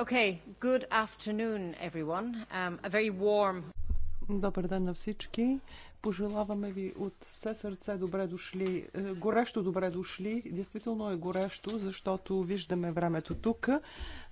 Okay, good afternoon, everyone. Um, a very warm... Добър ден на всички. Пожелаваме ви от все сърце добре дошли, е, горещо добре дошли. Действително е горещо, защото виждаме времето тук.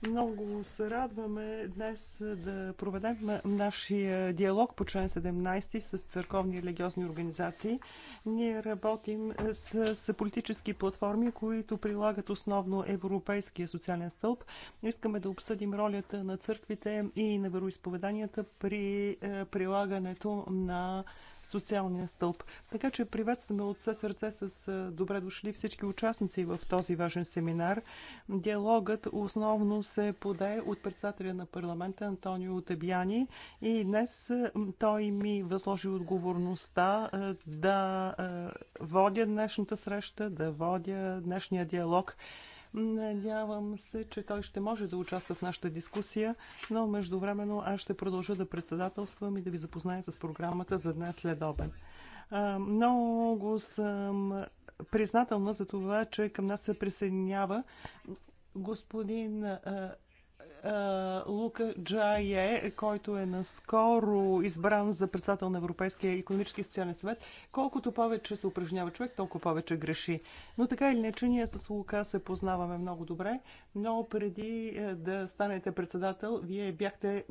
Много се радваме днес да проведем нашия диалог по член 17 с църковни и религиозни организации. Ние работим с, с политически платформи, които прилагат основно Европейския социален стълб. Искаме да обсъдим ролята на църквите и на вероисповеданията при е, прилагането на социалния стълб. Така че приветстваме от все сърце с добре дошли всички участници в този важен семинар. Диалогът основно се поде от председателя на парламента Антонио Тебяни и днес той ми възложи отговорността да водя днешната среща, да водя днешния диалог. Надявам се, че той ще може да участва в нашата дискусия, но междувременно аз ще продължа да председателствам и да ви запозная с програмата за днес след обед. Много съм признателна за това, че към нас се присъединява господин е, Лука Джае, който е наскоро избран за председател на Европейския економически и социален съвет, колкото повече се упражнява човек, толкова повече греши. Но така или иначе, ние с Лука се познаваме много добре, но преди е, да станете председател, вие бяхте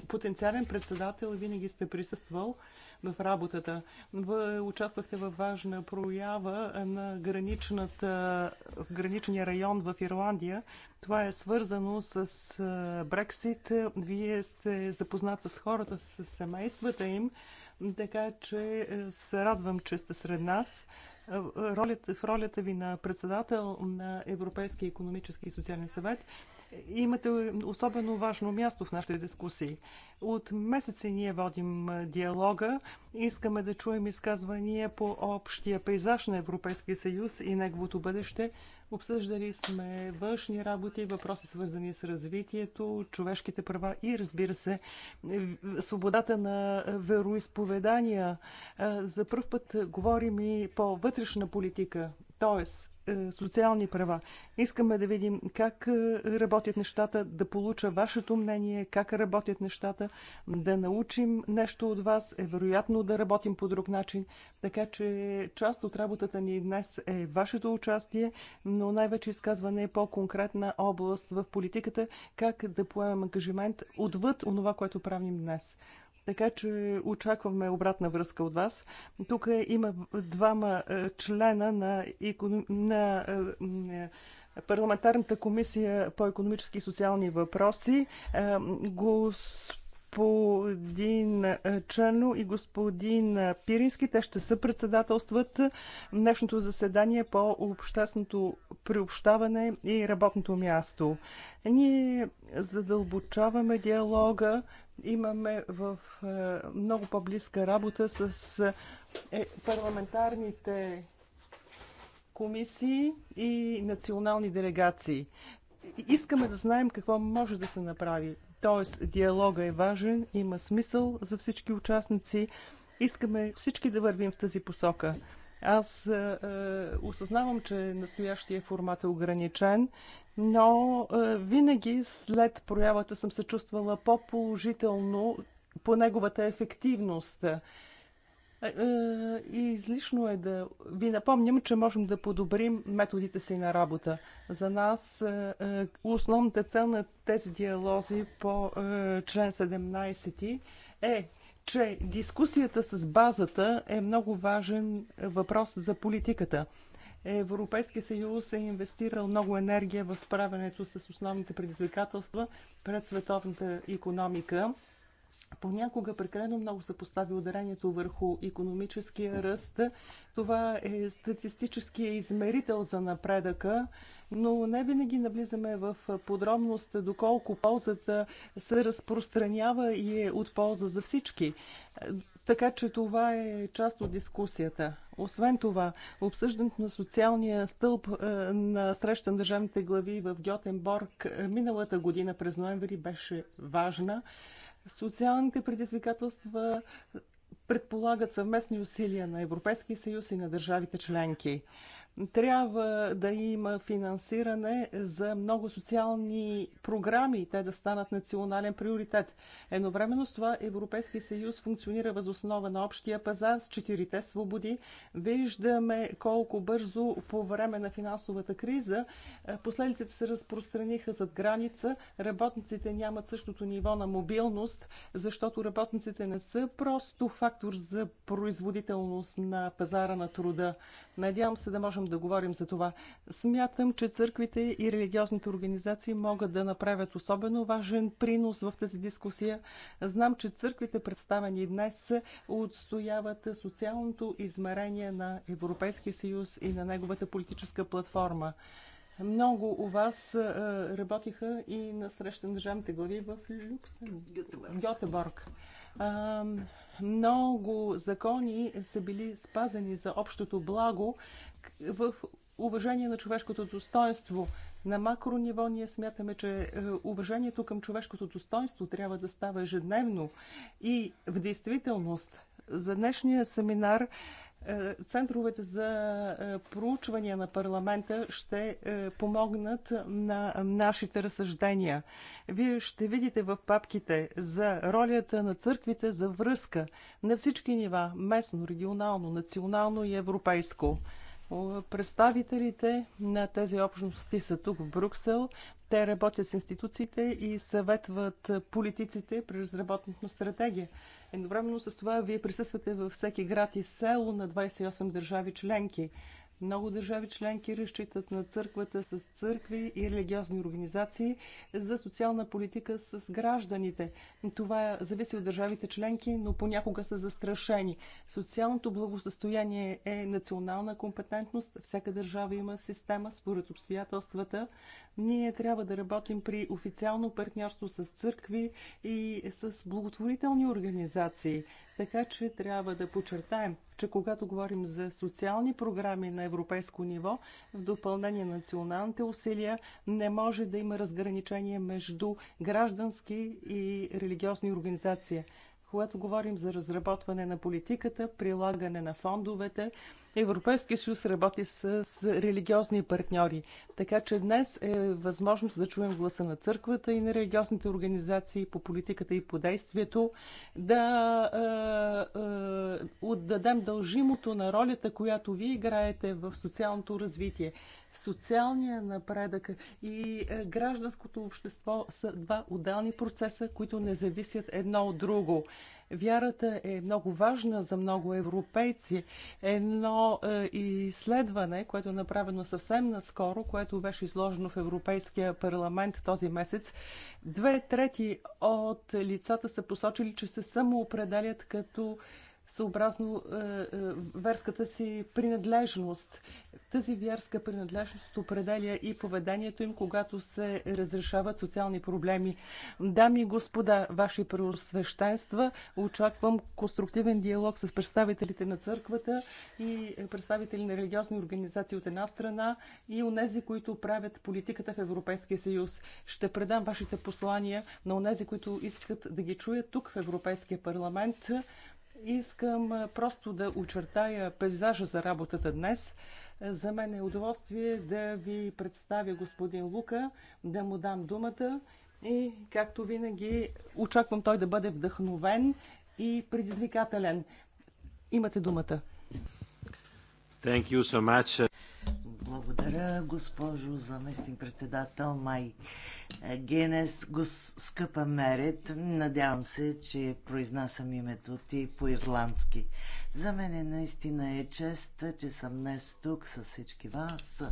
потенциален председател винаги сте присъствал в работата. Вы участвахте във важна проява на граничната, в граничния район в Ирландия. Това е свързано с Брексит. Вие сте запознат с хората, с семействата им, така че се радвам, че сте сред нас. Ролята, в ролята ви на председател на Европейския економически и социален съвет – имате особено важно място в нашите дискусии. От месеци ние водим диалога. Искаме да чуем изказвания по общия пейзаж на Европейския съюз и неговото бъдеще, Обсъждали сме външни работи, въпроси свързани с развитието, човешките права и, разбира се, свободата на вероисповедания. За първ път говорим и по вътрешна политика, т.е. Е, социални права. Искаме да видим как е, работят нещата, да получа вашето мнение, как работят нещата, да научим нещо от вас, е вероятно да работим по друг начин. Така че част от работата ни днес е вашето участие но най-вече изказване е по конкретна област в политиката, как да поемем ангажимент отвъд онова, което правим днес. Така че очакваме обратна връзка от вас. Тук има двама е, члена на, икон... на е, парламентарната комисия по економически и социални въпроси. Господин господин чърно и господин Пирински. Те ще се председателстват днешното заседание по общественото приобщаване и работното място. Ние задълбочаваме диалога, имаме в много по-близка работа с е, парламентарните комисии и национални делегации. Искаме да знаем какво може да се направи. Тоест, диалога е важен, има смисъл за всички участници. Искаме всички да вървим в тази посока. Аз е, е, осъзнавам, че настоящия формат е ограничен, но е, винаги след проявата съм се чувствала по-положително по неговата ефективност. И е, е, излишно е да ви напомням, че можем да подобрим методите си на работа. За нас е, основната цел на тези диалози по член 17 е че дискусията с базата е много важен въпрос за политиката. Европейския съюз е инвестирал много енергия в справянето с основните предизвикателства пред световната економика понякога прекалено много се постави ударението върху економическия ръст. Това е статистическия измерител за напредъка, но не винаги навлизаме в подробност доколко ползата се разпространява и е от полза за всички. Така че това е част от дискусията. Освен това, обсъждането на социалния стълб е, на среща на държавните глави в Гьотенборг е, миналата година през ноември беше важна. Социалните предизвикателства предполагат съвместни усилия на Европейския съюз и на държавите членки. Трябва да има финансиране за много социални програми, те да станат национален приоритет. Едновременно с това Европейски съюз функционира въз основа на общия пазар с четирите свободи. Виждаме колко бързо по време на финансовата криза е, последиците се разпространиха зад граница. Работниците нямат същото ниво на мобилност, защото работниците не са просто фактор за производителност на пазара на труда. Надявам се да можем можем да говорим за това. Смятам, че църквите и религиозните организации могат да направят особено важен принос в тази дискусия. Знам, че църквите, представени днес, отстояват социалното измерение на Европейския съюз и на неговата политическа платформа. Много у вас е, работиха и на среща на държавните глави в Люксембург. Гьотеборг много закони са били спазени за общото благо в уважение на човешкото достоинство. На макро ниво ние смятаме, че е, уважението към човешкото достоинство трябва да става ежедневно и в действителност за днешния семинар е, центровете за е, проучвания на парламента ще помогнат на нашите разсъждения. Вие ще видите в папките за ролята на църквите за връзка на всички нива местно, регионално, национално и европейско. Представителите на тези общности са тук в Бруксел. Те работят с институциите и съветват политиците при разработването на стратегия. Едновременно с това вие присъствате във всеки град и село на 28 държави членки. Много държави членки разчитат на църквата с църкви и религиозни организации за социална политика с гражданите. Това зависи от държавите членки, но понякога са застрашени. Социалното благосъстояние е национална компетентност. Всяка държава има система според обстоятелствата. Ние трябва да работим при официално партньорство с църкви и с благотворителни организации. Така че трябва да подчертаем, че когато говорим за социални програми на европейско ниво, в допълнение на националните усилия, не може да има разграничение между граждански и религиозни организации. Когато говорим за разработване на политиката, прилагане на фондовете, Европейския съюз работи с, с религиозни партньори. Така че днес е възможност да чуем гласа на църквата и на религиозните организации по политиката и по действието, да е, е, отдадем дължимото на ролята, която вие играете в социалното развитие социалния напредък и е, гражданското общество са два отделни процеса, които не зависят едно от друго. Вярата е много важна за много европейци. Едно е, изследване, което е направено съвсем наскоро, което беше изложено в Европейския парламент този месец, две трети от лицата са посочили, че се самоопределят като е, съобразно е, е, верската си принадлежност. Тази вярска принадлежност определя и поведението им, когато се разрешават социални проблеми. Дами и господа, ваши преосвещенства, очаквам конструктивен диалог с представителите на църквата и представители на религиозни организации от една страна и онези, които правят политиката в Европейския съюз. Ще предам вашите послания на онези, които искат да ги чуят тук в Европейския парламент. Искам просто да очертая пейзажа за работата днес. За мен е удоволствие да ви представя господин Лука, да му дам думата и, както винаги, очаквам той да бъде вдъхновен и предизвикателен. Имате думата. Thank you so much. Благодаря, госпожо заместник председател Май Генес, гос, скъпа Мерет. Надявам се, че произнасям името ти по-ирландски. За мен е, наистина е чест, че съм днес тук с всички вас.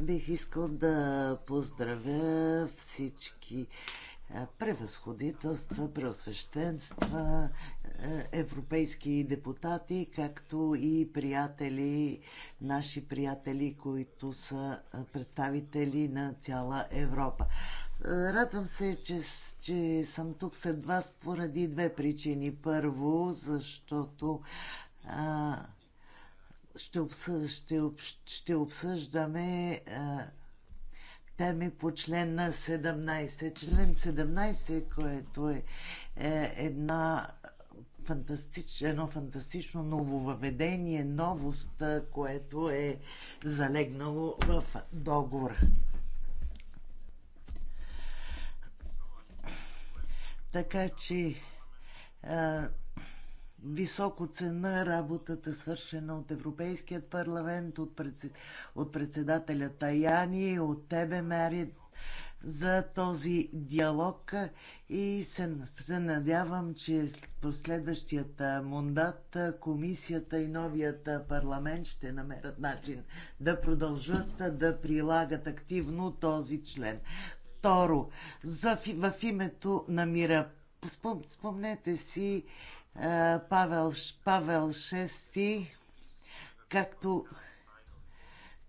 Бих искал да поздравя всички превъзходителства, преосвещенства е, европейски депутати, както и приятели, наши приятели, които са е, представители на цяла Европа. Е, радвам се, че, че съм тук след вас поради две причини. Първо, защото а, ще, обсъж, ще, об, ще обсъждаме а, теми по член на 17. Член 17, което е, е една фантастично, едно фантастично нововъведение, новост, което е залегнало в договора. Така че а, високо цена работата, свършена от Европейският парламент, от, председ... от председателя Таяни, от тебе, Мерит, за този диалог и се, се надявам, че последващията мандат комисията и новият парламент ще намерят начин да продължат да прилагат активно този член. Второ, за, в името на мира. Спом, спомнете си Павел, Павел VI, както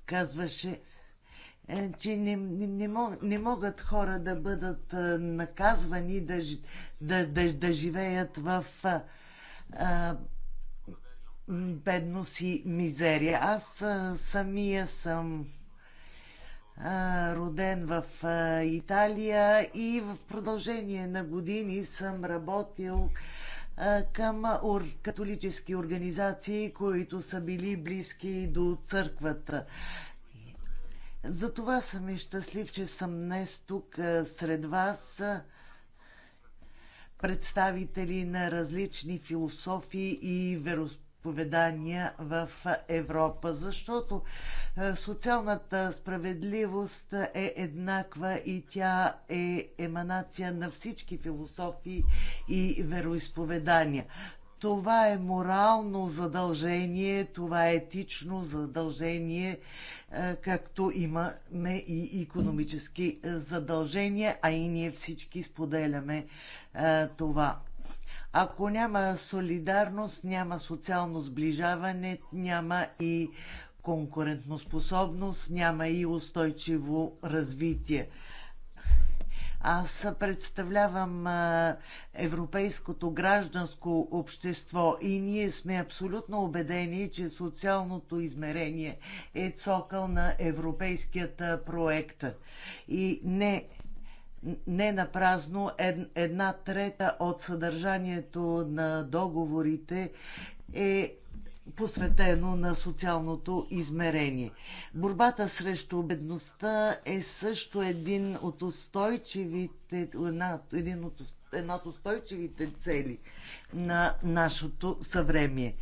казваше е, че не, не, мог, не могат хора да бъдат е, наказвани да, да, да, да живеят в а, е, бедност и мизерия. Аз самия съм а, роден в а, Италия и в продължение на години съм работил към католически организации, които са били близки до църквата. Затова съм и щастлив, че съм днес тук сред вас представители на различни философии и вероисповедания в Европа, защото социалната справедливост е еднаква и тя е еманация на всички философии и вероисповедания. Това е морално задължение, това е етично задължение, е, както имаме и економически е, задължения, а и ние всички споделяме е, това. Ако няма солидарност, няма социално сближаване, няма и конкурентоспособност, няма и устойчиво развитие. Аз представлявам европейското гражданско общество и ние сме абсолютно убедени, че социалното измерение е цокъл на европейският проект. И не не на празно една трета от съдържанието на договорите е посветено на социалното измерение. Борбата срещу бедността е също един от устойчивите, една, един от, една от устойчивите цели на нашето съвремие.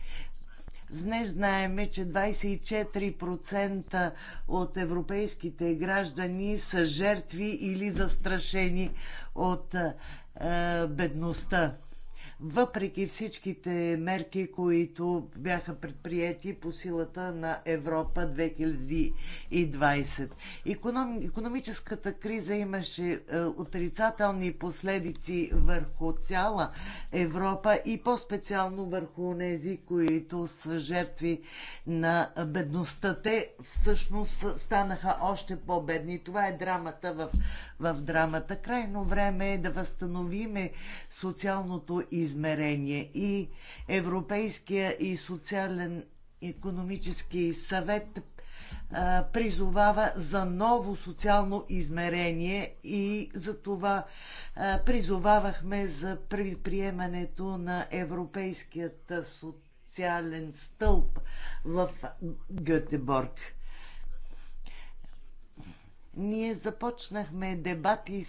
Днес знаеме, че 24% от европейските граждани са жертви или застрашени от е, бедността въпреки всичките мерки, които бяха предприяти по силата на Европа 2020. Економ, економическата криза имаше е, отрицателни последици върху цяла Европа и по-специално върху тези, които са жертви на бедността. Те всъщност станаха още по-бедни. Това е драмата в в драмата. Крайно време е да възстановиме социалното измерение и Европейския и социален економически съвет а, призовава за ново социално измерение и за това а, призовавахме за приемането на Европейският социален стълб в Гетеборг. Ние започнахме дебати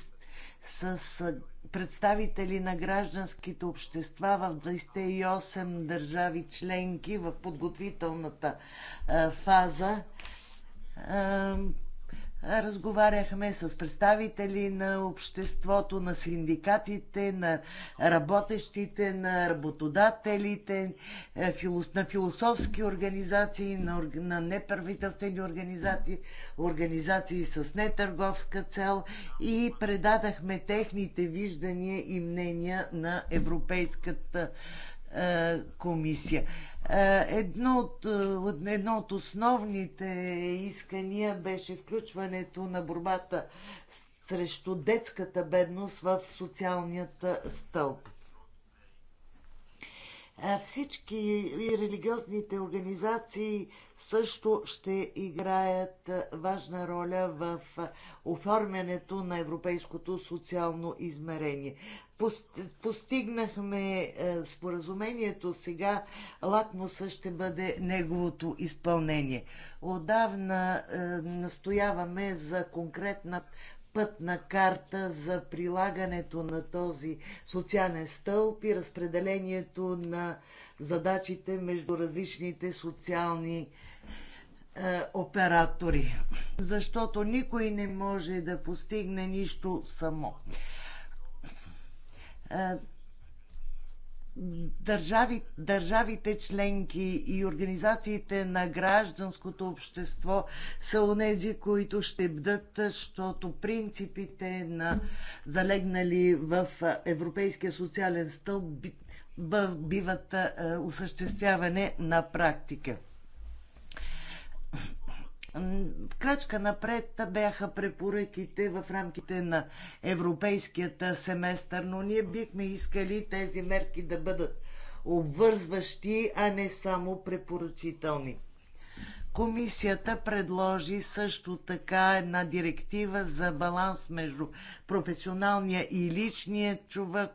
с, с представители на гражданските общества в 28 държави членки в подготвителната фаза Разговаряхме с представители на обществото, на синдикатите, на работещите, на работодателите, е, на философски организации, на неправителствени организации, организации с нетърговска цел и предадахме техните виждания и мнения на Европейската е, комисия. Е, едно е, от, едно от основните искания беше включването на борбата срещу детската бедност в социалният стълб. Всички и религиозните организации също ще играят важна роля в оформянето на европейското социално измерение. Постигнахме споразумението, сега лакмуса ще бъде неговото изпълнение. Отдавна настояваме за конкретна пътна карта за прилагането на този социален стълб и разпределението на задачите между различните социални е, оператори, защото никой не може да постигне нищо само. Е, държави, държавите членки и организациите на гражданското общество са онези, които ще бдат, защото принципите на залегнали в Европейския социален стълб биват е, осъществяване на практика. Крачка напред бяха препоръките в рамките на европейският семестър, но ние бихме искали тези мерки да бъдат обвързващи, а не само препоръчителни. Комисията предложи също така една директива за баланс между професионалния и личния човек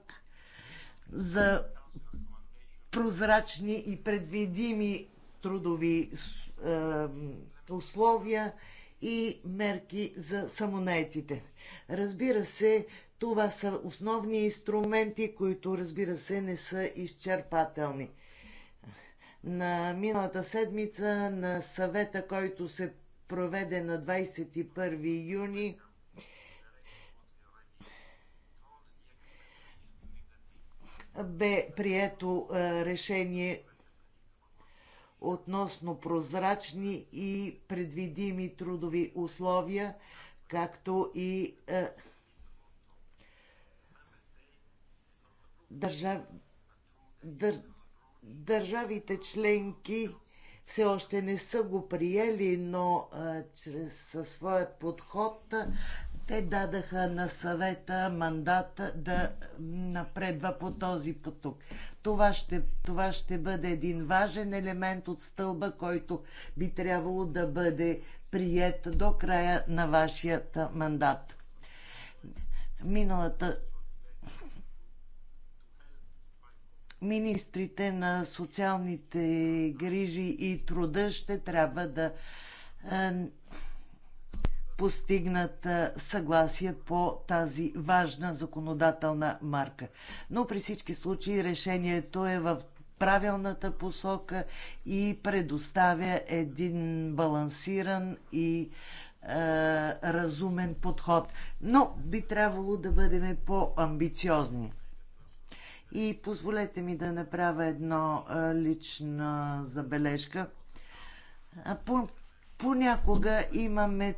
за прозрачни и предвидими трудови е, условия и мерки за самонаетите. Разбира се, това са основни инструменти, които разбира се не са изчерпателни. На миналата седмица на съвета, който се проведе на 21 юни, бе прието решение относно прозрачни и предвидими трудови условия, както и е, държавите членки все още не са го приели, но е, чрез със своят подход те дадаха на съвета мандата да напредва по този поток. Това ще, това ще бъде един важен елемент от стълба, който би трябвало да бъде прият до края на вашият мандат. Миналата министрите на социалните грижи и труда ще трябва да е, постигнат съгласие по тази важна законодателна марка. Но при всички случаи решението е в правилната посока и предоставя един балансиран и е, разумен подход. Но би трябвало да бъдем по-амбициозни. И позволете ми да направя едно е, лична забележка. По, понякога имаме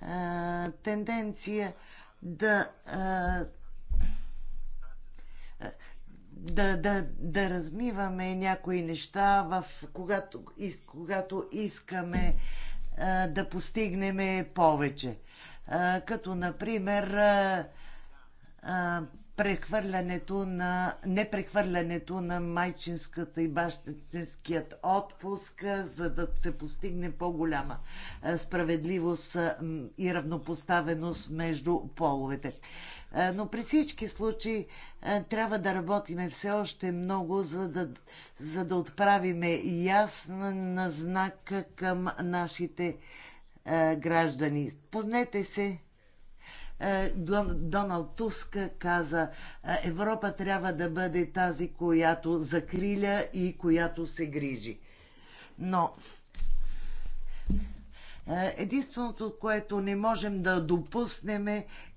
а, тенденция да, а, да, да, да размиваме някои неща, в, когато, из, когато искаме а, да постигнем повече. А, като, например, а, а, прехвърлянето на, непрехвърлянето на майчинската и бащинският отпуск, за да се постигне по-голяма справедливост и равнопоставеност между половете. Но при всички случаи трябва да работиме все още много, за да, за да отправиме ясна знак към нашите граждани. Познете се е, Доналд Туск каза, е, Европа трябва да бъде тази, която закриля и която се грижи. Но е, единственото, което не можем да допуснем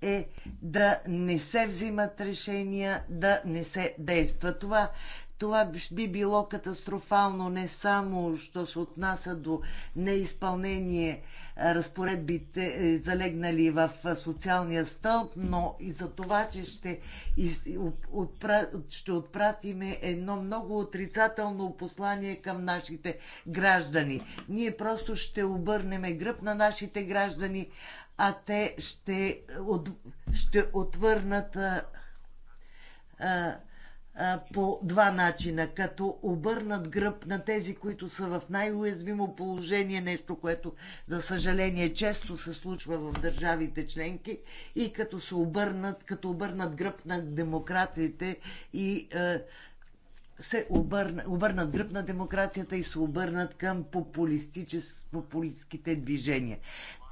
е да не се взимат решения, да не се действа. Това това би било катастрофално не само, що се отнася до неизпълнение разпоредбите, е, залегнали в социалния стълб, но и за това, че ще, ще отпратиме едно много отрицателно послание към нашите граждани. Ние просто ще обърнем гръб на нашите граждани, а те ще, от, ще отвърнат а, а, по два начина. Като обърнат гръб на тези, които са в най-уязвимо положение, нещо, което за съжаление често се случва в държавите членки, и като се обърнат, като обърнат гръб на демокрациите и е, се обърна, обърнат гръб на демокрацията и се обърнат към популистските движения.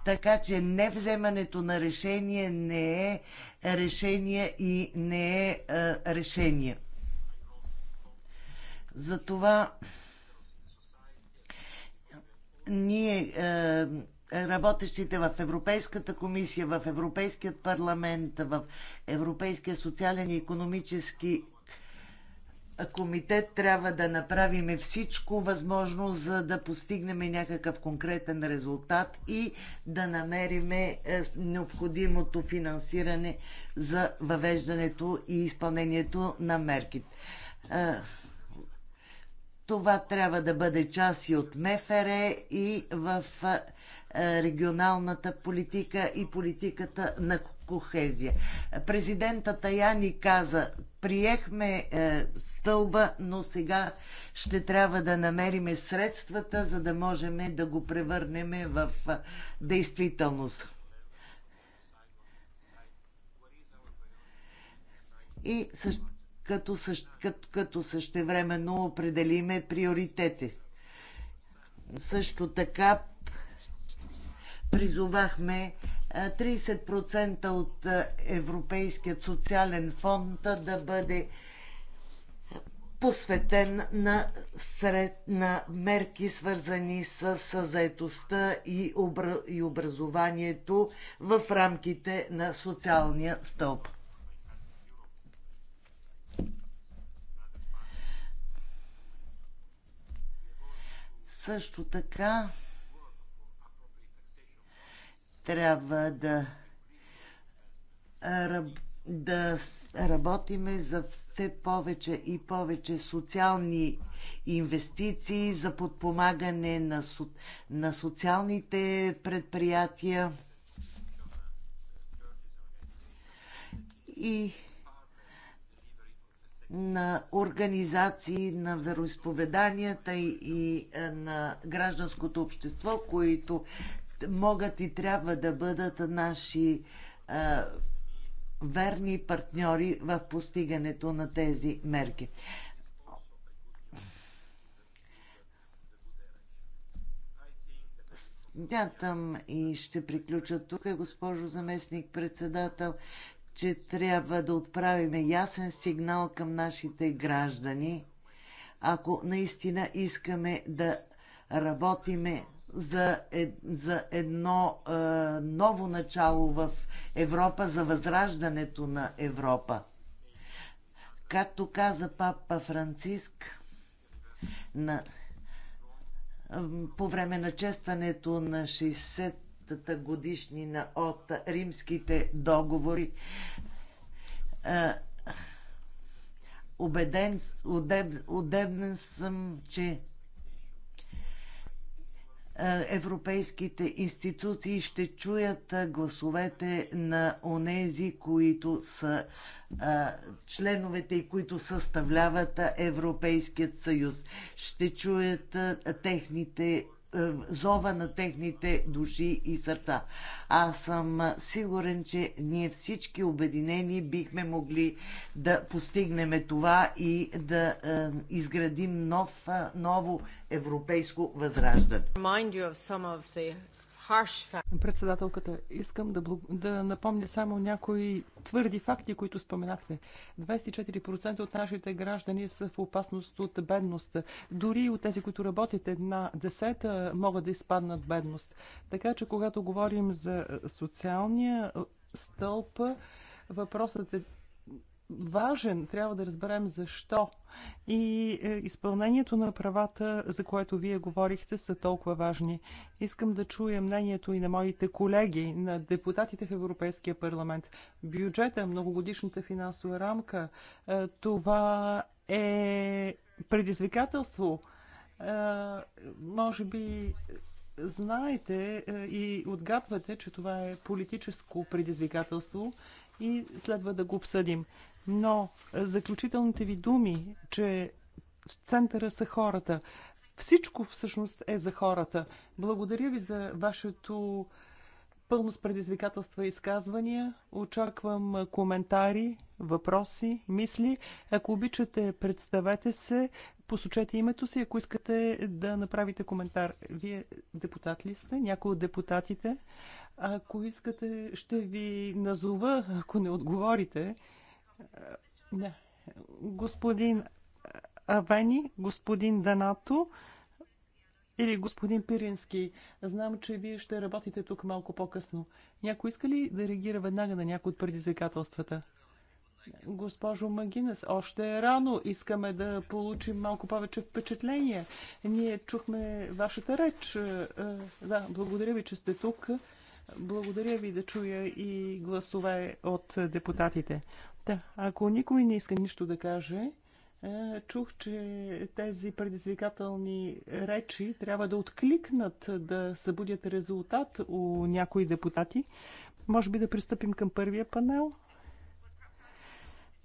Така че не вземането на решение не е решение и не е, е решение. Затова ние, е, работещите в Европейската комисия, в Европейският парламент, в Европейския социален и економически комитет трябва да направим всичко възможно, за да постигнем някакъв конкретен резултат и да намерим е, необходимото финансиране за въвеждането и изпълнението на мерките. Е, това трябва да бъде част и от МФР и в регионалната политика и политиката на кохезия. Президента Таяни каза, приехме е, стълба, но сега ще трябва да намериме средствата, за да можем да го превърнем в действителност. И също като, също, като, като същевременно определиме приоритети. Също така призовахме 30% от Европейският социален фонд да бъде посветен на, сред, на мерки, свързани с, с заетостта и, обра, и образованието в рамките на социалния стълб. Също така трябва да да работиме за все повече и повече социални инвестиции, за подпомагане на, со, на социалните предприятия и на организации на вероисповеданията и, и е, на гражданското общество, които могат и трябва да бъдат наши а, е, верни партньори в постигането на тези мерки. Смятам и ще приключа тук, госпожо заместник председател, че трябва да отправим ясен сигнал към нашите граждани, ако наистина искаме да работиме за, е, за едно е, ново начало в Европа, за възраждането на Европа. Както каза папа Франциск на, по време на честването на 60 200 та годишнина от римските договори. Обеден, е, удебен съм, че е, европейските институции ще чуят гласовете на онези, които са а, е, членовете и които съставляват Европейският съюз. Ще чуят а, техните е, зова на техните души и сърца. Аз съм сигурен, че ние всички обединени бихме могли да постигнем това и да е, изградим нов, ново европейско възраждане. Председателката, искам да, благ... да напомня само някои твърди факти, които споменахте. 24% от нашите граждани са в опасност от бедност. Дори от тези, които работят една десета, могат да изпаднат бедност. Така че, когато говорим за социалния стълб, въпросът е важен. Трябва да разберем защо. И е, изпълнението на правата, за което вие говорихте, са толкова важни. Искам да чуя мнението и на моите колеги, на депутатите в Европейския парламент. Бюджета, многогодишната финансова рамка, е, това е предизвикателство. Е, може би знаете и отгадвате, че това е политическо предизвикателство и следва да го обсъдим но е, заключителните ви думи, че в центъра са хората. Всичко всъщност е за хората. Благодаря ви за вашето пълно с предизвикателства и изказвания. Очаквам е, коментари, въпроси, мисли. Ако обичате, представете се, посочете името си, ако искате да направите коментар. Вие депутат ли сте? Някой от депутатите? Ако искате, ще ви назова, ако не отговорите. Е, господин Авени, господин Данато или господин Пирински. Знам, че вие ще работите тук малко по-късно. Някой иска ли да реагира веднага на някои от предизвикателствата? Госпожо Магинес, още е рано. Искаме да получим малко повече впечатление. Ние чухме вашата реч. Е, е, да, благодаря ви, че сте тук. Благодаря ви да чуя и гласове от депутатите. Да, ако никой не иска нищо да каже, е, чух, че тези предизвикателни речи трябва да откликнат, да събудят резултат у някои депутати. Може би да пристъпим към първия панел.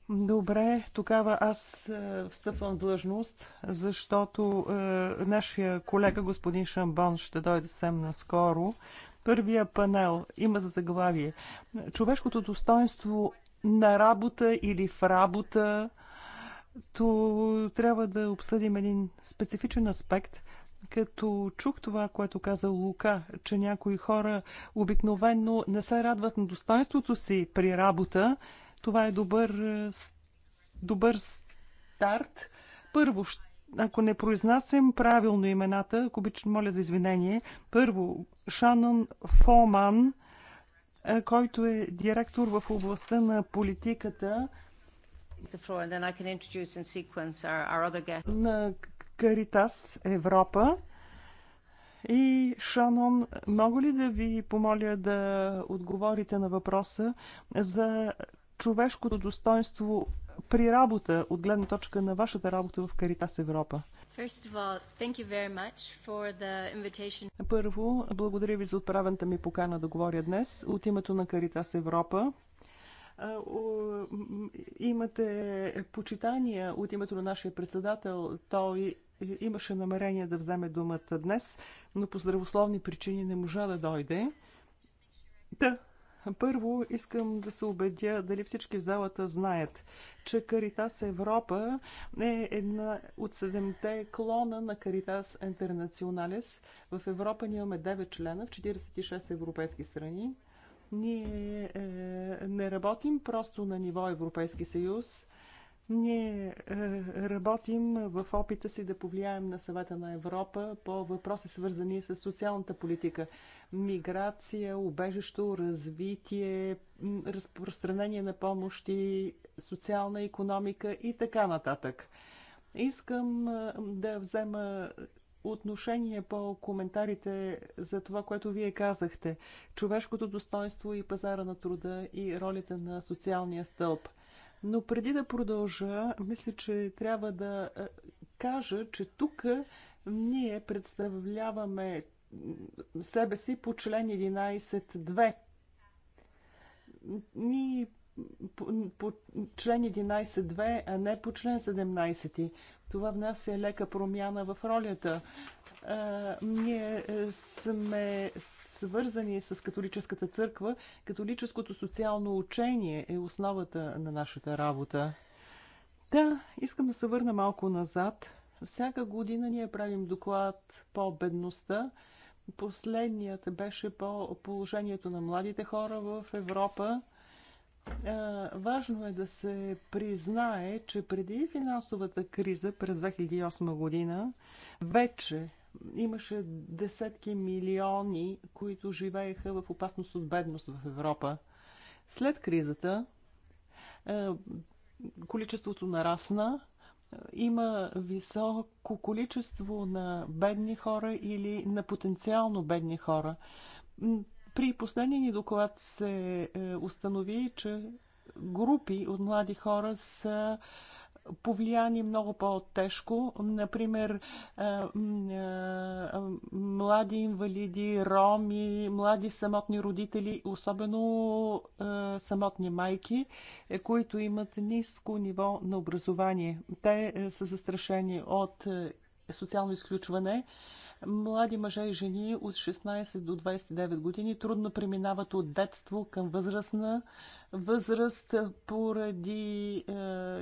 Добре, тогава аз е, встъпвам в длъжност, защото е, нашия колега господин Шамбон ще дойде съвсем наскоро. Първия панел има за заглавие Човешкото достоинство на работа или в работа. То трябва да обсъдим един специфичен аспект. Като чух това, което каза Лука, че някои хора обикновенно не се радват на достоинството си при работа, това е добър, добър старт. Първо ще ако не произнасям правилно имената, ако обичам, моля за извинение. Първо, Шанон Фоман, е, който е директор в областта на политиката на Каритас Европа. И Шанон, мога ли да ви помоля да отговорите на въпроса за човешкото достоинство при работа, от гледна точка на вашата работа в Каритас Европа? Първо, благодаря ви за отправената ми покана да говоря днес от името на Каритас Европа. Имате почитания от името на нашия председател. Той имаше намерение да вземе думата днес, но по здравословни причини не можа да дойде. Да, първо искам да се убедя дали всички в залата знаят, че Каритас Европа е една от седемте клона на Каритас Internationalis. В Европа ние имаме 9 члена в 46 европейски страни. Ние е, не работим просто на ниво Европейски съюз. Ние е, работим в опита си да повлияем на съвета на Европа по въпроси свързани с социалната политика. Миграция, убежещо, развитие, разпространение на помощи, социална економика и така нататък. Искам е, да взема отношение по коментарите за това, което вие казахте. Човешкото достоинство и пазара на труда и ролите на социалния стълб – но преди да продължа, мисля, че трябва да е, кажа, че тук ние представляваме себе си по член 11.2. Ние по, по член 11.2, а не по член 17. Това в нас е лека промяна в ролята. Ние е, сме свързани с католическата църква. Католическото социално учение е основата на нашата работа. Да, искам да се върна малко назад. Всяка година ние правим доклад по бедността. Последният беше по положението на младите хора в Европа. Важно е да се признае, че преди финансовата криза през 2008 година вече имаше десетки милиони, които живееха в опасност от бедност в Европа. След кризата количеството нарасна. Има високо количество на бедни хора или на потенциално бедни хора при последния ни доклад се е, установи, че групи от млади хора са повлияни много по-тежко. Например, е, е, млади инвалиди, роми, млади самотни родители, особено самотни майки, които имат ниско ниво на образование. Те са застрашени от социално изключване Млади мъже и жени от 16 до 29 години трудно преминават от детство към възрастна възраст поради е,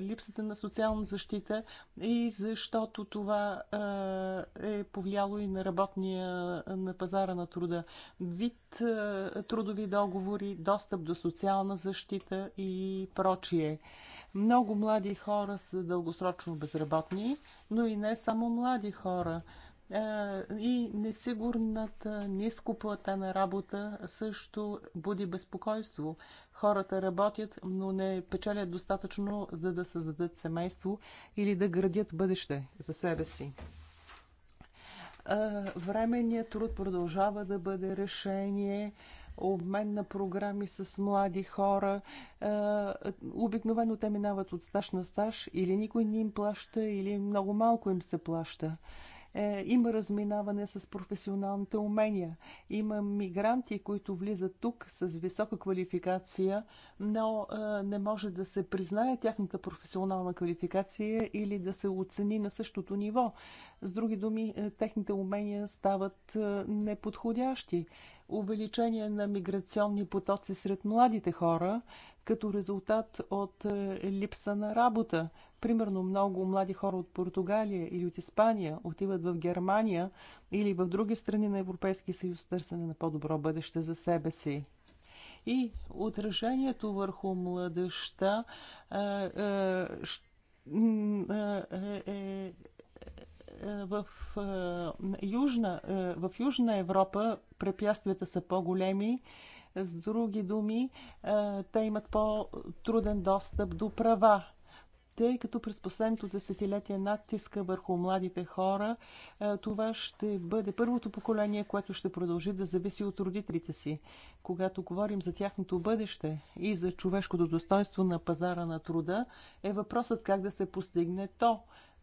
липсата на социална защита и защото това е, е повлияло и на работния на пазара на труда. Вид е, трудови договори, достъп до социална защита и прочие. Много млади хора са дългосрочно безработни, но и не само млади хора – е, и несигурната, на работа също буди безпокойство. Хората работят, но не печелят достатъчно, за да създадат семейство или да градят бъдеще за себе си. Е, временният труд продължава да бъде решение обмен на програми с млади хора. Е, обикновено те минават от стаж на стаж или никой не им плаща, или много малко им се плаща е, има разминаване с професионалните умения. Има мигранти, които влизат тук с висока квалификация, но е, не може да се признае тяхната професионална квалификация или да се оцени на същото ниво. С други думи, е, техните умения стават е, неподходящи. Увеличение на миграционни потоци сред младите хора като резултат от е, липса на работа Примерно много млади хора от Португалия или от Испания отиват в Германия или в други страни на Европейския съюз търсене на по-добро бъдеще за себе си. И отражението върху младеща е, е, е, е в, южна, в Южна Европа препятствията са по-големи. С други думи, те имат по-труден достъп до права тъй като през последното десетилетие натиска върху младите хора, е, това ще бъде първото поколение, което ще продължи да зависи от родителите си. Когато говорим за тяхното бъдеще и за човешкото достоинство на пазара на труда, е въпросът как да се постигне то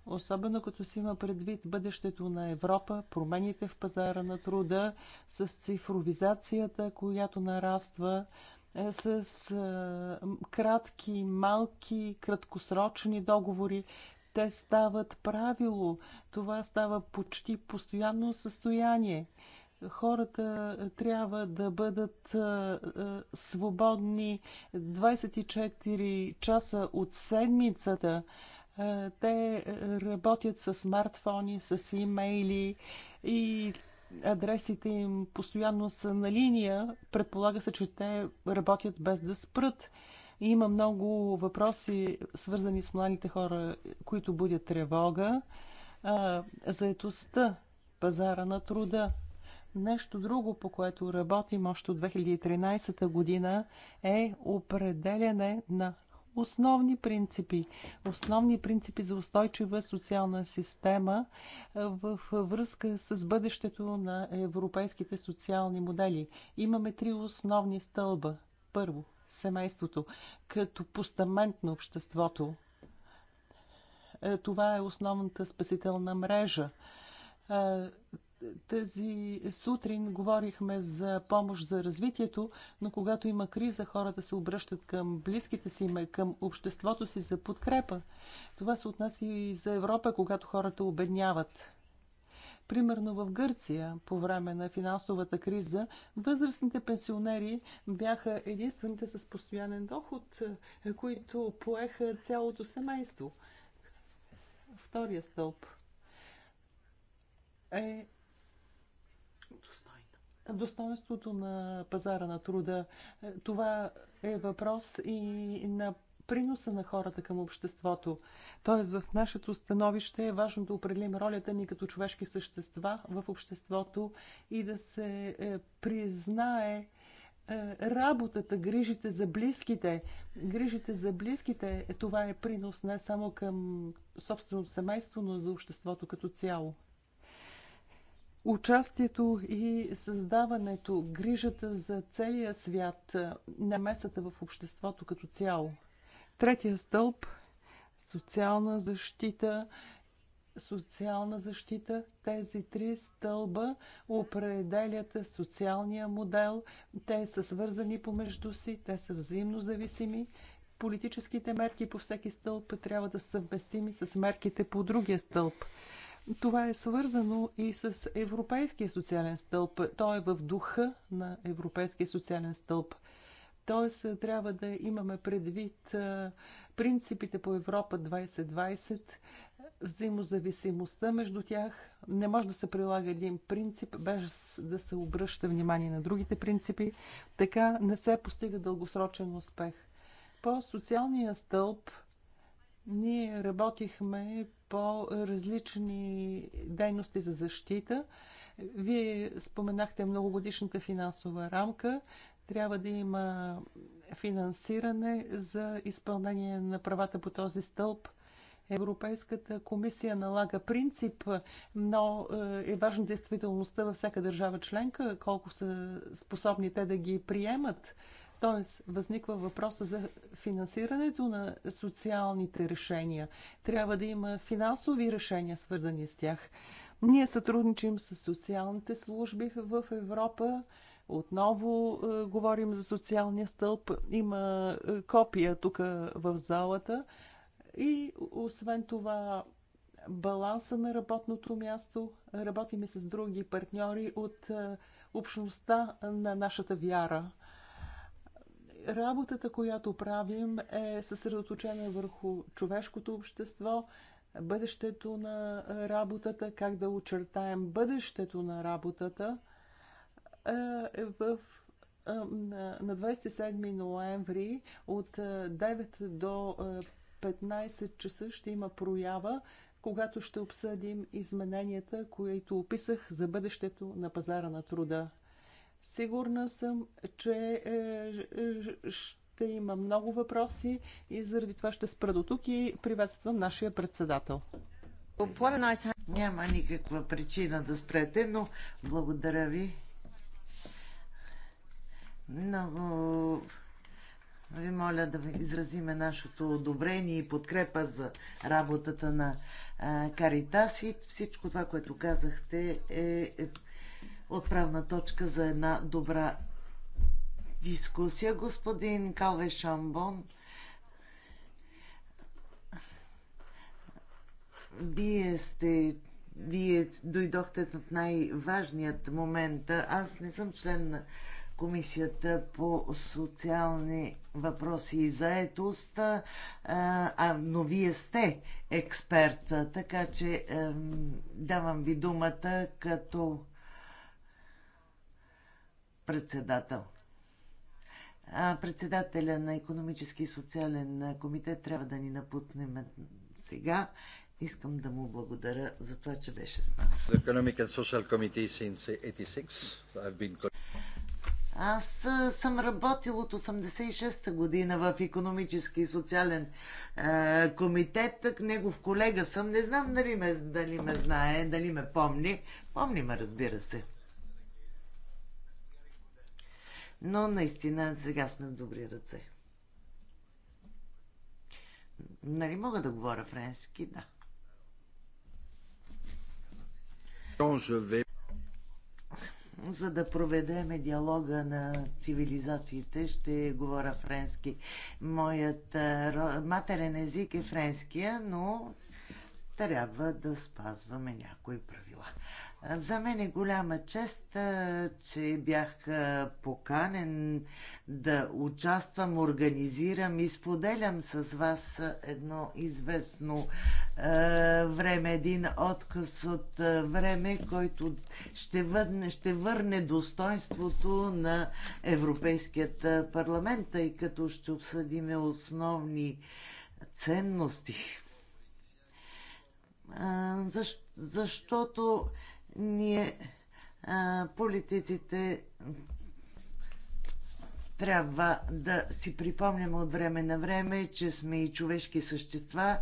особено като си има предвид бъдещето на Европа, промените в пазара на труда, с цифровизацията, която нараства, е, с е, кратки, малки, краткосрочни договори. Те стават правило. Това става почти постоянно състояние хората е, трябва да бъдат свободни 24 часа от седмицата. Те работят с смартфони, с имейли и адресите им постоянно са на линия. Предполага се, че те работят без да спрат. Има много въпроси, свързани с младите хора, които будят тревога. Заетостта, пазара на труда. Нещо друго, по което работим още от 2013 година е определяне на основни принципи. Основни принципи за устойчива социална система е, в връзка с бъдещето на европейските социални модели. Имаме три основни стълба. Първо, семейството, като постамент на обществото. Е, това е основната спасителна мрежа е, тази сутрин говорихме за помощ за развитието, но когато има криза, хората се обръщат към близките си, към обществото си за подкрепа. Това се отнася и за Европа, когато хората обедняват. Примерно в Гърция, по време на финансовата криза, възрастните пенсионери бяха единствените с постоянен доход, е, които поеха цялото семейство. Втория стълб е достоинството на пазара на труда. Е, това е въпрос и на приноса на хората към обществото. Тоест в нашето становище е важно да определим ролята ни като човешки същества в обществото и да се е, признае е, работата, грижите за близките. Грижите за близките, това е принос не само към собственото семейство, но и за обществото като цяло участието и създаването, грижата за целия свят, е, намесата в обществото като цяло. Третия стълб – социална защита, социална защита. Тези три стълба определят социалния модел. Те са свързани помежду си, те са взаимно зависими. Политическите мерки по всеки стълб трябва да са съвместими с мерките по другия стълб. Това е свързано и с Европейския социален стълб. Той е в духа на Европейския социален стълб. Тоест, е, трябва да имаме предвид е, принципите по Европа 2020, взаимозависимостта между тях. Не може да се прилага един принцип без да се обръща внимание на другите принципи. Така не се постига дългосрочен успех. По социалния стълб – ние работихме по различни дейности за защита. Вие споменахте многогодишната финансова рамка. Трябва да има финансиране за изпълнение на правата по този стълб. Европейската комисия налага принцип, но е, е важна действителността във всяка държава членка, колко са способни те да ги приемат. Тоест, възниква въпроса за финансирането на социалните решения. Трябва да има финансови решения, свързани с тях. Ние сътрудничим с социалните служби в Европа. Отново е, говорим за социалния стълб. Има е, копия тук в залата. И освен това, баланса на работното място. Работим и с други партньори от е, общността на нашата вяра – работата, която правим, е съсредоточена върху човешкото общество, бъдещето на работата, как да очертаем бъдещето на работата. Е, в е, на 27 ноември от 9 е, до 15 часа ще има проява, когато ще обсъдим измененията, които описах за бъдещето на пазара на труда. Сигурна съм, че е, е, ще има много въпроси и заради това ще спра до тук и приветствам нашия председател. Няма никаква причина да спрете, но благодаря ви. Много ви моля да изразиме нашето одобрение и подкрепа за работата на е, Каритас и всичко това, което казахте е отправна точка за една добра дискусия. Господин Калве Шамбон, вие сте вие дойдохте в най-важният момент. Аз не съм член на Комисията по социални въпроси и заетост, а, но вие сте експерт, така че а, давам ви думата като председател. Председателя на економически и социален комитет трябва да ни напутнем сега. Искам да му благодаря за това, че беше с нас. Been... Аз съм работил от 86-та година в економически и социален е, комитет. Негов колега съм. Не знам дали ме, дали ме знае, дали ме помни. Помни ме, разбира се но наистина сега сме в добри ръце. Нали мога да говоря френски? Да. За да проведеме диалога на цивилизациите, ще говоря френски. Моят матерен език е френския, но трябва да спазваме някои правила. За мен е голяма чест, че бях поканен да участвам, организирам и споделям с вас едно известно време, един отказ от време, който ще върне, ще върне достоинството на Европейският парламент, тъй като ще обсъдиме основни ценности. Защо? защото ние а, политиците трябва да си припомняме от време на време, че сме и човешки същества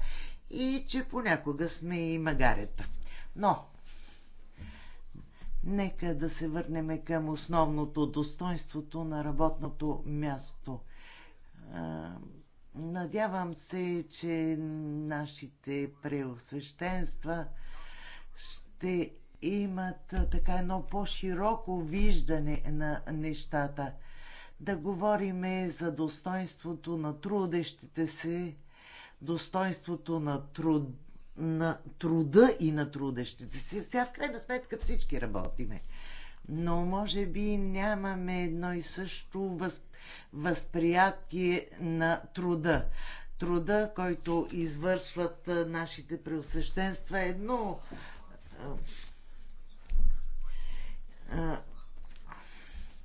и че понякога сме и магарета. Но, нека да се върнем към основното достоинството на работното място. Надявам се, че нашите преосвещенства ще имат така едно по-широко виждане на нещата. Да говориме за достоинството на трудещите се, достоинството на, труд, на труда и на трудещите се. Сега в крайна сметка всички работиме. Но може би нямаме едно и също въз, възприятие на труда труда, който извършват нашите преосвещенства, е едно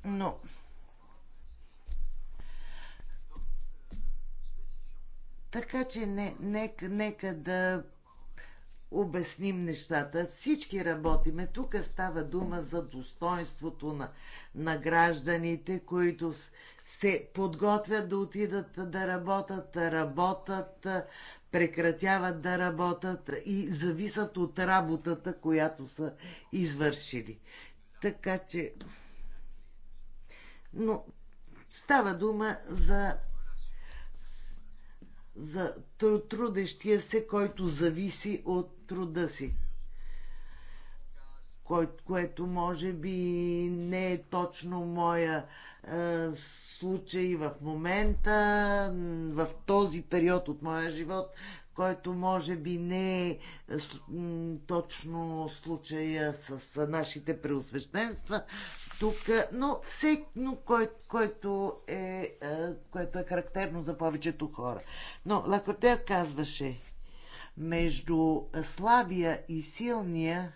но така че не, нека, нека да обясним нещата. Всички работиме. Тук става дума за достоинството на, на гражданите, които се подготвят да отидат да работят, работят, прекратяват да работят и зависят от работата, която са извършили. Така че... Но става дума за за трудещия се, който зависи от труда си кое, което може би не е точно моя е, случай в момента, в този период от моя живот, който може би не е точно случая с нашите преосвещенства тук, но всеки, но кой, който, е, е, което е характерно за повечето хора. Но Лакотер казваше, между слабия и силния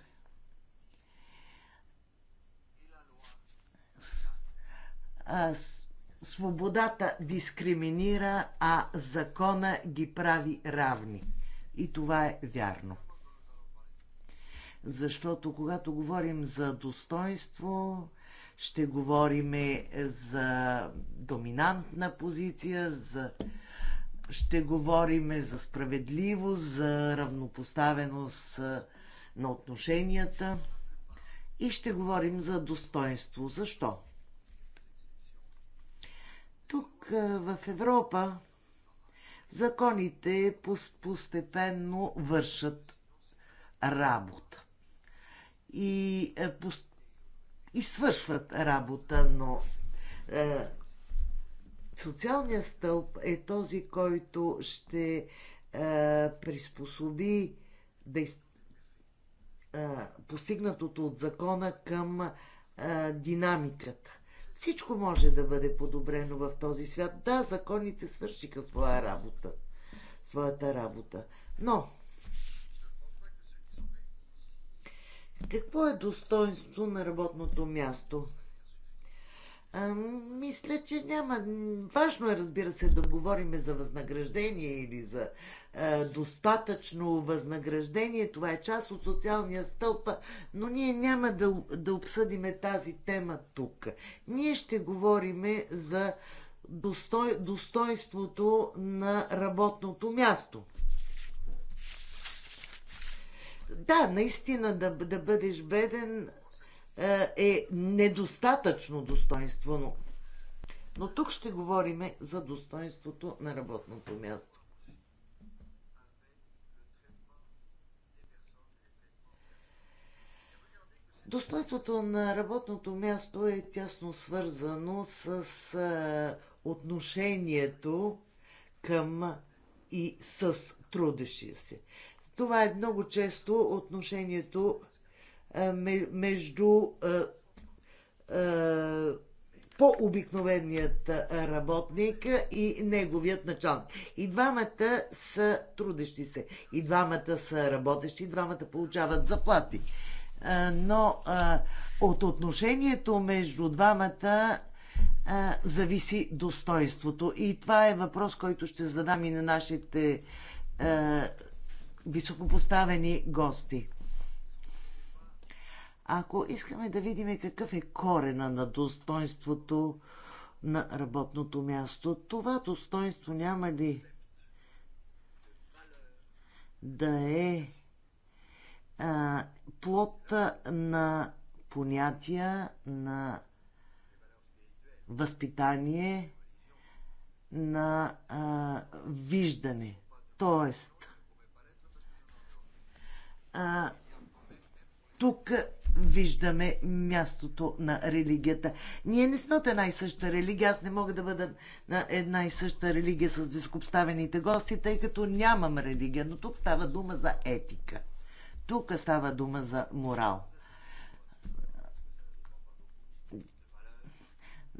свободата дискриминира, а закона ги прави равни. И това е вярно. Защото когато говорим за достоинство, ще говорим за доминантна позиция, за... ще говорим за справедливост, за равнопоставеност на отношенията и ще говорим за достоинство. Защо? Тук в Европа законите постепенно вършат работа. И, е, и свършват работа, но е, социалният стълб е този, който ще е, приспособи да е, постигнатото от закона към е, динамиката всичко може да бъде подобрено в този свят. Да, законите свършиха своя работа. Своята работа. Но, какво е достоинство на работното място? мисля, че няма. Важно е, разбира се, да говорим за възнаграждение или за е, достатъчно възнаграждение. Това е част от социалния стълб, но ние няма да, да обсъдиме тази тема тук. Ние ще говорим за достой, достойството на работното място. Да, наистина да, да бъдеш беден е, е недостатъчно достоинство, но, но тук ще говорим за достоинството на работното място. Достоинството на работното място е тясно свързано с е, отношението към и с трудещия се. Това е много често отношението е, между е, е, по-обикновеният работник и неговият началник. И двамата са трудещи се, и двамата са работещи, и двамата получават заплати. Но от отношението между двамата зависи достоинството. И това е въпрос, който ще задам и на нашите високопоставени гости ако искаме да видим какъв е корена на достоинството на работното място, това достоинство няма ли да е а, на понятия, на възпитание, на а, виждане. Тоест, а, тук виждаме мястото на религията. Ние не сме от една и съща религия. Аз не мога да бъда на една и съща религия с високопоставените гости, тъй като нямам религия. Но тук става дума за етика. Тук става дума за морал.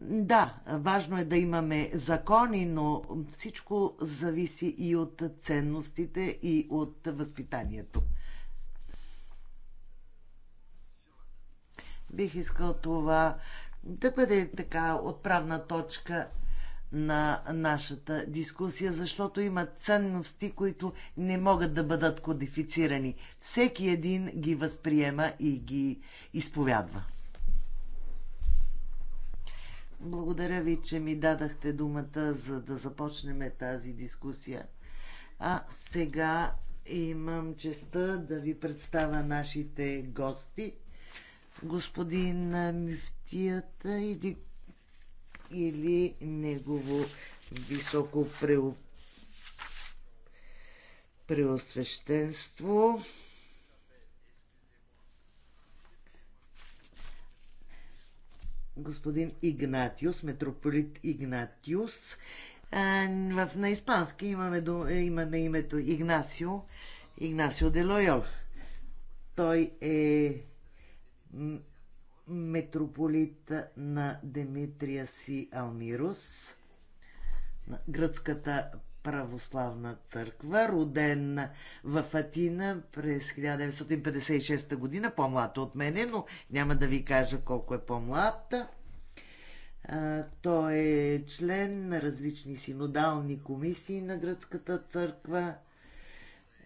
Да, важно е да имаме закони, но всичко зависи и от ценностите, и от възпитанието. Бих искал това да бъде така отправна точка на нашата дискусия, защото има ценности, които не могат да бъдат кодифицирани. Всеки един ги възприема и ги изповядва. Благодаря ви, че ми дадахте думата, за да започнем тази дискусия. А сега имам честа да ви представя нашите гости господин мифтията или, или негово високо преуп преосвещенство. Господин Игнатиус, митрополит Игнатиус. А, на испански имаме, е, имаме името Игнасио. Игнасио де Лойол. Той е Метрополита на Демитрия Си Алмирус, на гръцката православна църква, роден в Атина през 1956 година, по-млад от мене, но няма да ви кажа колко е по-млад. Той е член на различни синодални комисии на гръцката църква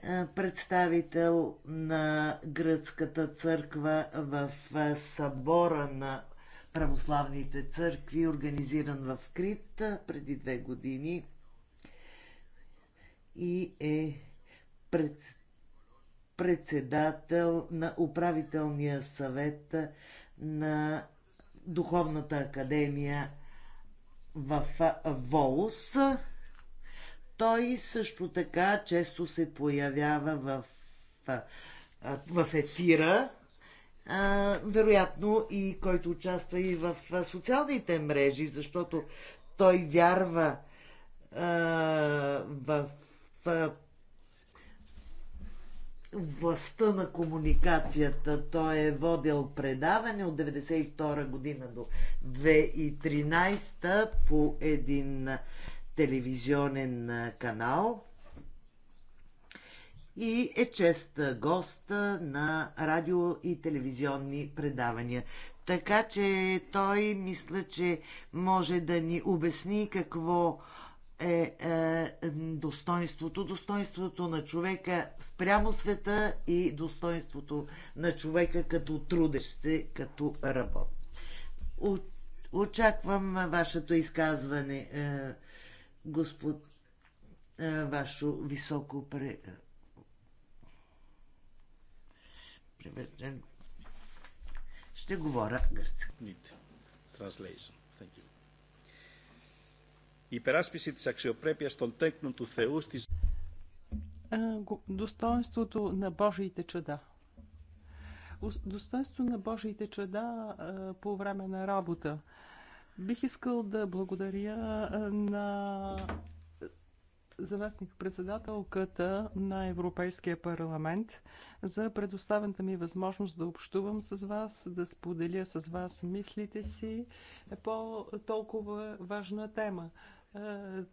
е, представител на гръцката църква в е, събора на православните църкви, организиран в Крит е, преди две години и е пред, председател на управителния съвет на Духовната академия в Волос. Той също така често се появява в, в, в ефира, а, вероятно и който участва и в социалните мрежи, защото той вярва а, в, в властта на комуникацията. Той е водил предаване от 1992 година до 2013 по един телевизионен канал и е чест гост на радио и телевизионни предавания. Така че той мисля, че може да ни обясни какво е, е достоинството, достоинството на човека спрямо света и достоинството на човека като трудещ се, като работ. Очаквам вашето изказване, е, господ, а, вашо високо пре... Превежден. Ще говоря гърцки. Translation. Thank you. Η υπεράσπιση της αξιοπρέπειας των τέκνων του Θεού στις... Достоинството на Божиите чада. Достоинството на Божиите чада по време на работа. Бих искал да благодаря на заместник-председателката на Европейския парламент за предоставената ми възможност да общувам с вас, да споделя с вас мислите си по толкова важна тема.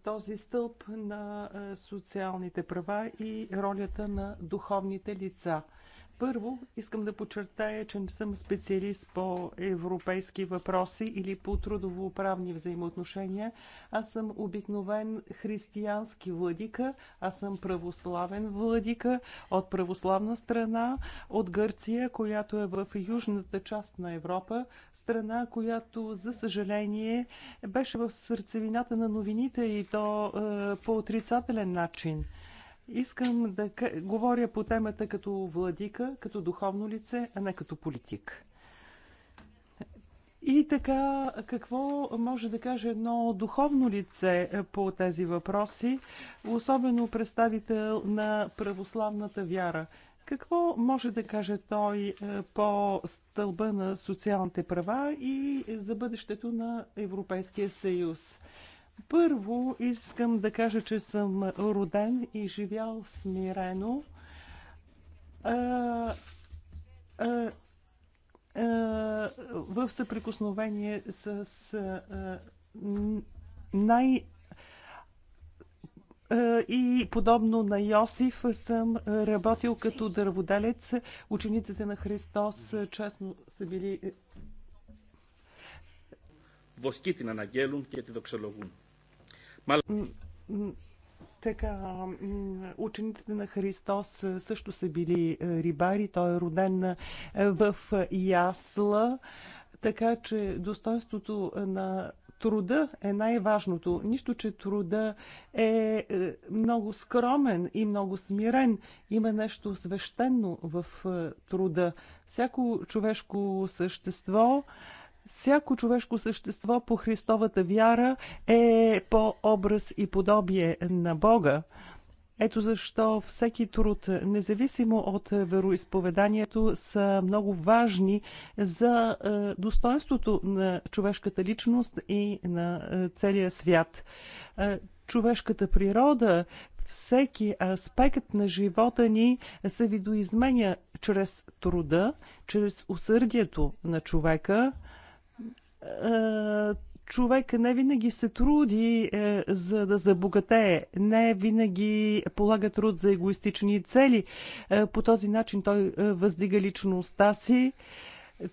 Този стълб на социалните права и ролята на духовните лица – първо, искам да подчертая, че не съм специалист по европейски въпроси или по трудовоправни взаимоотношения. Аз съм обикновен християнски владика, аз съм православен владика от православна страна, от Гърция, която е в южната част на Европа, страна, която, за съжаление, беше в сърцевината на новините и то е, по отрицателен начин. Искам да говоря по темата като владика, като духовно лице, а не като политик. И така, какво може да каже едно духовно лице е, по тези въпроси, особено представител на православната вяра? Какво може да каже той е, по стълба на социалните права и за бъдещето на Европейския съюз? Първо искам да кажа, че съм роден и живял смирено. А, а, а, в съприкосновение с а, най- и подобно на Йосиф съм работил като дърводелец. Учениците на Христос честно са били Βοσκήτην на και τη δοξολογούν. Така, учениците на Христос също са били рибари. Той е роден в Ясла. Така че достоинството на труда е най-важното. Нищо, че труда е, е много скромен и много смирен. Има нещо свещено в труда. Всяко човешко същество Всяко човешко същество по Христовата вяра е по образ и подобие на Бога. Ето защо всеки труд, независимо от вероисповеданието, са много важни за е, достоинството на човешката личност и на е, целия свят. Е, човешката природа, всеки аспект на живота ни се видоизменя чрез труда, чрез усърдието на човека – човек не винаги се труди е, за да забогатее, не винаги полага труд за егоистични цели. Е, по този начин той е, въздига личността си.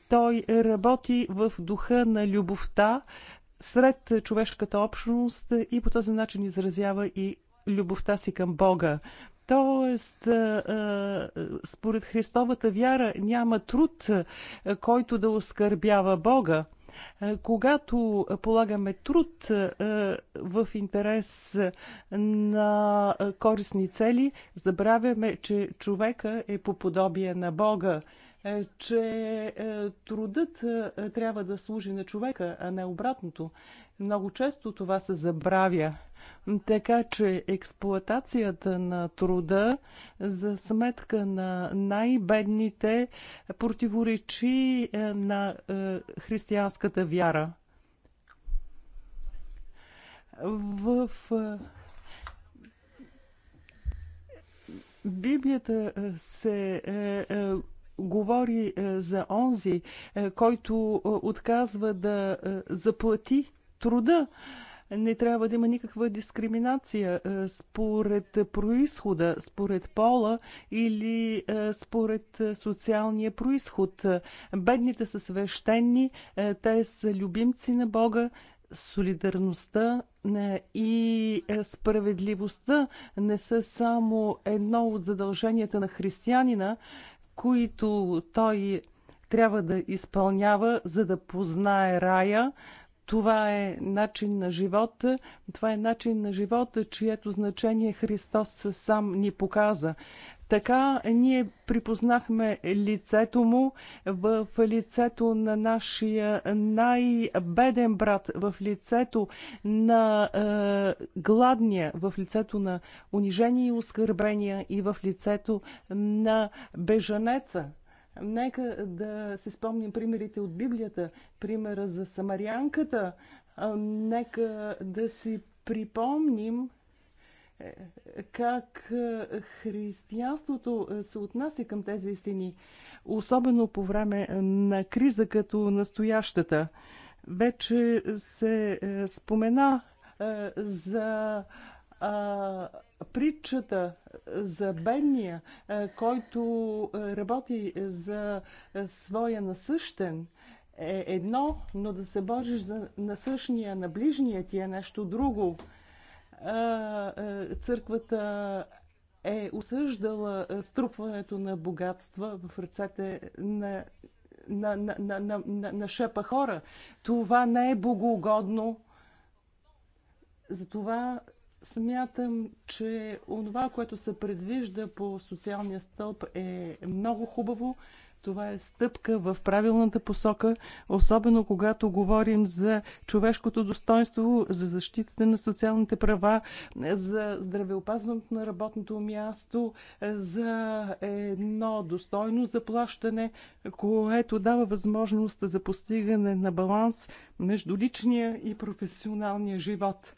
Той работи в духа на любовта сред човешката общност и по този начин изразява и любовта си към Бога. Тоест, е, е, според Христовата вяра няма труд, е, който да оскърбява Бога. Е, когато полагаме труд е, в интерес на е, корисни цели, забравяме, че човека е по подобие на Бога. Е, че е, трудът е, трябва да служи на човека, а не обратното. Много често това се забравя. Така че експлоатацията на труда за сметка на най-бедните противоречи на християнската вяра. В Библията се говори е, за онзи, е, който е, отказва да заплати труда. Не трябва да има никаква дискриминация според происхода, според пола или според социалния происход. Бедните са свещени, те са любимци на Бога, солидарността и справедливостта не са само едно от задълженията на християнина, които той трябва да изпълнява, за да познае рая. Това е начин на живота, Това е начин на живота, чието значение Христос сам ни показа. Така ние припознахме лицето му в лицето на нашия най-беден брат, в лицето на е, гладния, в лицето на унижение и оскърбения и в лицето на бежанеца. Нека да се спомним примерите от Библията, примера за самарянката. Е, нека да си припомним как е, християнството е, се отнася към тези истини, особено по време на криза като настоящата. Вече се е, спомена за притчата за бедния, който работи за своя насъщен е едно, но да се бориш за насъщния на ближния ти е нещо друго църквата е осъждала струпването на богатства в ръцете на, на, на, на, на, на, на шепа хора. Това не е богоугодно. Затова смятам, че онова, което се предвижда по социалния стълб е много хубаво. Това е стъпка в правилната посока, особено когато говорим за човешкото достоинство, за защитата на социалните права, за здравеопазването на работното място, за едно достойно заплащане, което дава възможност за постигане на баланс между личния и професионалния живот.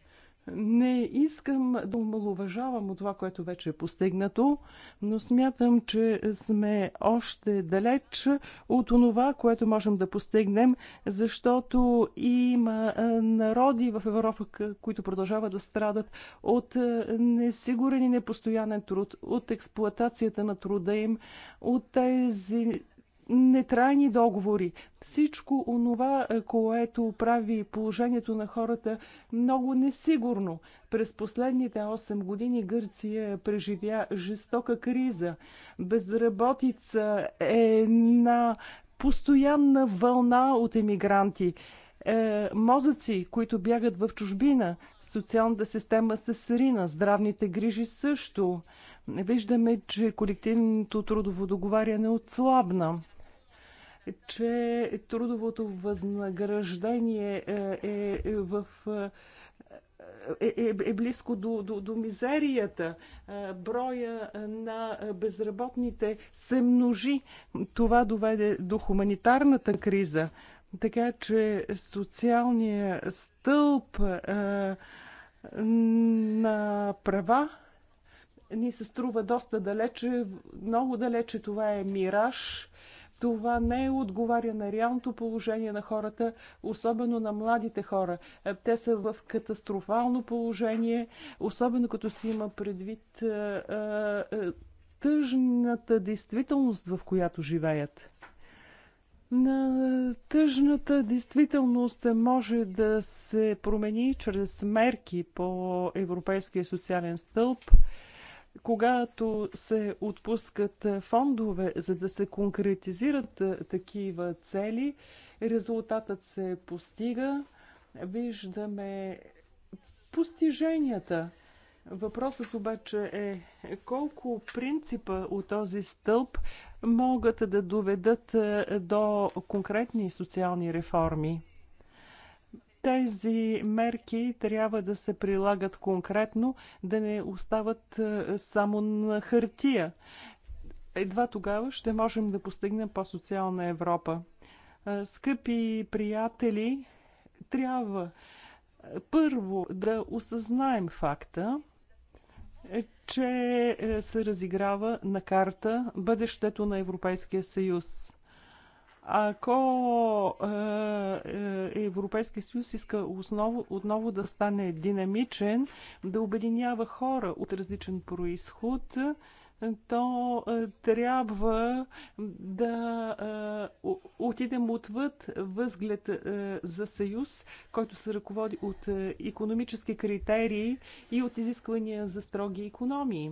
Не искам да омалуважавам от това, което вече е постигнато, но смятам, че сме още далеч от това, което можем да постигнем, защото има народи в Европа, които продължават да страдат от несигурен и непостоянен труд, от експлоатацията на труда им, от тези нетрайни договори. Всичко онова, е, което прави положението на хората много несигурно. През последните 8 години Гърция преживя жестока криза. Безработица е на постоянна вълна от емигранти е, мозъци, които бягат в чужбина. Социалната система се срина, здравните грижи също. Виждаме, че колективното трудово договаряне отслабна че трудовото възнаграждение е, е, е в е, е, е близко до, до, до мизерията. Е, броя на безработните се множи. Това доведе до хуманитарната криза. Така че социалният стълб е, на права ни се струва доста далече, много далече това е мираж това не е отговаря на реалното положение на хората, особено на младите хора. Е, те са в катастрофално положение, особено като си има предвид е, е, тъжната действителност, в която живеят. На тъжната действителност може да се промени чрез мерки по Европейския социален стълб когато се отпускат фондове, за да се конкретизират такива цели, резултатът се постига, виждаме постиженията. Въпросът обаче е колко принципа от този стълб могат да доведат до конкретни социални реформи. Тези мерки трябва да се прилагат конкретно, да не остават е, само на хартия. Едва тогава ще можем да постигнем по-социална Европа. Е, скъпи приятели, трябва е, първо да осъзнаем факта, че се разиграва на карта бъдещето на Европейския съюз. Ако е, е, Европейския съюз иска основ, отново да стане динамичен, да обединява хора от различен происход, то е, трябва да отидем отвъд възглед за съюз, който се ръководи от економически критерии и от изисквания за строги економии.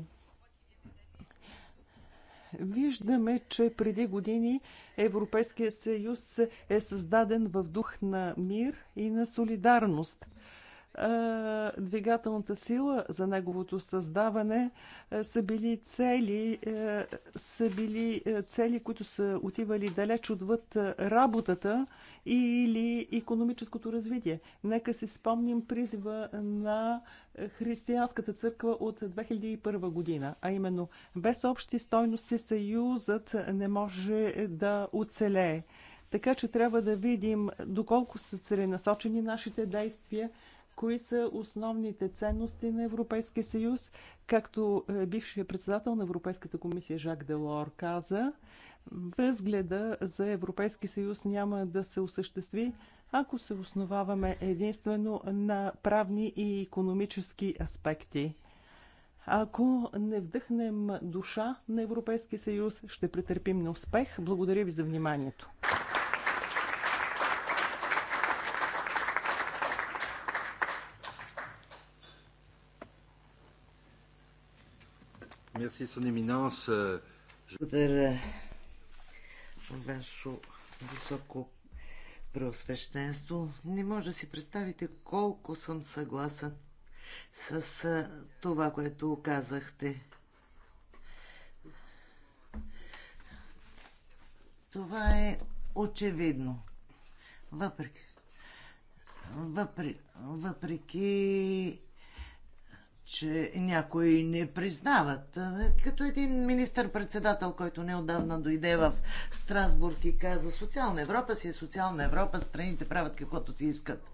Виждаме, че преди години Европейския съюз е създаден в дух на мир и на солидарност. Е, двигателната сила за неговото създаване е, са били цели, е, са били цели, които са отивали далеч отвъд работата или економическото развитие. Нека си спомним призива на християнската църква от 2001 година, а именно без общи стойности съюзът не може да оцелее. Така че трябва да видим доколко са целенасочени нашите действия, кои са основните ценности на Европейския съюз. Както е, бившия председател на Европейската комисия Жак Делор каза, възгледа за Европейски съюз няма да се осъществи, ако се основаваме единствено на правни и економически аспекти. Ако не вдъхнем душа на Европейски съюз, ще претърпим неуспех. Благодаря ви за вниманието. Merci, son Éminence. Euh, je... вашо високо преосвещенство. Не може да си представите колко съм съгласен с това, което казахте. Това е очевидно. Въпреки, въпреки, въпреки че някои не признават. Като един министър-председател, който неодавна дойде в Страсбург и каза социална Европа си е социална Европа, страните правят каквото си искат.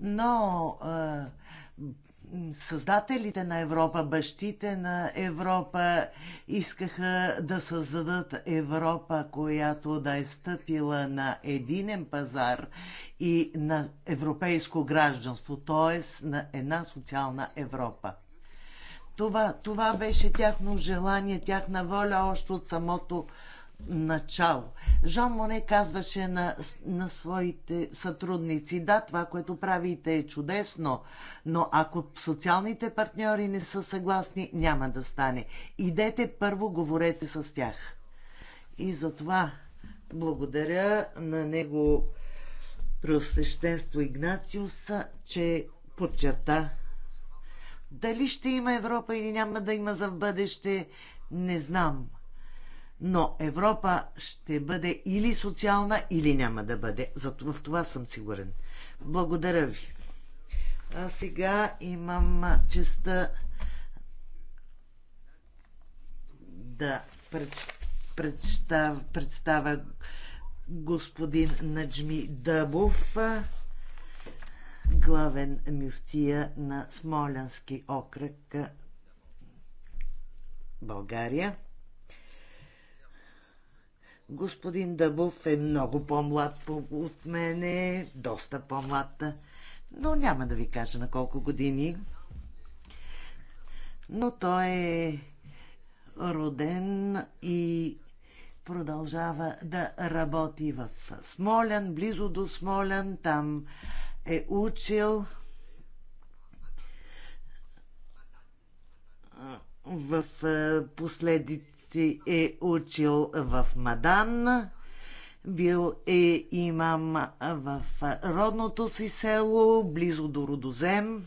Но създателите на Европа, бащите на Европа искаха да създадат Европа, която да е стъпила на единен пазар и на европейско гражданство, т.е. на една социална Европа. Това, това беше тяхно желание, тяхна воля още от самото начало. Жан Моне казваше на, на своите сътрудници, да, това, което правите е чудесно, но ако социалните партньори не са съгласни, няма да стане. Идете първо, говорете с тях. И затова благодаря на него Преосвещенство Игнациус, че подчерта дали ще има Европа или няма да има за в бъдеще, не знам но Европа ще бъде или социална, или няма да бъде. Зато в това съм сигурен. Благодаря ви. А сега имам честа да пред, представ, представя господин Наджми Дъбов, главен мюфтия на Смолянски окръг България. Господин Дъбов е много по-млад от мене, доста по-млад, но няма да ви кажа на колко години. Но той е роден и продължава да работи в Смолян, близо до Смолян. Там е учил в последните си е учил в Мадан, бил е имам в родното си село, близо до Родозем.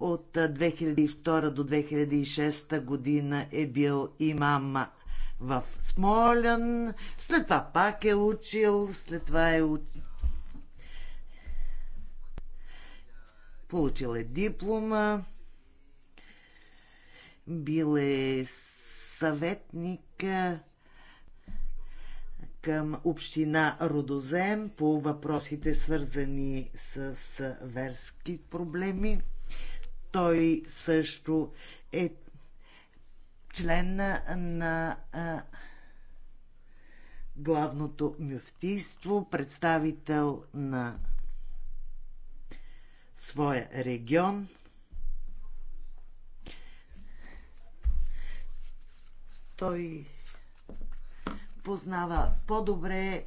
От 2002 до 2006 година е бил имам в Смолян, след това пак е учил, след това е учил. Получил е диплома, бил е съветник към община Родозем по въпросите свързани с верски проблеми. Той също е член на главното мюфтийство, представител на своя регион. Той познава по-добре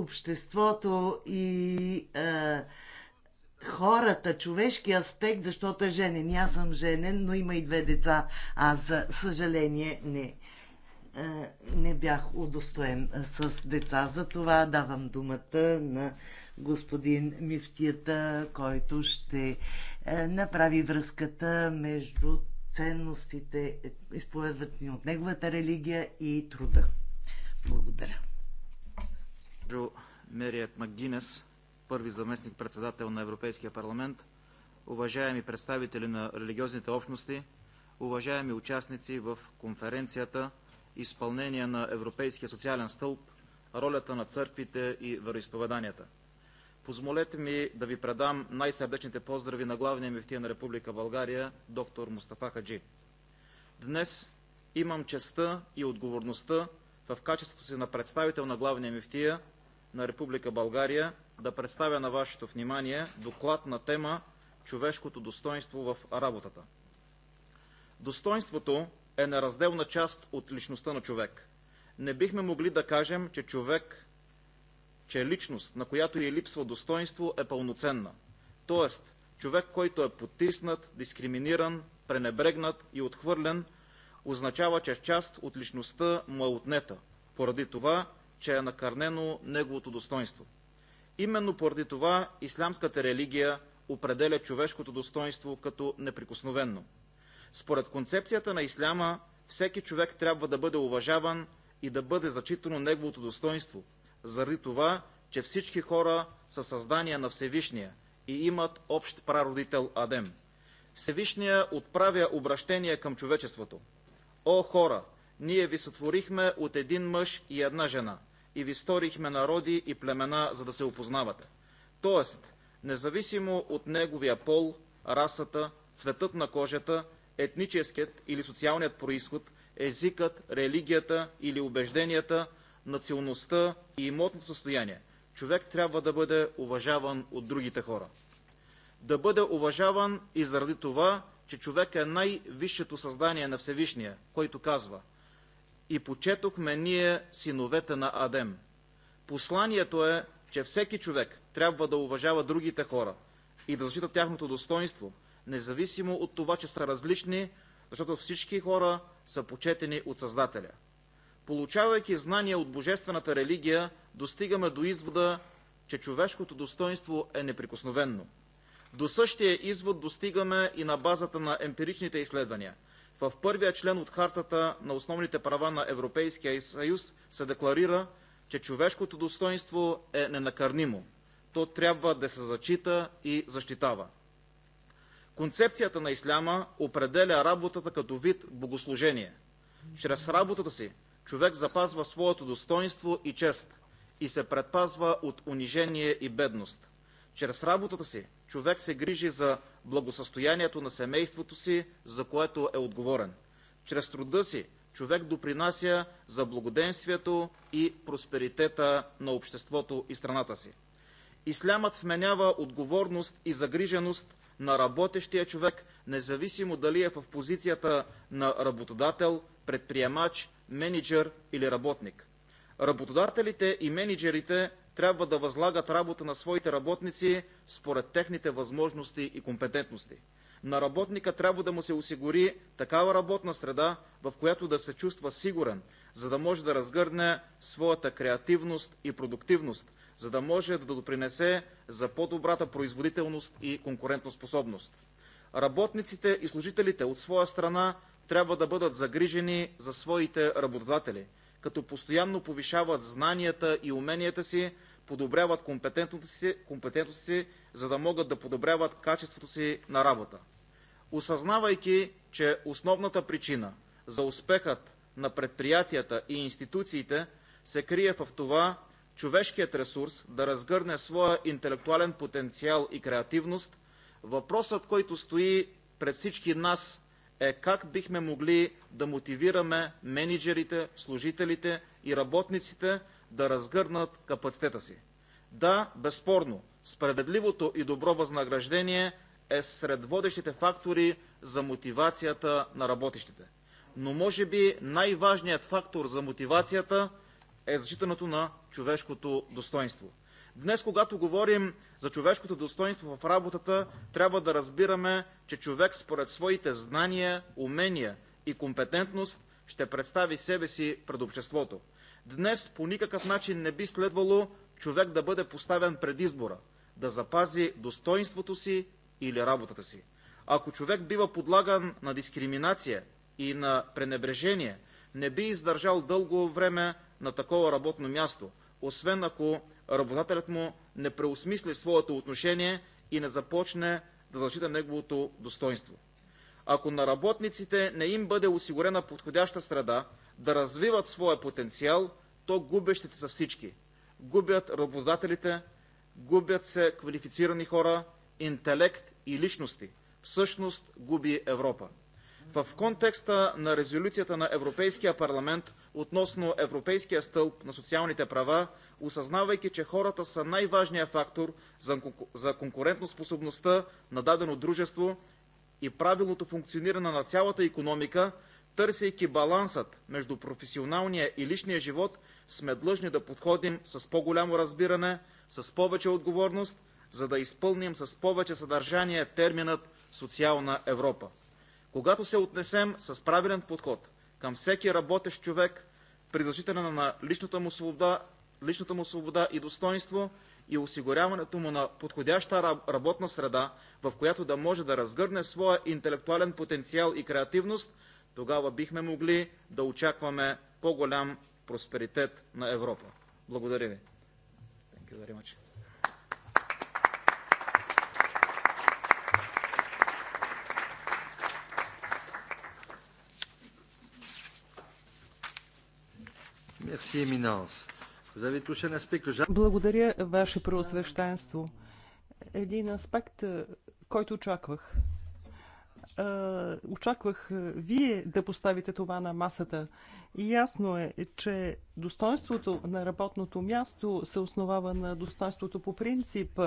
обществото и а, хората, човешки аспект, защото е женен. аз съм женен, но има и две деца. Аз, за съжаление, не, а, не бях удостоен с деца. Затова давам думата на господин Мифтията, който ще е, направи връзката между ценностите, изповедвани от неговата религия и труда. Благодаря. Джо Мерият Макгинес, първи заместник председател на Европейския парламент, уважаеми представители на религиозните общности, уважаеми участници в конференцията изпълнение на Европейския социален стълб, ролята на църквите и вероисповеданията – Позволете ми да ви предам най-сърдечните поздрави на главния мифтия на Република България, доктор Мустафа Хаджи. Днес имам честа и отговорността в качеството си на представител на главния мифтия на Република България да представя на вашето внимание доклад на тема «Човешкото достоинство в работата». Достоинството е неразделна част от личността на човек. Не бихме могли да кажем, че човек че личност, на която е липсва достоинство, е пълноценна. Тоест, човек, който е потиснат, дискриминиран, пренебрегнат и отхвърлен, означава, че част от личността му е отнета, поради това, че е накърнено неговото достоинство. Именно поради това ислямската религия определя човешкото достоинство като неприкосновенно. Според концепцията на исляма, всеки човек трябва да бъде уважаван и да бъде зачитано неговото достоинство, заради това, че всички хора са създания на Всевишния и имат общ прародител Адем. Всевишния отправя обращение към човечеството. О хора, ние ви сътворихме от един мъж и една жена и ви сторихме народи и племена, за да се опознавате. Тоест, независимо от неговия пол, расата, цветът на кожата, етническият или социалният происход, езикът, религията или убежденията, националността и имотното състояние. Човек трябва да бъде уважаван от другите хора. Да бъде уважаван и заради това, че човек е най-висшето създание на Всевишния, който казва «И почетохме ние синовете на Адем». Посланието е, че всеки човек трябва да уважава другите хора и да защита тяхното достоинство, независимо от това, че са различни, защото всички хора са почетени от Създателя. Получавайки знания от божествената религия, достигаме до извода, че човешкото достоинство е неприкосновенно. До същия извод достигаме и на базата на емпиричните изследвания. В първия член от Хартата на основните права на Европейския съюз се декларира, че човешкото достоинство е ненакърнимо. То трябва да се зачита и защитава. Концепцията на исляма определя работата като вид богослужение. Чрез работата си човек запазва своето достоинство и чест и се предпазва от унижение и бедност. Чрез работата си човек се грижи за благосъстоянието на семейството си, за което е отговорен. Чрез труда си човек допринася за благоденствието и просперитета на обществото и страната си. Ислямът вменява отговорност и загриженост на работещия човек, независимо дали е в позицията на работодател, предприемач, менеджер или работник. Работодателите и менеджерите трябва да възлагат работа на своите работници според техните възможности и компетентности. На работника трябва да му се осигури такава работна среда, в която да се чувства сигурен, за да може да разгърне своята креативност и продуктивност, за да може да допринесе за по-добрата производителност и конкурентоспособност. Работниците и служителите от своя страна трябва да бъдат загрижени за своите работодатели, като постоянно повишават знанията и уменията си, подобряват компетентностите си, за да могат да подобряват качеството си на работа. Осъзнавайки, че основната причина за успехът на предприятията и институциите се крие в това човешкият ресурс да разгърне своя интелектуален потенциал и креативност, въпросът, който стои пред всички нас е как бихме могли да мотивираме менеджерите, служителите и работниците да разгърнат капацитета си. Да, безспорно, справедливото и добро възнаграждение е сред водещите фактори за мотивацията на работещите. Но може би най-важният фактор за мотивацията е защитането на човешкото достоинство. Днес, когато говорим за човешкото достоинство в работата, трябва да разбираме, че човек според своите знания, умения и компетентност ще представи себе си пред обществото. Днес по никакъв начин не би следвало човек да бъде поставен пред избора, да запази достоинството си или работата си. Ако човек бива подлаган на дискриминация и на пренебрежение, не би издържал дълго време на такова работно място – освен ако работодателят му не преосмисли своето отношение и не започне да зачита неговото достоинство. Ако на работниците не им бъде осигурена подходяща среда да развиват своя потенциал, то губещите са всички. Губят работодателите, губят се квалифицирани хора, интелект и личности. Всъщност губи Европа. В контекста на резолюцията на Европейския парламент относно Европейския стълб на социалните права, осъзнавайки, че хората са най-важният фактор за конкурентоспособността на дадено дружество и правилното функциониране на цялата економика, търсейки балансът между професионалния и личния живот, сме длъжни да подходим с по-голямо разбиране, с повече отговорност, за да изпълним с повече съдържание терминът «социална Европа». Когато се отнесем с правилен подход към всеки работещ човек, при защита на личната му свобода, личната му свобода и достоинство и осигуряването му на подходяща работна среда, в която да може да разгърне своя интелектуален потенциал и креативност, тогава бихме могли да очакваме по-голям просперитет на Европа. Благодаря ви. Thank you very much. Благодаря, Ваше Преосвещенство. Един аспект, е, който очаквах. Е, очаквах е, Вие да поставите това на масата. И ясно е, че достоинството на работното място се основава на достоинството по принцип.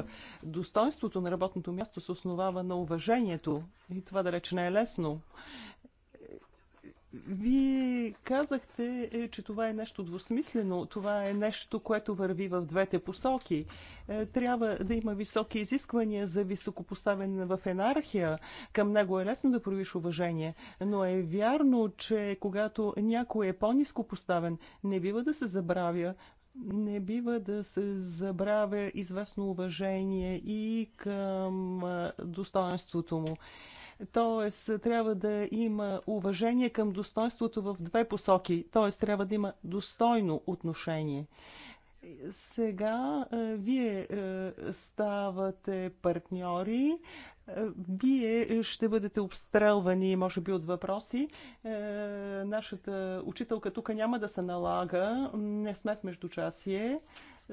Достоинството на работното място се основава на уважението. И това далеч не е лесно. Вие казахте, е, че това е нещо двусмислено, това е нещо, което върви в двете посоки. Е, трябва да има високи изисквания за високопоставен в енархия. Към него е лесно да проявиш уважение, но е вярно, че когато някой е по-низко поставен, не бива да се забравя, не бива да се забравя известно уважение и към достоинството му. Т.е. трябва да има уважение към достоинството в две посоки. Т.е. трябва да има достойно отношение. Сега е, вие е, ставате партньори. Е, вие ще бъдете обстрелвани, може би, от въпроси. Нашата учителка тук няма да се налага. Не сме в междучасие.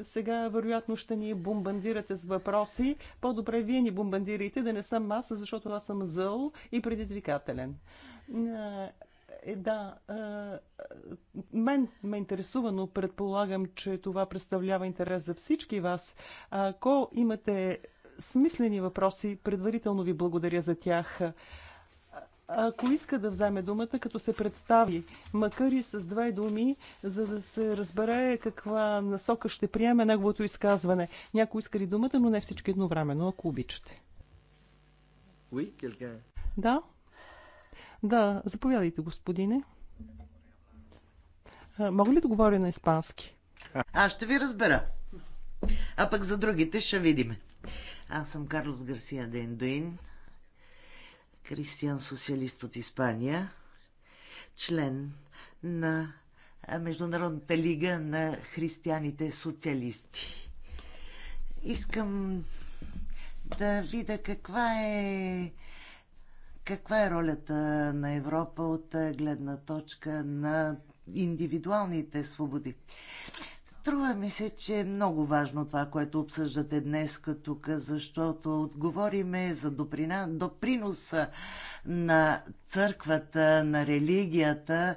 Сега, вероятно, ще ни бомбандирате с въпроси. По-добре вие ни бомбандирайте, да не съм аз, защото аз съм зъл и предизвикателен. Е, да, е, мен ме интересува, но предполагам, че това представлява интерес за всички вас. Ако имате смислени въпроси, предварително ви благодаря за тях ако иска да вземе думата, като се представи, макар и с две думи, за да се разбере каква насока ще приеме неговото изказване. Някой иска ли думата, но не всички едновременно, ако обичате. Oui, да? Да, заповядайте, господине. А, мога ли да говоря на испански? Аз ще ви разбера. А пък за другите ще видиме. Аз съм Карлос Гарсия Дендуин християн социалист от Испания, член на Международната лига на християните социалисти. Искам да видя каква е каква е ролята на Европа от гледна точка на индивидуалните свободи. Струва ми се, че е много важно това, което обсъждате днес тук, защото отговориме за доприна, доприноса на църквата, на религията,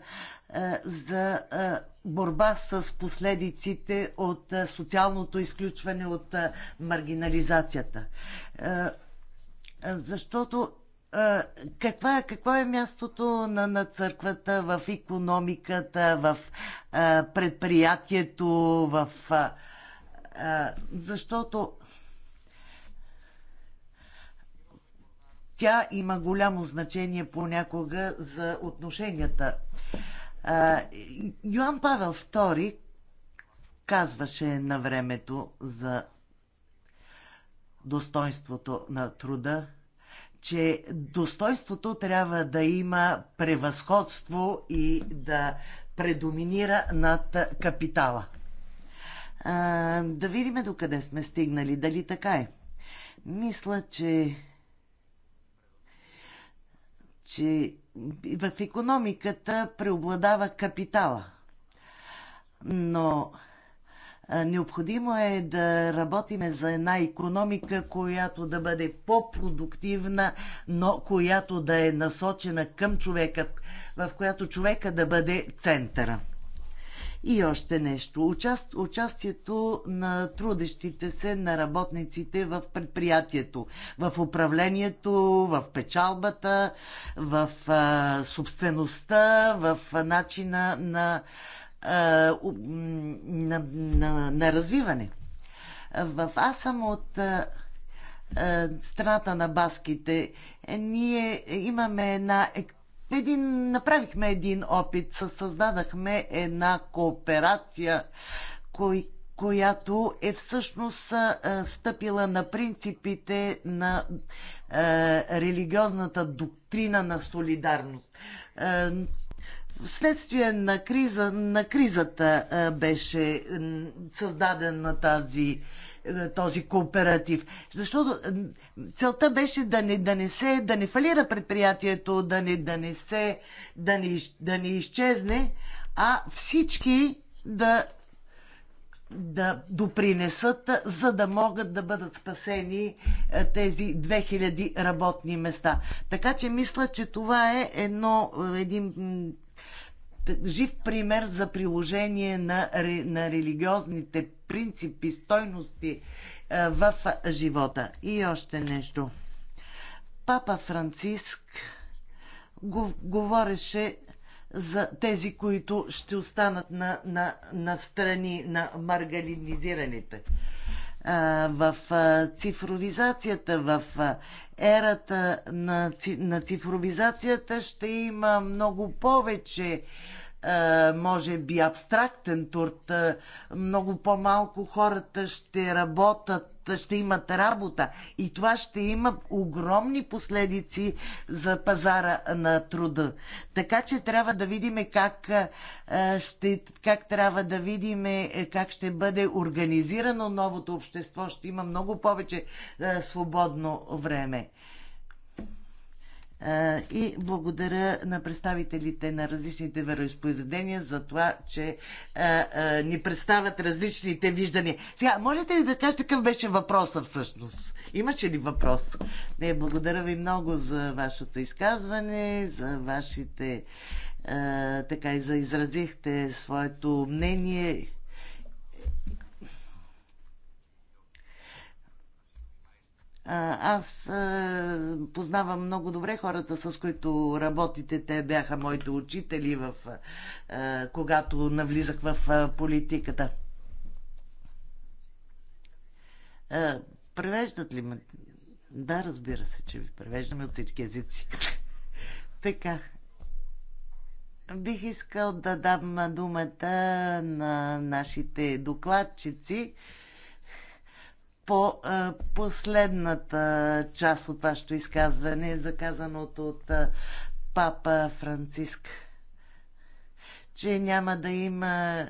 е, за е, борба с последиците от е, социалното изключване, от маргинализацията. Защото каква, какво е мястото на, на църквата в економиката, в а, предприятието, в. А, а, защото тя има голямо значение понякога за отношенията. А, Йоан Павел II казваше на времето за достоинството на труда че достойството трябва да има превъзходство и да предоминира над капитала. А, да видим къде сме стигнали, дали така е. Мисля, че че в економиката преобладава капитала. Но Необходимо е да работиме за една економика, която да бъде по-продуктивна, но която да е насочена към човека, в която човека да бъде центъра. И още нещо. участието на трудещите се, на работниците в предприятието, в управлението, в печалбата, в собствеността, в начина на на, на, на развиване. В, аз съм от страната на баските. Е, ние имаме една е, един, направихме един опит, създадахме една кооперация, кой, която е всъщност стъпила на принципите на а, религиозната доктрина на солидарност. А, Вследствие на, криза, на кризата е, беше създаден на тази е, този кооператив. Защото целта беше да не, да не се, да не фалира предприятието, да не, да не се, да не, да не изчезне, а всички да да допринесат, за да могат да бъдат спасени е, тези 2000 работни места. Така че мисля, че това е едно, един жив пример за приложение на, на религиозните принципи, стойности е, в живота. И още нещо. Папа Франциск го, говореше за тези, които ще останат на, на, на страни на маргалинизираните в цифровизацията, в ерата на, на цифровизацията ще има много повече може би абстрактен турт. Много по-малко хората ще работят ще имат работа. И това ще има огромни последици за пазара на труда. Така че трябва да видим как, е, ще, как трябва да видим е, как ще бъде организирано новото общество. Ще има много повече е, свободно време и благодаря на представителите на различните вероисповедения за това, че ни представят различните виждания. Сега, можете ли да кажете какъв беше въпроса всъщност? Имаше ли въпрос? Не, благодаря ви много за вашето изказване, за вашите така и за изразихте своето мнение Аз познавам много добре хората, с които работите. Те бяха моите учители, в, когато навлизах в политиката. превеждат ли ме? Да, разбира се, че ви превеждаме от всички езици. така. Бих искал да дам думата на нашите докладчици по последната част от вашето изказване, заказаното от папа Франциск, че няма да има,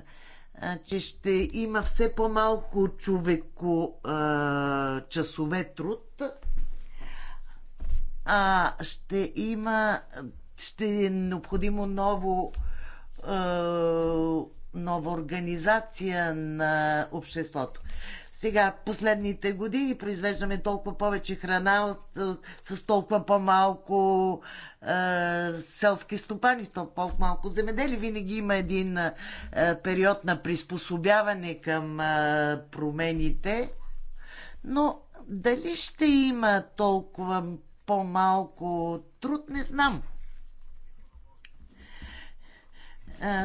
че ще има все по-малко човеко часове труд, а ще има, ще е необходимо ново нова организация на обществото. Сега, последните години произвеждаме толкова повече храна е, с толкова по-малко е, селски стопани, с толкова по-малко земедели. Винаги има един е, период на приспособяване към е, промените. Но дали ще има толкова по-малко труд, не знам.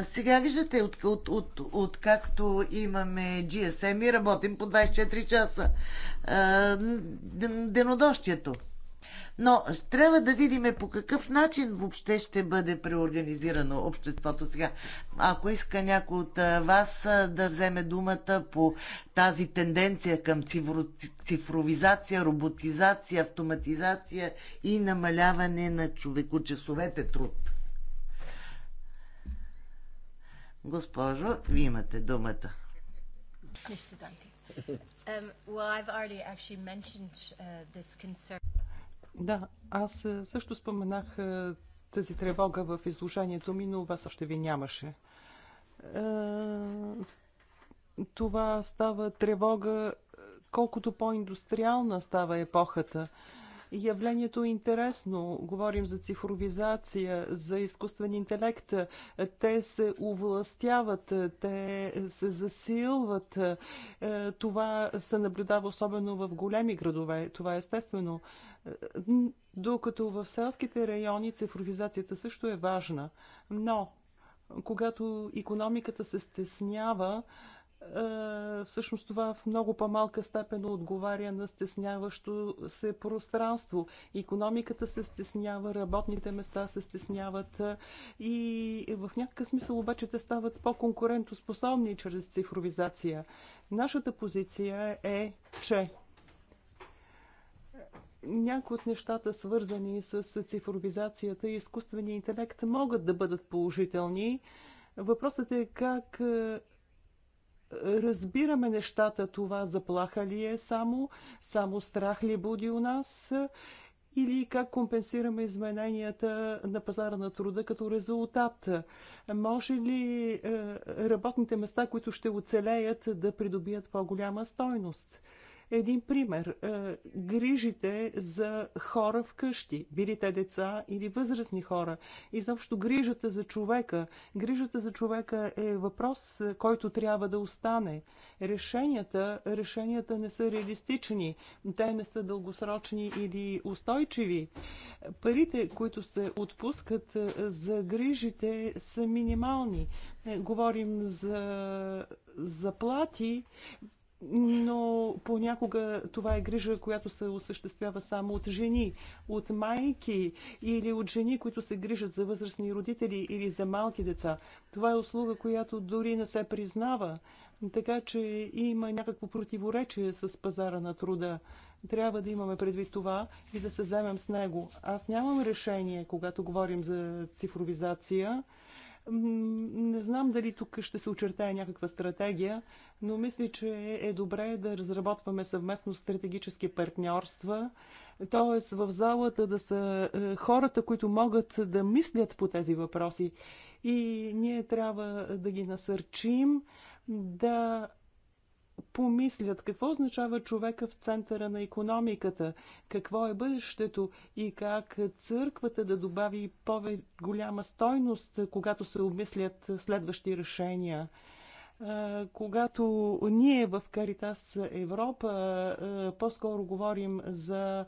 сега виждате, от, от, от, от както имаме GSM и работим по 24 часа а, денодощието. Но трябва да видим по какъв начин въобще ще бъде преорганизирано обществото сега. Ако иска някой от вас да вземе думата по тази тенденция към цифровизация, роботизация, автоматизация и намаляване на човекочасовете труд. Госпожо, ви имате думата. Uh, да, аз е, също споменах е, тази тревога в изложението ми, но вас още ви нямаше. Е, това става тревога, колкото по-индустриална става епохата – Явлението е интересно. Говорим за цифровизация, за изкуствен интелект. Те се увластяват, те се засилват. Е, това се наблюдава особено в големи градове. Това е естествено. Е, докато в селските райони цифровизацията също е важна. Но когато економиката се стеснява, е, всъщност това в много по-малка степен отговаря на стесняващо се пространство. Економиката се стеснява, работните места се стесняват е, и в някакъв смисъл обаче те стават по-конкурентоспособни чрез цифровизация. Нашата позиция е, че някои от нещата, свързани с цифровизацията и изкуствения интелект, могат да бъдат положителни. Въпросът е как е, разбираме нещата, това заплаха ли е само, само страх ли буди у нас или как компенсираме измененията на пазара на труда като резултат. Може ли е, работните места, които ще оцелеят, да придобият по-голяма стойност? Един пример. Е, грижите за хора вкъщи, били те деца или възрастни хора. Изобщо грижата за човека. Грижата за човека е въпрос, е, който трябва да остане. Решенията, решенията не са реалистични. Те не са дългосрочни или устойчиви. Парите, които се отпускат е, за грижите, са минимални. Говорим за заплати, но понякога това е грижа, която се осъществява само от жени, от майки или от жени, които се грижат за възрастни родители или за малки деца. Това е услуга, която дори не се признава. Така че има някакво противоречие с пазара на труда. Трябва да имаме предвид това и да се вземем с него. Аз нямам решение, когато говорим за цифровизация. Не знам дали тук ще се очертая някаква стратегия, но мисля, че е добре да разработваме съвместно стратегически партньорства, т.е. в залата да са е, хората, които могат да мислят по тези въпроси. И ние трябва да ги насърчим да помислят какво означава човека в центъра на економиката, какво е бъдещето и как църквата да добави повече голяма стойност, когато се обмислят следващи решения когато ние в Каритас Европа по-скоро говорим за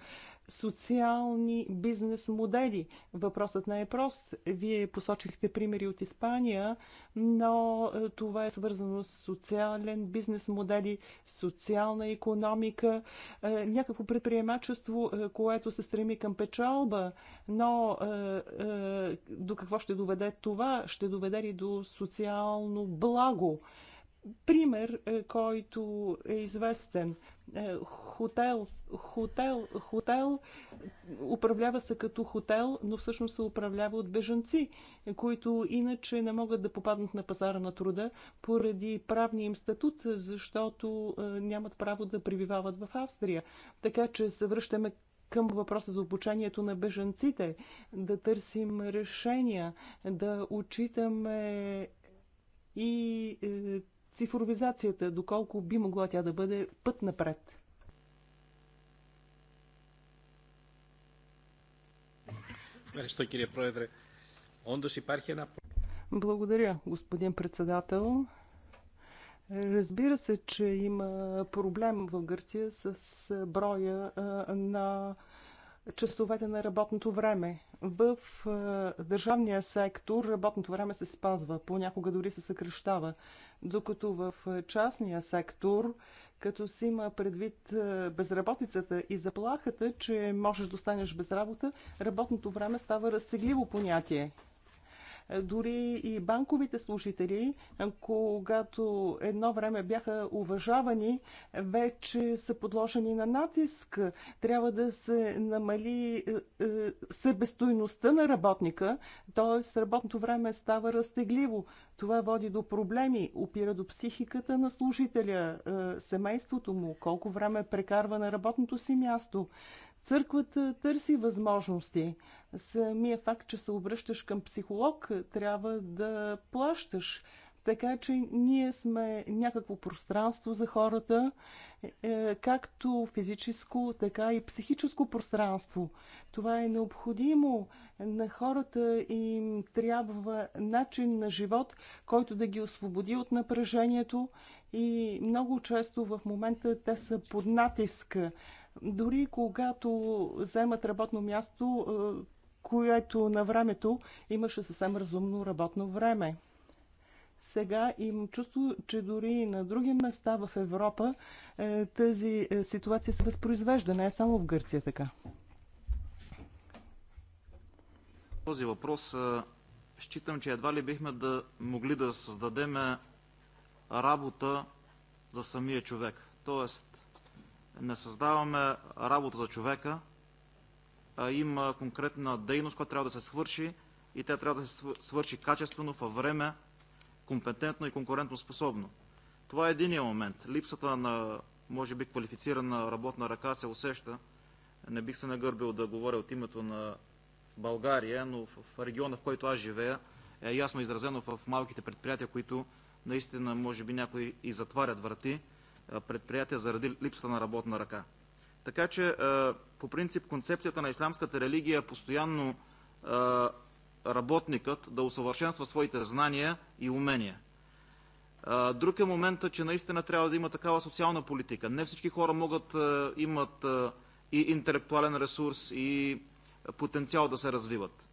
социални бизнес модели. Въпросът не е прост. Вие посочихте примери от Испания, но е, това е свързано с социален бизнес модели, социална економика, е, някакво предприемачество, е, което се стреми към печалба, но до какво ще доведе това? Ще доведе ли до социално благо? Пример, който е известен хотел, хотел, хотел, управлява се като хотел, но всъщност се управлява от бежанци, които иначе не могат да попаднат на пазара на труда поради правния им статут, защото е, нямат право да прибивават в Австрия. Така че се връщаме към въпроса за обучението на бежанците, да търсим решения, да отчитаме и е, цифровизацията, доколко би могла тя да бъде път напред. Благодаря, господин председател. Разбира се, че има проблем в Гърция с броя на часовете на работното време. В държавния сектор работното време се спазва, понякога дори се съкръщава, докато в частния сектор като си има предвид е, безработицата и заплахата, че можеш да останеш без работа, работното време става разтегливо понятие. Дори и банковите служители, когато едно време бяха уважавани, вече са подложени на натиск. Трябва да се намали е, е, себестойността на работника, т.е. работното време става разтегливо. Това води до проблеми, опира до психиката на служителя, е, семейството му, колко време прекарва на работното си място. Църквата търси възможности. Самия факт, че се обръщаш към психолог, трябва да плащаш. Така че ние сме някакво пространство за хората, е, както физическо, така и психическо пространство. Това е необходимо. На хората им трябва начин на живот, който да ги освободи от напрежението и много често в момента те са под натиска. Дори когато вземат работно място, е, което на времето имаше съвсем разумно работно време. Сега имам чувство, че дори и на други места в Европа е, тази е, ситуация се възпроизвежда, не е само в Гърция така. Този въпрос е, считам, че едва ли бихме да могли да създадем работа за самия човек. Тоест, не създаваме работа за човека, а има конкретна дейност, която трябва да се свърши и тя трябва да се свърши качествено, във време, компетентно и конкурентно способно. Това е единият момент. Липсата на, може би, квалифицирана работна ръка се усеща. Не бих се нагърбил да говоря от името на България, но в региона, в който аз живея, е ясно изразено в малките предприятия, които наистина, може би, някои и затварят врати предприятия заради липсата на работна ръка. Така че по принцип концепцията на ислямската религия е постоянно работникът да усъвършенства своите знания и умения. Друг е момента, че наистина трябва да има такава социална политика. Не всички хора могат, имат и интелектуален ресурс, и потенциал да се развиват.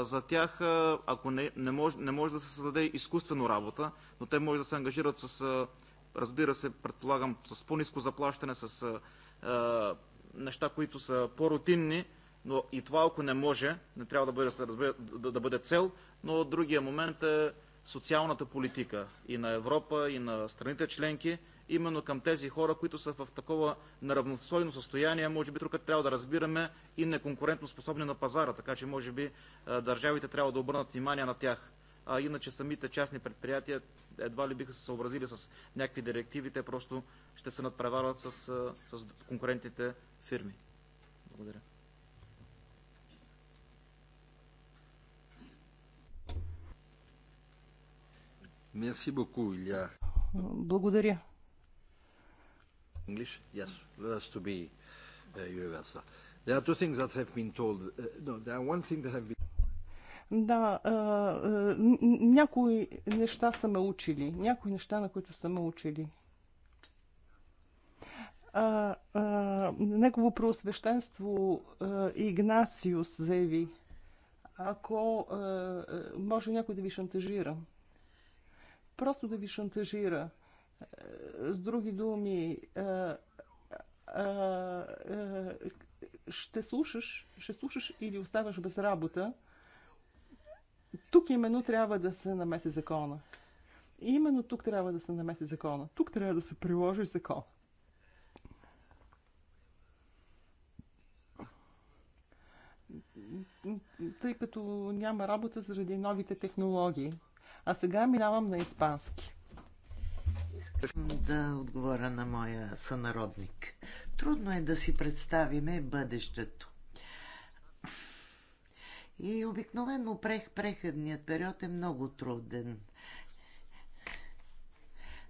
За тях, ако не, не, може, не може да се създаде изкуствено работа, но те може да се ангажират с, разбира се, предполагам, с по-низко заплащане, с неща, които са по-рутинни, но и това, ако не може, не трябва да бъде, да бъде цел, но другия момент е социалната политика и на Европа, и на страните членки, именно към тези хора, които са в такова неравностойно състояние, може би тук трябва да разбираме и неконкурентно способни на пазара, така че може би държавите трябва да обърнат внимание на тях. А иначе самите частни предприятия едва ли биха се съобразили с някакви директиви, те просто ще се надпреварват с, с конкурентите фирми. Благодаря. Мерси боку, Илья. Благодаря. English? Yes, that has to be uh, universal. There are two things that have been told. Uh, no, there are one thing that have been да, някои неща са ме учили. Някои неща, на които са ме учили а, негово преосвещенство а, Игнасиус заяви, ако а, може някой да ви шантажира, просто да ви шантажира, с други думи, а, а, а, ще слушаш, ще слушаш или оставаш без работа, тук именно трябва да се намеси закона. Именно тук трябва да се намеси закона. Тук трябва да се приложи закона. тъй като няма работа заради новите технологии. А сега минавам на испански. Искам да отговоря на моя сънародник. Трудно е да си представиме бъдещето. И обикновено прех, преходният период е много труден.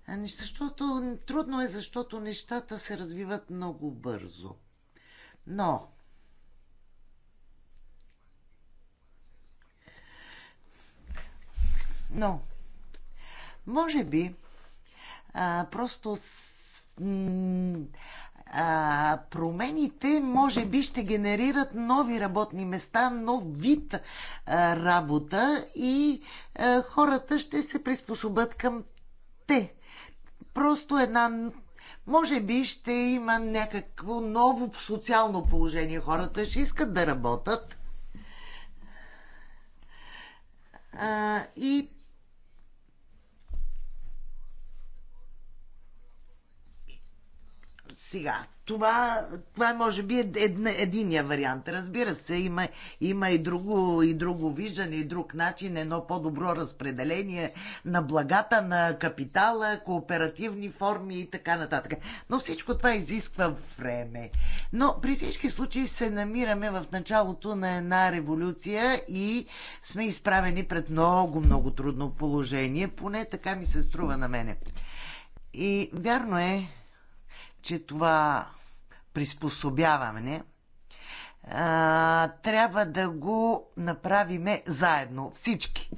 Ами, защото, трудно е, защото нещата се развиват много бързо. Но, Но, може би, а, просто с, а, промените може би ще генерират нови работни места, нов вид а, работа и а, хората ще се приспособят към те. Просто една може би ще има някакво ново социално положение. Хората ще искат да работят. А, и Сега, това, това може би е една, единия вариант. Разбира се, има, има и, друго, и друго виждане, и друг начин, едно по-добро разпределение на благата, на капитала, кооперативни форми и така нататък. Но всичко това изисква време. Но при всички случаи се намираме в началото на една революция и сме изправени пред много, много трудно положение. Поне така ми се струва на мене. И вярно е, че това приспособяване а, трябва да го направиме заедно, всички.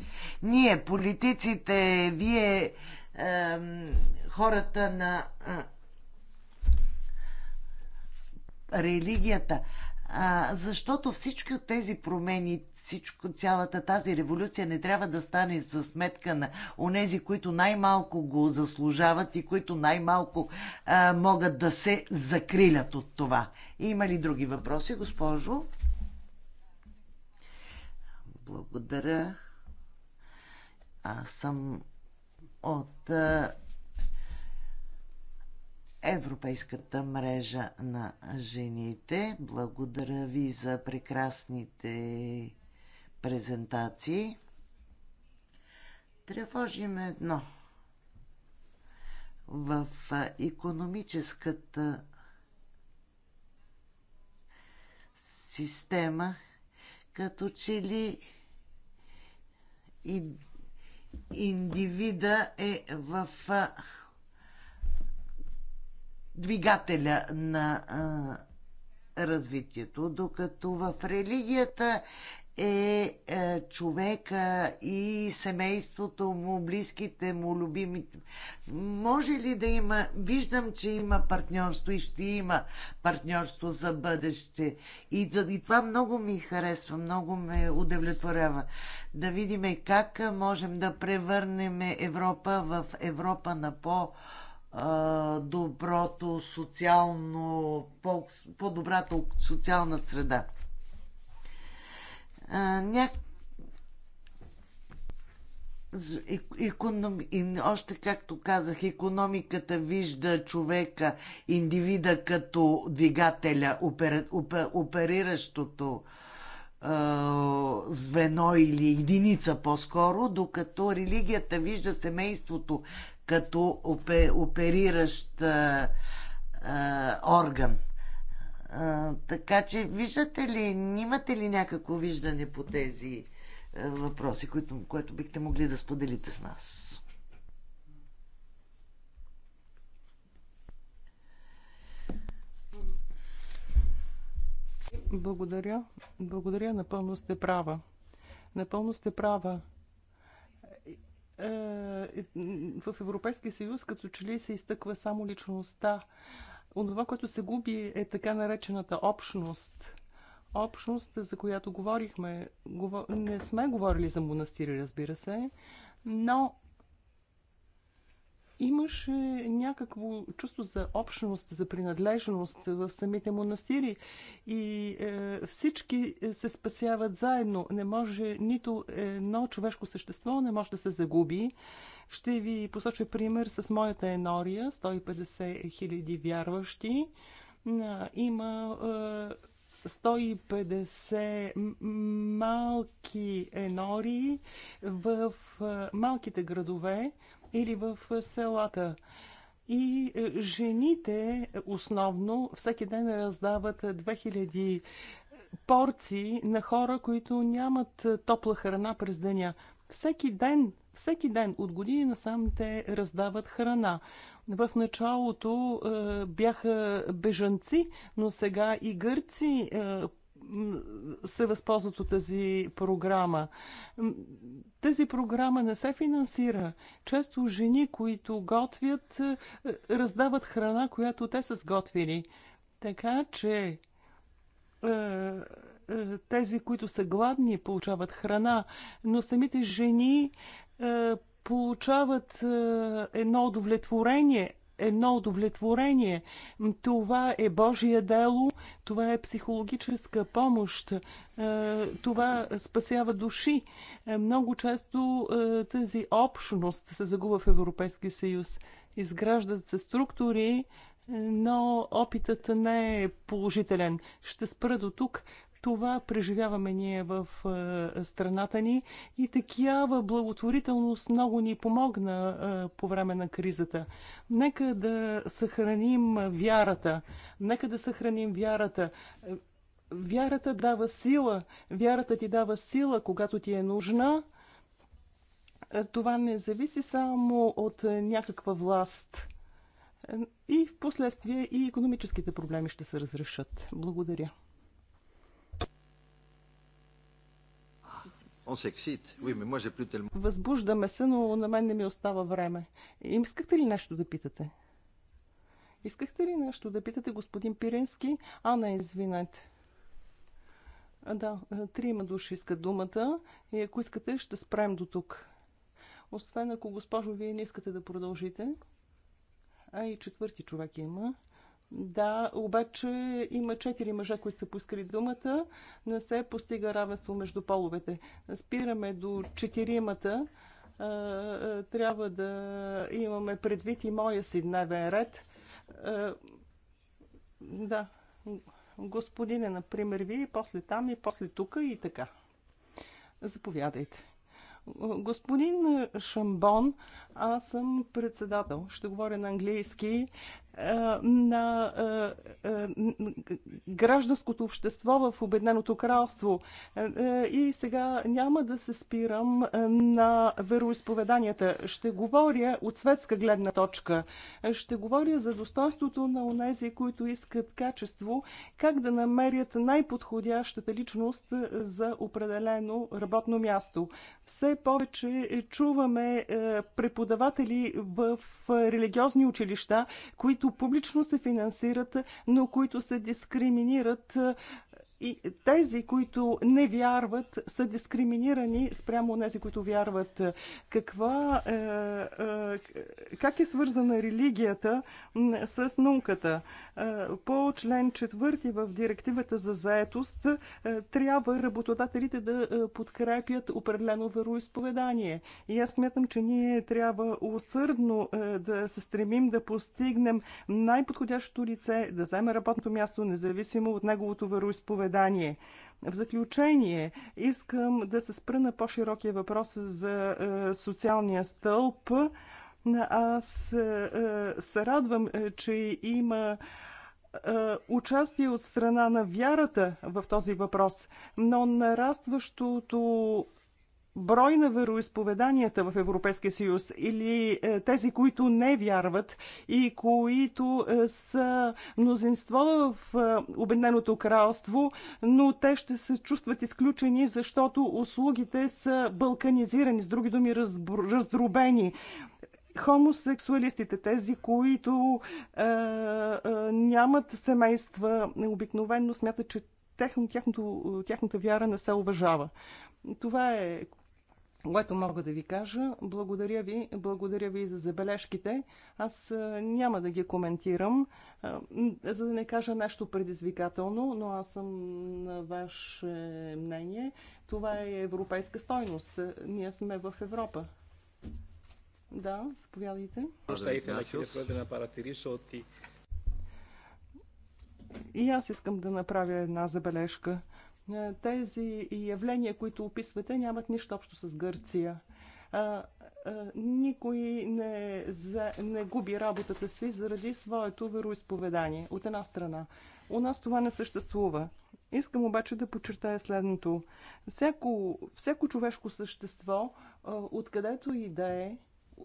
Ние, политиците, вие, а, хората на а, религията, а, защото всички от тези промени всичко, цялата тази революция не трябва да стане за сметка на онези, които най-малко го заслужават и които най-малко могат да се закрилят от това. Има ли други въпроси, госпожо? Благодаря. Аз съм от Европейската мрежа на жените. Благодаря ви за прекрасните презентации. Тревожим едно. В економическата система, като че ли индивида е в двигателя на а, развитието, докато в религията е, е човека и семейството му, близките му, любимите. Може ли да има, виждам, че има партньорство и ще има партньорство за бъдеще. И, и това много ми харесва, много ме удовлетворява. Да видим как можем да превърнем Европа в Европа на по- доброто социално, по-добрата социална среда а, ня... Економ... И още както казах, економиката вижда човека, индивида като двигателя, опер... Опер... опериращото е... звено или единица по-скоро, докато религията вижда семейството като опе... опериращ е... орган. А, така че, виждате ли, имате ли някакво виждане по тези а, въпроси, които, което бихте могли да споделите с нас? Благодаря. Благодаря. Напълно сте права. Напълно сте права. Е, е, в Европейския съюз като че ли се изтъква само личността. Онова, което се губи е така наречената общност. Общност, за която говорихме. Не сме говорили за монастири, разбира се, но Имаше някакво чувство за общност, за принадлежност в самите монастири и е, всички се спасяват заедно. Не може нито едно човешко същество не може да се загуби. Ще ви посоча пример с моята енория, 150 хиляди вярващи. Има е, 150 малки енори в е, малките градове или в селата. И е, жените е, основно всеки ден раздават 2000 е, порции на хора, които нямат топла храна през деня. Всеки ден, всеки ден от години насам те раздават храна. В началото е, бяха бежанци, но сега и гърци е, се възползват от тази програма. Тази програма не се финансира. Често жени, които готвят, е, раздават храна, която те са сготвили. Така че е, е, тези, които са гладни, получават храна, но самите жени получават едно удовлетворение едно удовлетворение. Това е Божие дело, това е психологическа помощ, е, това спасява души. Е, много често е, тази общност се загуба в Европейския съюз. Изграждат се структури, но опитът не е положителен. Ще спра до тук. Това преживяваме ние в е, страната ни и такава благотворителност много ни помогна е, по време на кризата. Нека да съхраним вярата. Нека да съхраним вярата. Вярата дава сила. Вярата ти дава сила, когато ти е нужна. Е, това не зависи само от някаква власт. И в последствие и економическите проблеми ще се разрешат. Благодаря. Възбуждаме се, но на мен не ми остава време. Им искахте ли нещо да питате? Искахте ли нещо да питате господин Пирински? А, не, извинете. Да, трима души искат думата и ако искате, ще спрем до тук. Освен ако, госпожо, вие не искате да продължите. А и четвърти човек има. Да, обаче има четири мъже, които са поискали думата. Не се постига равенство между половете. Спираме до четиримата. Трябва да имаме предвид и моя си дневен ред. Да, господине, например, вие, после там и после тук и така. Заповядайте. Господин Шамбон, аз съм председател. Ще говоря на английски на гражданското общество в Обедненото кралство. И сега няма да се спирам на вероисповеданията. Ще говоря от светска гледна точка. Ще говоря за достоинството на онези, които искат качество, как да намерят най-подходящата личност за определено работно място. Все повече чуваме преподаватели в религиозни училища, които които публично се финансират, но които се дискриминират и тези, които не вярват, са дискриминирани спрямо тези, които вярват. Каква, е, е, как е свързана религията с науката? Е, по член 4 в директивата за заетост е, трябва работодателите да е, подкрепят определено вероисповедание. И аз смятам, че ние трябва усърдно да се стремим да постигнем най-подходящото лице, да вземе работното място, независимо от неговото вероисповедание предание. В заключение, искам да се спра на по-широкия въпрос за е, социалния стълб. Аз е, се радвам, е, че има участие от страна на вярата в този въпрос, но нарастващото брой на вероисповеданията в Европейския съюз или е, тези, които не вярват и които е, са мнозинство в е, Обединеното кралство, но те ще се чувстват изключени, защото услугите са балканизирани, с други думи раздробени хомосексуалистите, тези, които е, е, нямат семейства, обикновенно смятат, че тяхното, тяхната вяра не се уважава. Това е което мога да ви кажа. Благодаря ви, благодаря ви за забележките. Аз няма да ги коментирам, за да не кажа нещо предизвикателно, но аз съм на ваше мнение. Това е европейска стойност. Ние сме в Европа. Да, заповядайте. И аз искам да направя една забележка. Е, тези явления, които описвате, нямат нищо общо с Гърция. Никой не, за, не губи работата си заради своето вероисповедание, от една страна. У нас това не съществува. Искам обаче да подчертая следното. Всяко, всяко човешко същество, откъдето и да е,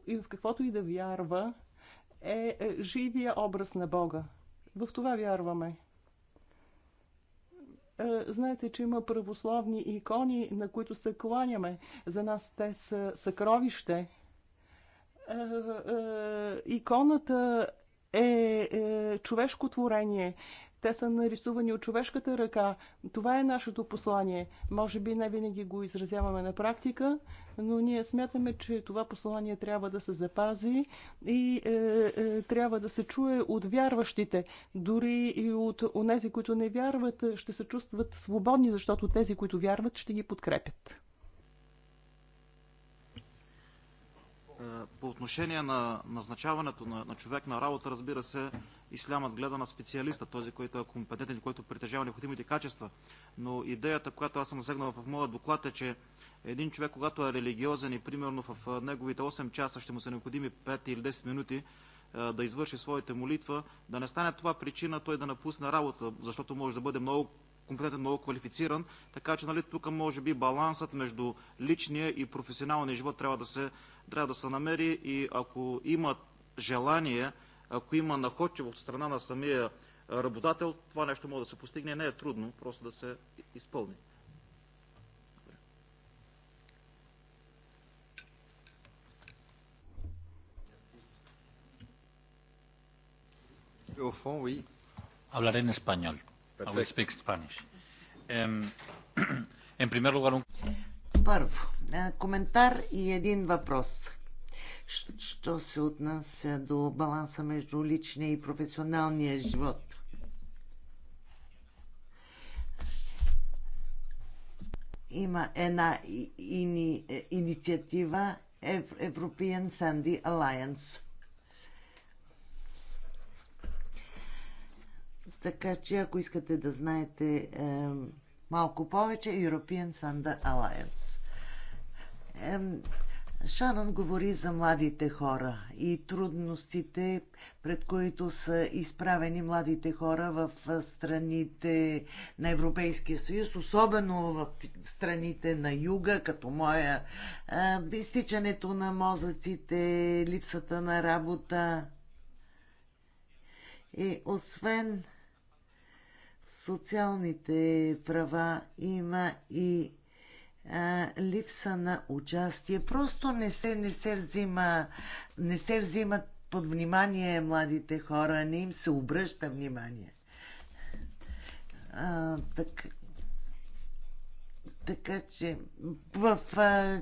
и в каквото и да вярва, е, е живия образ на Бога. В това вярваме. Е, знаете, че има православни икони, на които се кланяме. За нас те са съкровище. Е, е, иконата е човешко творение те са нарисувани от човешката ръка. Това е нашето послание. Може би не винаги го изразяваме на практика, но ние смятаме, че това послание трябва да се запази и е, е, трябва да се чуе от вярващите. Дори и от онези, които не вярват, ще се чувстват свободни, защото тези, които вярват, ще ги подкрепят. По отношение на назначаването на, на човек на работа, разбира се, ислямът гледа на специалиста, този, който е компетентен, който притежава необходимите качества. Но идеята, която аз съм засегнал в моя доклад е, че един човек, когато е религиозен и примерно в неговите 8 часа ще му са необходими 5 или 10 минути, да извърши своите молитва, да не стане това причина той да напусне работа, защото може да бъде много компетентен, много квалифициран. Така че нали, тук може би балансът между личния и професионалния живот трябва да се трябва да се намери и ако има желание, ако има находчиво от страна на самия работател, това нещо може да се постигне. Не е трудно просто да се изпълни. Hablaré en español. Perfecto. I will speak Spanish. Um, en primer lugar, un... Първо, е, коментар и един въпрос. Що се отнася до баланса между личния и професионалния живот? Има една ини, е, инициатива European Sandy Alliance. Така че, ако искате да знаете е, малко повече, European Sandy Alliance. Шанан говори за младите хора и трудностите, пред които са изправени младите хора в страните на Европейския съюз, особено в страните на юга, като моя, изтичането на мозъците, липсата на работа. И освен социалните права има и а, липса на участие. Просто не се, не се взима, не се взимат под внимание младите хора, не им се обръща внимание. А, так, така че в,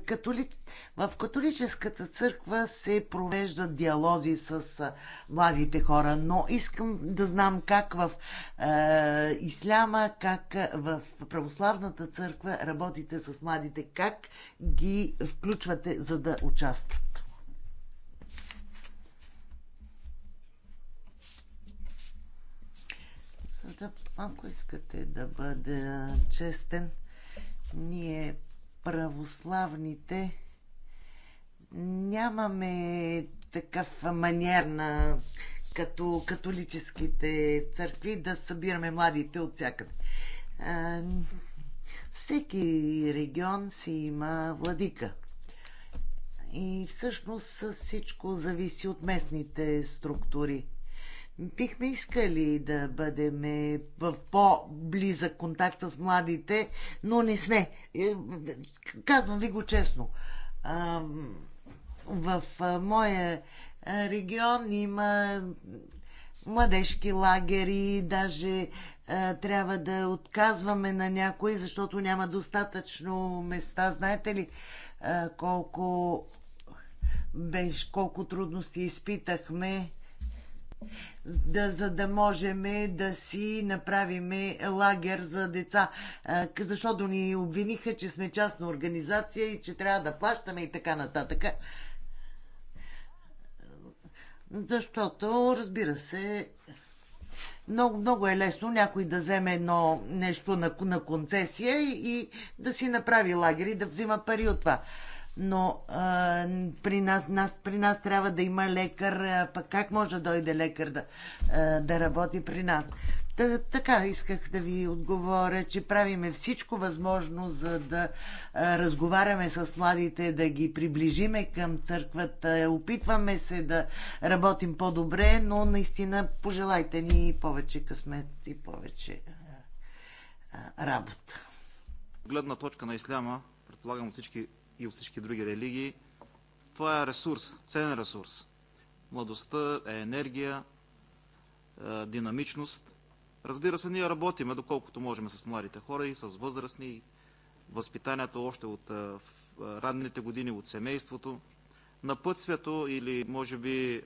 католи... в католическата църква се провеждат диалози с младите хора, но искам да знам как в е, исляма, как в православната църква работите с младите, как ги включвате, за да участват. За да малко искате да бъда честен ние православните нямаме такъв манер на като католическите църкви да събираме младите от всякъде. Всеки регион си има владика. И всъщност всичко зависи от местните структури. Бихме искали да бъдем в по-близък контакт с младите, но не сме. Е, казвам ви го честно. В моя регион има младежки лагери, даже а, трябва да отказваме на някои, защото няма достатъчно места. Знаете ли а, колко, беше, колко трудности изпитахме? да, за да можем да си направим лагер за деца. Защото ни обвиниха, че сме частна организация и че трябва да плащаме и така нататък. Защото, разбира се, много, много е лесно някой да вземе едно нещо на, на концесия и, и да си направи лагер и да взима пари от това но а, при, нас, нас, при нас трябва да има лекар. А, пък как може да дойде лекар да, а, да работи при нас? Та, така исках да ви отговоря, че правиме всичко възможно, за да а, разговаряме с младите, да ги приближиме към църквата. Опитваме се да работим по-добре, но наистина пожелайте ни повече късмет и повече а, а, работа. Гледна точка на исляма, предполагам всички и от всички други религии. Това е ресурс, ценен ресурс. Младостта е енергия, е, динамичност. Разбира се, ние работиме доколкото можем с младите хора и с възрастни. Възпитанието още от е, е ранните години, от семейството. Напътствието или, може би, е,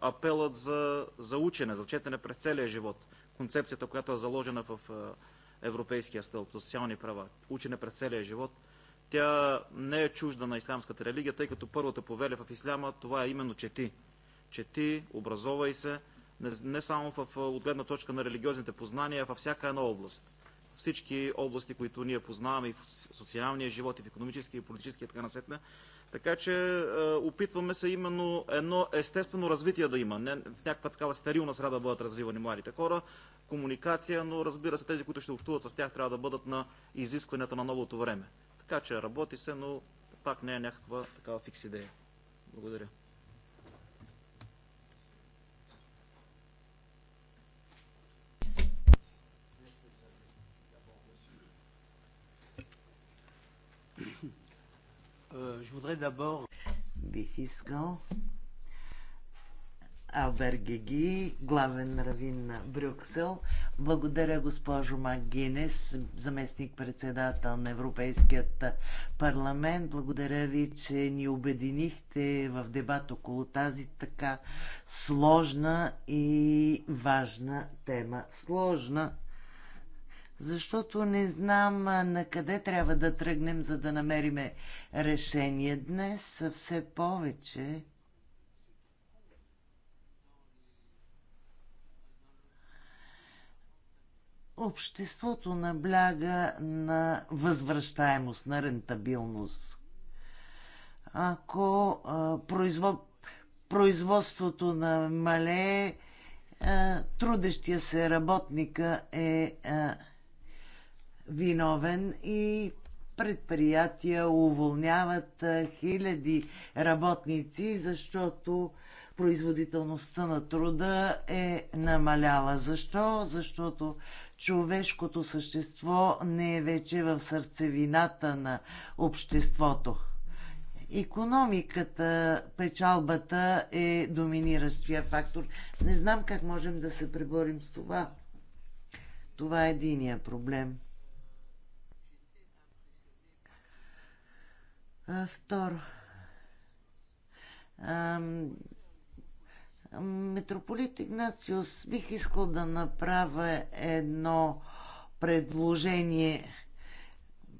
апелът за, за учене, за четене през целия живот. Концепцията, която е заложена в е, Европейския стълб, социални права, учене през целия живот – тя не е чужда на исламската религия, тъй като първата повеля в исляма това е именно чети. Чети, образовай се, не, не само в, отгледна точка на религиозните познания, а във всяка една област. Всички области, които ние познаваме и в социалния живот, и в економически, и политически, и така насетне. Така че е, опитваме се именно едно естествено развитие да има. Не в някаква такава стерилна среда да бъдат развивани младите хора, комуникация, но разбира се, тези, които ще общуват с тях, трябва да бъдат на изискванията на новото време. Така че работи се, но пак не е някаква такава фикс идея. Благодаря. Е, Бих искал Геги, главен равин на Брюксел. Благодаря госпожо Магинес, заместник председател на Европейският парламент. Благодаря ви, че ни обединихте в дебат около тази така сложна и важна тема. Сложна, защото не знам на къде трябва да тръгнем, за да намериме решение. Днес все повече обществото набляга на възвръщаемост, на рентабилност. Ако а, производ, производството намалее, а, трудещия се работника е а, виновен и предприятия уволняват а, хиляди работници, защото производителността на труда е намаляла. Защо? Защото човешкото същество не е вече в сърцевината на обществото. Економиката, печалбата е доминиращия фактор. Не знам как можем да се преборим с това. Това е единия проблем. А, второ. А, Митрополит Игнациус, бих искал да направя едно предложение.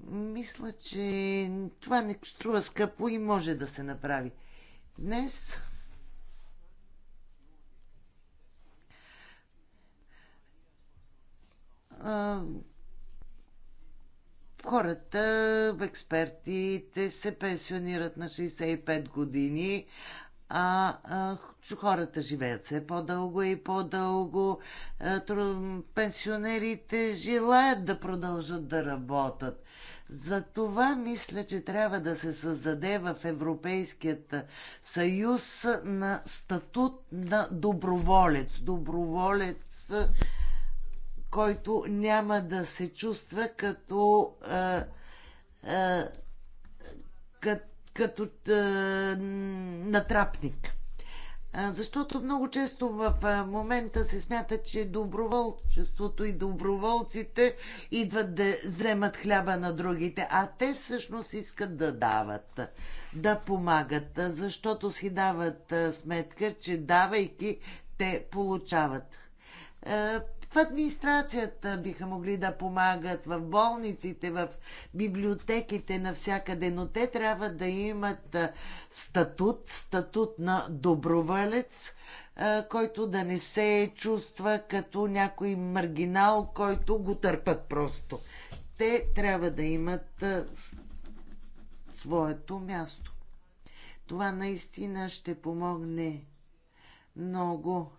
Мисля, че това не струва скъпо и може да се направи. Днес а, хората, експертите се пенсионират на 65 години, а, а хората живеят все по-дълго и по-дълго. Пенсионерите желаят да продължат да работят. За това мисля, че трябва да се създаде в Европейският съюз на статут на доброволец. Доброволец, който няма да се чувства като, а, а, като като а, натрапник. Защото много често в момента се смята, че доброволчеството и доброволците идват да вземат хляба на другите, а те всъщност искат да дават, да помагат, защото си дават сметка, че давайки, те получават в администрацията биха могли да помагат, в болниците, в библиотеките, навсякъде, но те трябва да имат статут, статут на доброволец, който да не се чувства като някой маргинал, който го търпат просто. Те трябва да имат своето място. Това наистина ще помогне много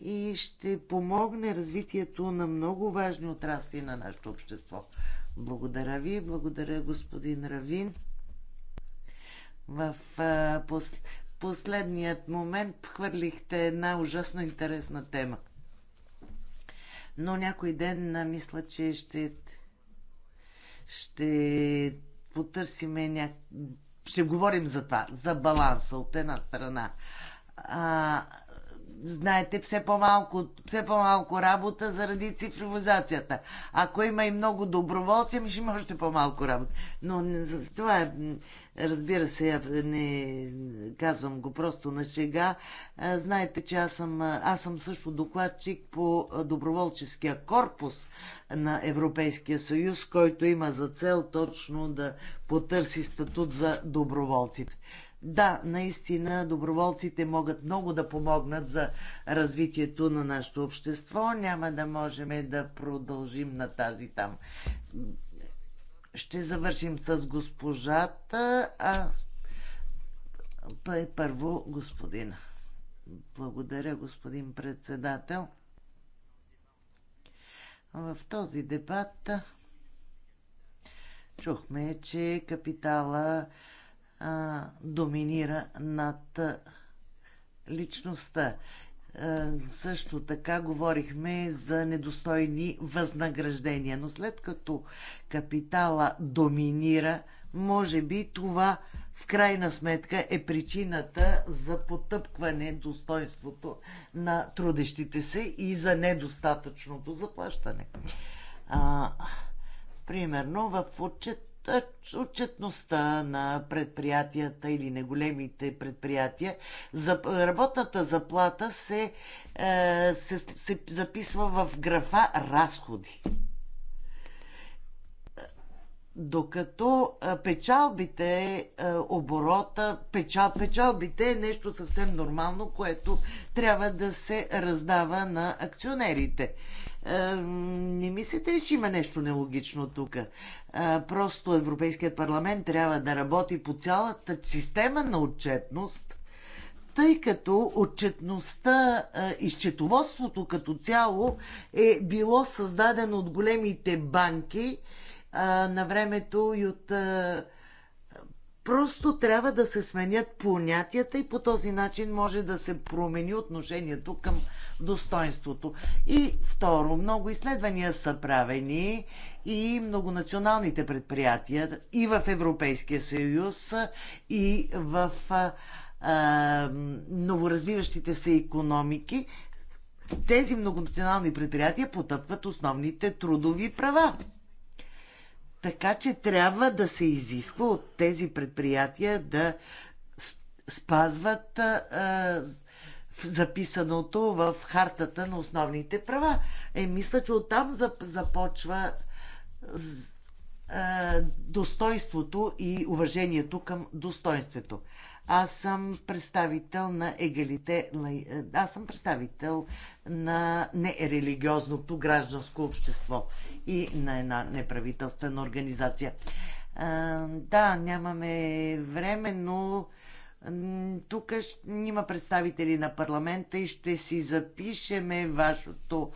и ще помогне развитието на много важни отрасли на нашето общество. Благодаря ви, благодаря господин Равин. В пос, последният момент хвърлихте една ужасно интересна тема. Но някой ден мисля, че ще ще потърсиме ня... ще говорим за това, за баланса от една страна. А, знаете, все по-малко, все по-малко работа заради цифровизацията. Ако има и много доброволци, ще има още по-малко работа. Но за това е, разбира се, не казвам го просто на шега. Знаете, че аз съм, аз съм също докладчик по доброволческия корпус на Европейския съюз, който има за цел точно да потърси статут за доброволците. Да, наистина доброволците могат много да помогнат за развитието на нашето общество. Няма да можем да продължим на тази там. Ще завършим с госпожата, а първо господина. Благодаря, господин председател. В този дебат чухме, че капитала а, доминира над личността. А, също така говорихме за недостойни възнаграждения, но след като капитала доминира, може би това в крайна сметка е причината за потъпкване достоинството на трудещите се и за недостатъчното заплащане. А, примерно в отчет отчетността на предприятията или неголемите предприятия. За, работната заплата се, е, се, се записва в графа разходи. Докато е, печалбите, е, оборота, печал, печалбите е нещо съвсем нормално, което трябва да се раздава на акционерите. Е, не мислите ли, че има нещо нелогично тук? Е, просто Европейският парламент трябва да работи по цялата система на отчетност, тъй като отчетността е, и счетоводството като цяло е било създадено от големите банки на времето и от Просто трябва да се сменят понятията и по този начин може да се промени отношението към достоинството. И второ, много изследвания са правени и многонационалните предприятия и в Европейския съюз, и в а, а, новоразвиващите се економики. Тези многонационални предприятия потъпват основните трудови права. Така че трябва да се изисква от тези предприятия да спазват а, записаното в хартата на основните права. Е, мисля, че оттам започва а, достойството и уважението към достоинството. Аз съм представител на егалите, аз съм представител на нерелигиозното гражданско общество и на една неправителствена организация. да, нямаме време, но тук има представители на парламента и ще си запишеме вашето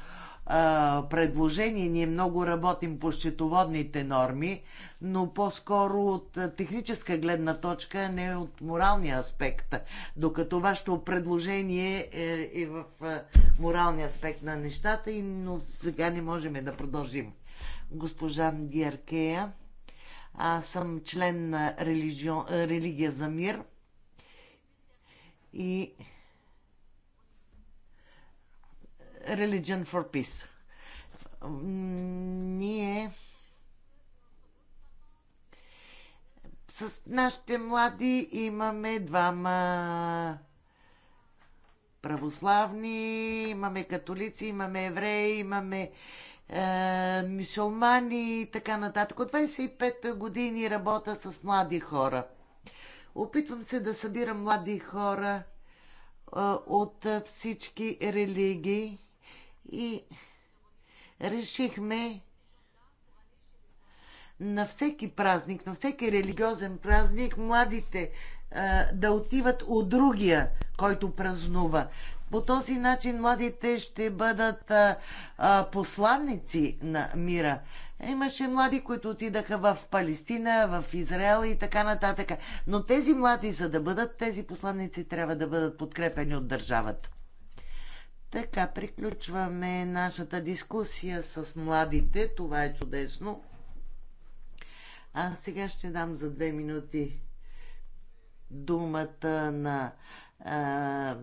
а, предложение. Ние много работим по счетоводните норми, но по-скоро от техническа гледна точка, не от моралния аспект. Докато вашето предложение е, е в моралния аспект на нещата, но сега не можем да продължим. Госпожа Диаркея, аз съм член на религион, религия за мир и Religion for Peace. Ние с нашите млади имаме двама православни, имаме католици, имаме евреи, имаме е, мусулмани и така нататък. От 25 години работя с млади хора. Опитвам се да събирам млади хора е, от всички религии и решихме на всеки празник, на всеки религиозен празник, младите да отиват от другия, който празнува. По този начин младите ще бъдат а, а, посланници на мира. Имаше млади, които отидаха в Палестина, в Израел и така нататък. Но тези млади, за да бъдат тези посланници, трябва да бъдат подкрепени от държавата. Така, приключваме нашата дискусия с младите. Това е чудесно. А сега ще дам за две минути думата на а,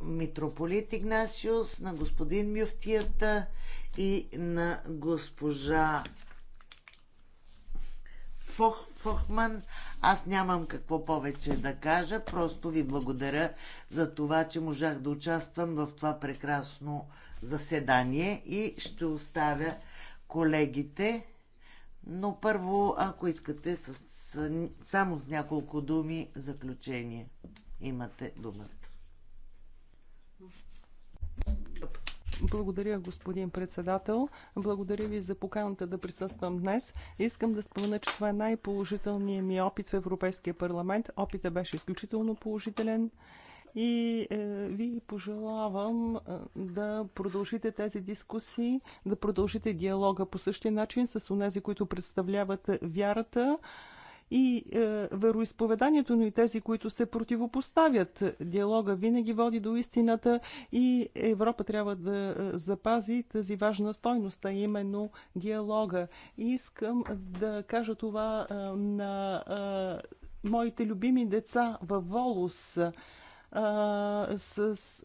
митрополит Игнасиус, на господин Мюфтията и на госпожа Фох Фохман. Аз нямам какво повече да кажа, просто ви благодаря за това, че можах да участвам в това прекрасно заседание и ще оставя колегите. Но първо, ако искате, с, с, само с няколко думи заключение. Имате думата. Благодаря, господин председател. Благодаря ви за поканата да присъствам днес. Искам да спомена, че това е най-положителният ми опит в Европейския парламент. Опита беше изключително положителен и е, ви пожелавам е, да продължите тези дискусии, да продължите диалога по същия начин с онези, които представляват вярата, и е, вероисповеданието, но и тези, които се противопоставят. Диалога винаги води до истината и Европа трябва да е, запази тази важна стойност, а именно диалога. И искам да кажа това е, на е, моите любими деца във Волос. Е, с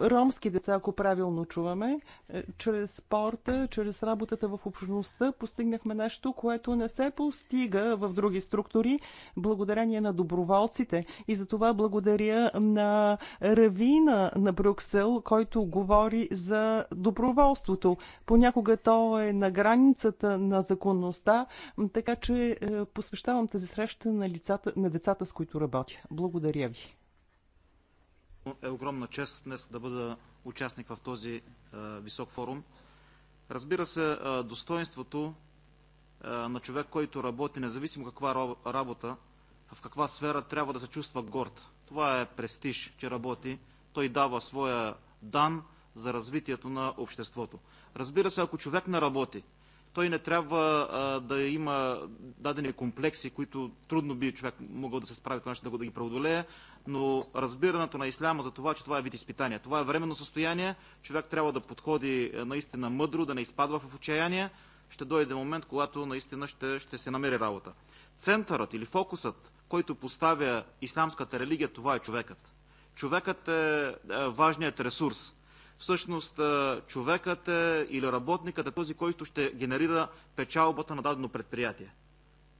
ромски деца, ако правилно чуваме, е, чрез спорта, чрез работата в общността, постигнахме нещо, което не се постига в други структури, благодарение на доброволците. И за това благодаря на Равина на Брюксел, който говори за доброволството. Понякога то е на границата на законността, така че е, посвещавам тази среща на, лицата, на децата, с които работя. Благодаря ви е огромна чест днес да бъда участник в този е, висок форум. Разбира се, е, достоинството е, на човек, който работи, независимо каква работа, в каква сфера, трябва да се чувства горд. Това е престиж, че работи. Той дава своя дан за развитието на обществото. Разбира се, ако човек не работи, той не трябва а, да има дадени комплекси, които трудно би човек могъл да се справи това нещо, да, да ги преодолее, но разбирането на исляма за това, че това е вид изпитание. Това е временно състояние, човек трябва да подходи наистина мъдро, да не изпадва в отчаяние, ще дойде момент, когато наистина ще, ще се намери работа. Центърът или фокусът, който поставя исламската религия, това е човекът. Човекът е, е важният ресурс всъщност човекът е, или работникът е този, който ще генерира печалбата на дадено предприятие.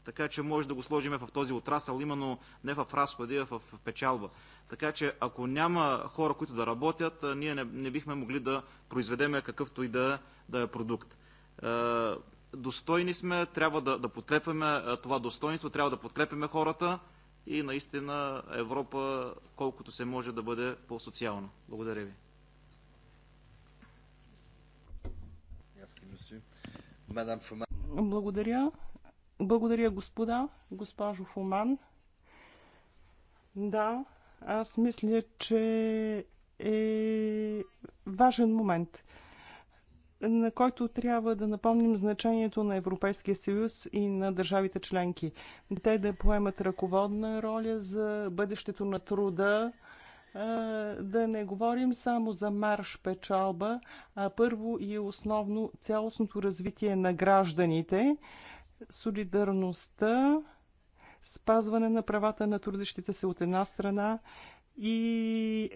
Така че може да го сложим в този отрасъл, именно не в разходи, а в печалба. Така че ако няма хора, които да работят, ние не, не бихме могли да произведеме какъвто и да, да е продукт. Достойни сме, трябва да, да подкрепяме това достоинство, трябва да подкрепяме хората и наистина Европа колкото се може да бъде по-социална. Благодаря ви. Благодаря. Благодаря, господа, госпожо Фоман. Да, аз мисля, че е важен момент, на който трябва да напомним значението на Европейския съюз и на държавите членки. Те да поемат ръководна роля за бъдещето на труда, да не говорим само за марш печалба, а първо и основно цялостното развитие на гражданите, солидарността, спазване на правата на трудещите се от една страна и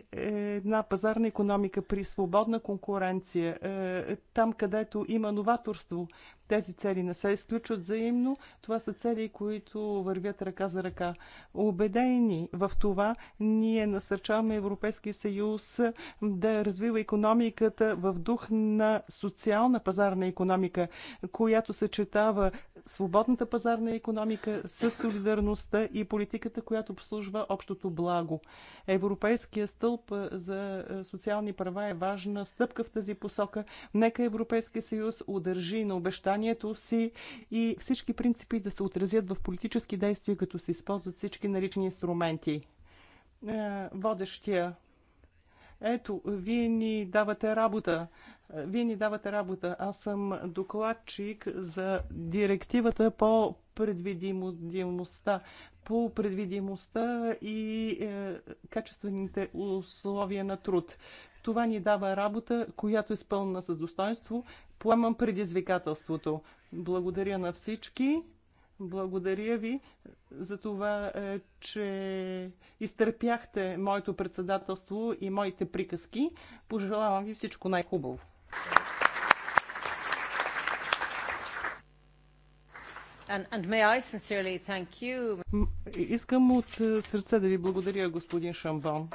една пазарна економика при свободна конкуренция, е, там където има новаторство, тези цели не се изключват взаимно. Това са цели, които вървят ръка за ръка. Обедени в това, ние насърчаваме Европейския съюз да развива економиката в дух на социална пазарна економика, която съчетава свободната пазарна економика с солидарността и политиката, която обслужва общото благо. Европейския стълб за социални права е важна стъпка в тази посока. Нека Европейския съюз удържи на обещания съзнанието си и всички принципи да се отразят в политически действия, като се използват всички налични инструменти. Е, водещия ето, вие ни давате работа. Вие ни давате работа. Аз съм докладчик за директивата по предвидимостта, по предвидимостта и е, качествените условия на труд. Това ни дава работа, която е спълнена с достоинство. Поемам предизвикателството. Благодаря на всички. Благодаря ви за това, е, че изтърпяхте моето председателство и моите приказки. Пожелавам ви всичко най-хубаво. Искам от е, сърце да ви благодаря, господин Шамбон.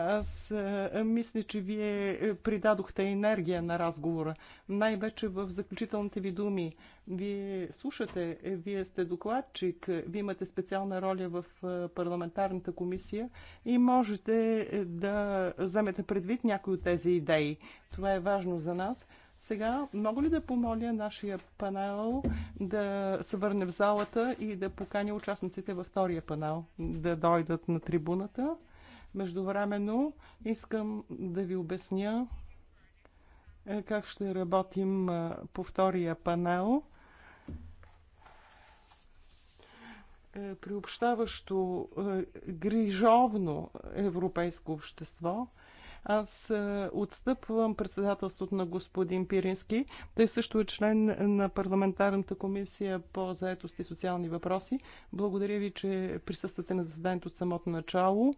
Аз е, мисля, че вие придадохте енергия на разговора, най-вече в заключителните ви думи. Вие слушате, е, вие сте докладчик, е, вие имате специална роля в парламентарната комисия и можете да вземете предвид някои от тези идеи. Това е важно за нас. Сега мога ли да помоля нашия панел да се върне в залата и да поканя участниците във втория панел да дойдат на трибуната? Междувременно искам да ви обясня е, как ще работим е, по втория панел. Е, приобщаващо грижовно европейско общество – аз отстъпвам председателството на господин Пирински. Той също е член на парламентарната комисия по заетост и социални въпроси. Благодаря ви, че присъствате на заседанието от самото начало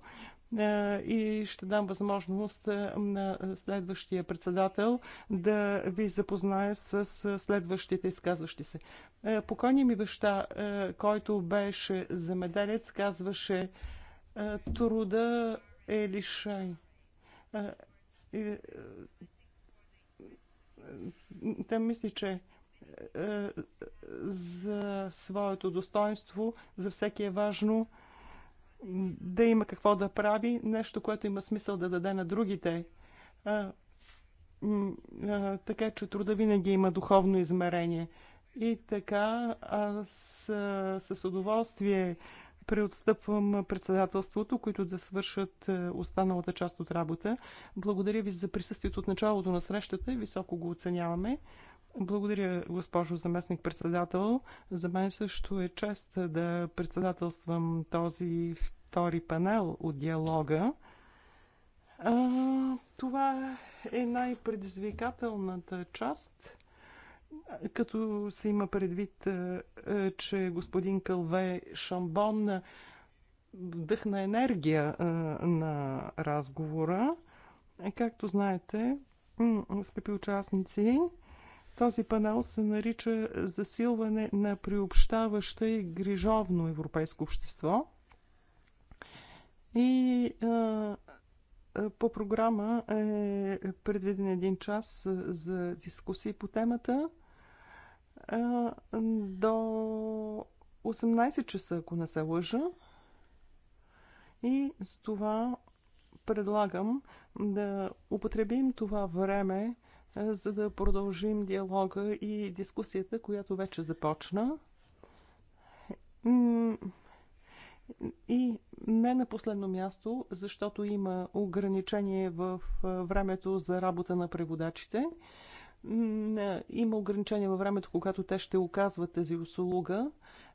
и ще дам възможност на следващия председател да ви запознае с следващите изказващи се. Покойният ми баща, който беше замеделец, казваше труда е лишай там мисли, че за своето достоинство, за всеки е важно да има какво да прави, нещо, което има смисъл да даде на другите. А, а, така че труда винаги има духовно измерение. И така аз а, с удоволствие преотстъпвам председателството, които да свършат останалата част от работа. Благодаря ви за присъствието от началото на срещата. Високо го оценяваме. Благодаря, госпожо заместник-председател. За мен също е чест да председателствам този втори панел от диалога. А, това е най-предизвикателната част, като се има предвид, че господин Кълве Шамбон вдъхна енергия на разговора. Както знаете, скъпи участници, този панел се нарича Засилване на приобщаваща и грижовно европейско общество. И а, по програма е предвиден един час за дискусии по темата а, до 18 часа, ако не се лъжа. И за това предлагам да употребим това време е, за да продължим диалога и дискусията, която вече започна. И не на последно място, защото има ограничение в е, времето за работа на преводачите. Е, има ограничение във времето, когато те ще оказват тази услуга.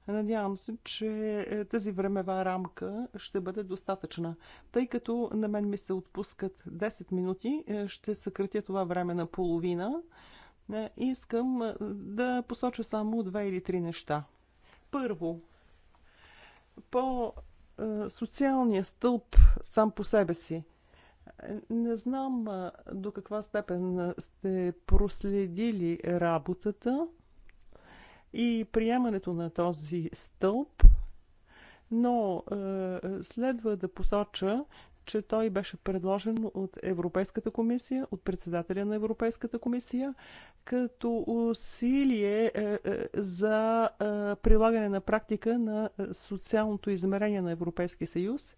Надявам се, че е, тази времева рамка ще бъде достатъчна. Тъй като на мен ми се отпускат 10 минути, е, ще съкратя това време на половина. Е, искам да посоча само две или три неща. Първо, по социалния стълб сам по себе си. Не знам до каква степен сте проследили работата и приемането на този стълб, но е, следва да посоча, че той беше предложен от Европейската комисия, от председателя на Европейската комисия, като усилие е, е, за е, прилагане на практика на социалното измерение на Европейския съюз,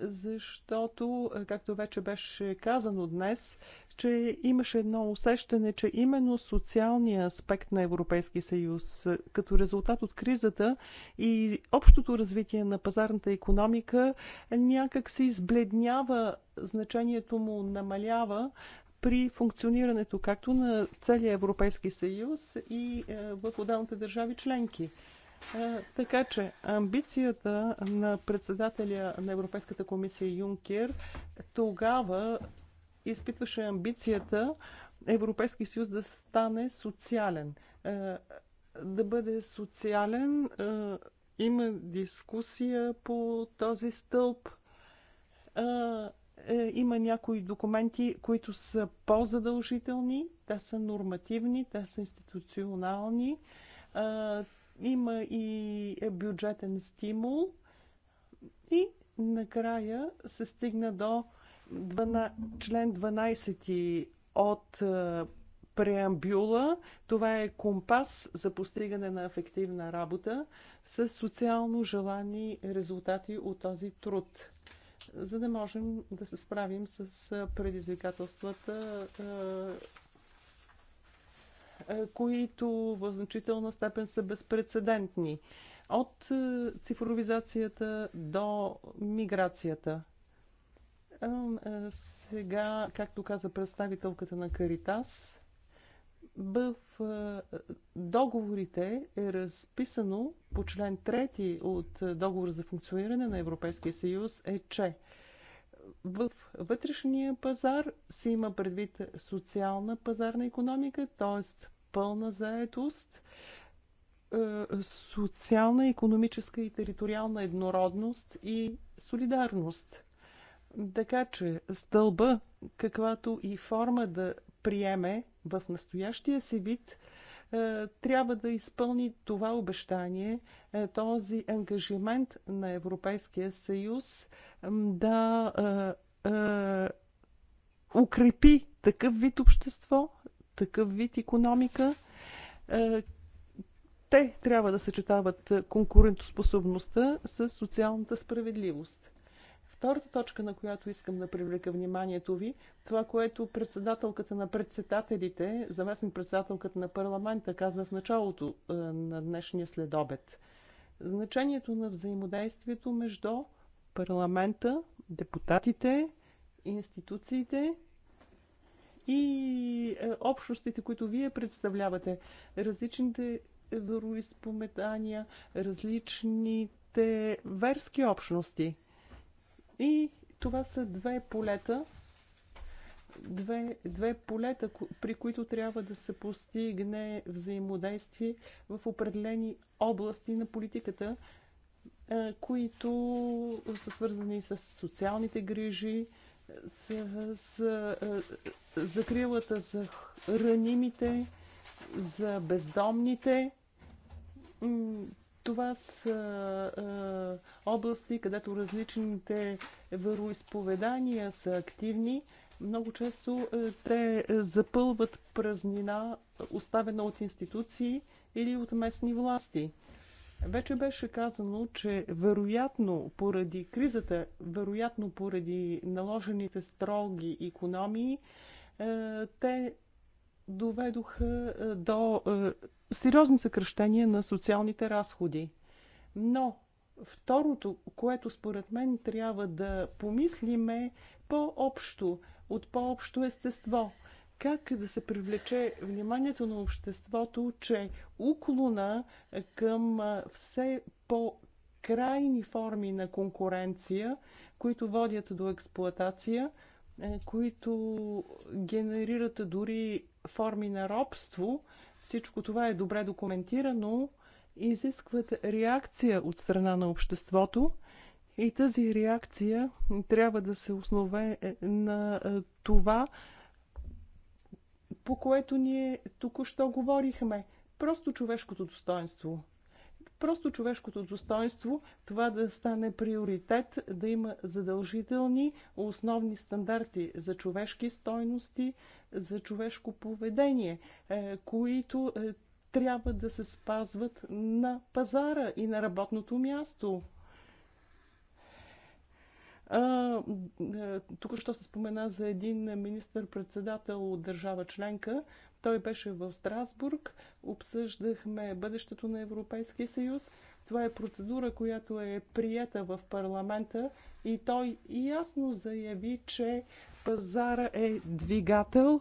защото, както вече беше казано днес, че имаше едно усещане, че именно социалния аспект на Европейския съюз е, като резултат от кризата и общото развитие на пазарната економика е, някак се избледнява, значението му намалява при функционирането както на целия Европейски съюз и е, в отделните държави членки. Така че амбицията на председателя на Европейската комисия Юнкер тогава изпитваше амбицията Европейски съюз да стане социален. Е, да бъде социален. Е, има дискусия по този стълб. Е, има някои документи, които са по-задължителни. Те са нормативни, те са институционални. Има и бюджетен стимул. И накрая се стигна до член 12 от е, преамбюла. Това е компас за постигане на ефективна работа с социално желани резултати от този труд, за да можем да се справим с е, предизвикателствата, е, които в значителна степен са безпредседентни. От цифровизацията до миграцията – сега, както каза представителката на Каритас, в договорите е разписано по член 3 от договор за функциониране на Европейския съюз е, че в вътрешния пазар се има предвид социална пазарна економика, т.е. пълна заетост, социална, економическа и териториална еднородност и солидарност. Така че стълба, каквато и форма да приеме в настоящия си вид, е, трябва да изпълни това обещание, е, този ангажимент на Европейския съюз да е, е, укрепи такъв вид общество, такъв вид економика. Е, те трябва да съчетават е, конкурентоспособността с социалната справедливост. Втората точка, на която искам да привлека вниманието ви, това, което председателката на председателите, заместник председателката на парламента казва в началото е, на днешния следобед. Значението на взаимодействието между парламента, депутатите, институциите и е, общностите, които вие представлявате, различните вероисповедания, различните верски общности – и това са две полета, две, две полета, при които трябва да се постигне взаимодействие в определени области на политиката, е, които са свързани с социалните грижи, с, с е, закрилата за ранимите, за бездомните. Това са а, области, където различните вероисповедания са активни. Много често а, те запълват празнина, оставена от институции или от местни власти. Вече беше казано, че вероятно поради кризата, вероятно поради наложените строги економии, те доведоха до сериозни съкръщения на социалните разходи. Но второто, което според мен трябва да помислим е по-общо, от по-общо естество – как да се привлече вниманието на обществото, че уклона към все по-крайни форми на конкуренция, които водят до експлоатация, е, които генерират дори форми на робство, всичко това е добре документирано, изискват реакция от страна на обществото и тази реакция трябва да се основе е, на е, това, по което ние току-що говорихме. Просто човешкото достоинство – Просто човешкото достоинство, това да стане приоритет, да има задължителни основни стандарти за човешки стойности, за човешко поведение, е, които е, трябва да се спазват на пазара и на работното място. А, тук що се спомена за един министър-председател от държава членка. Той беше в Страсбург. Обсъждахме бъдещето на Европейския съюз. Това е процедура, която е приета в парламента и той ясно заяви, че пазара е двигател,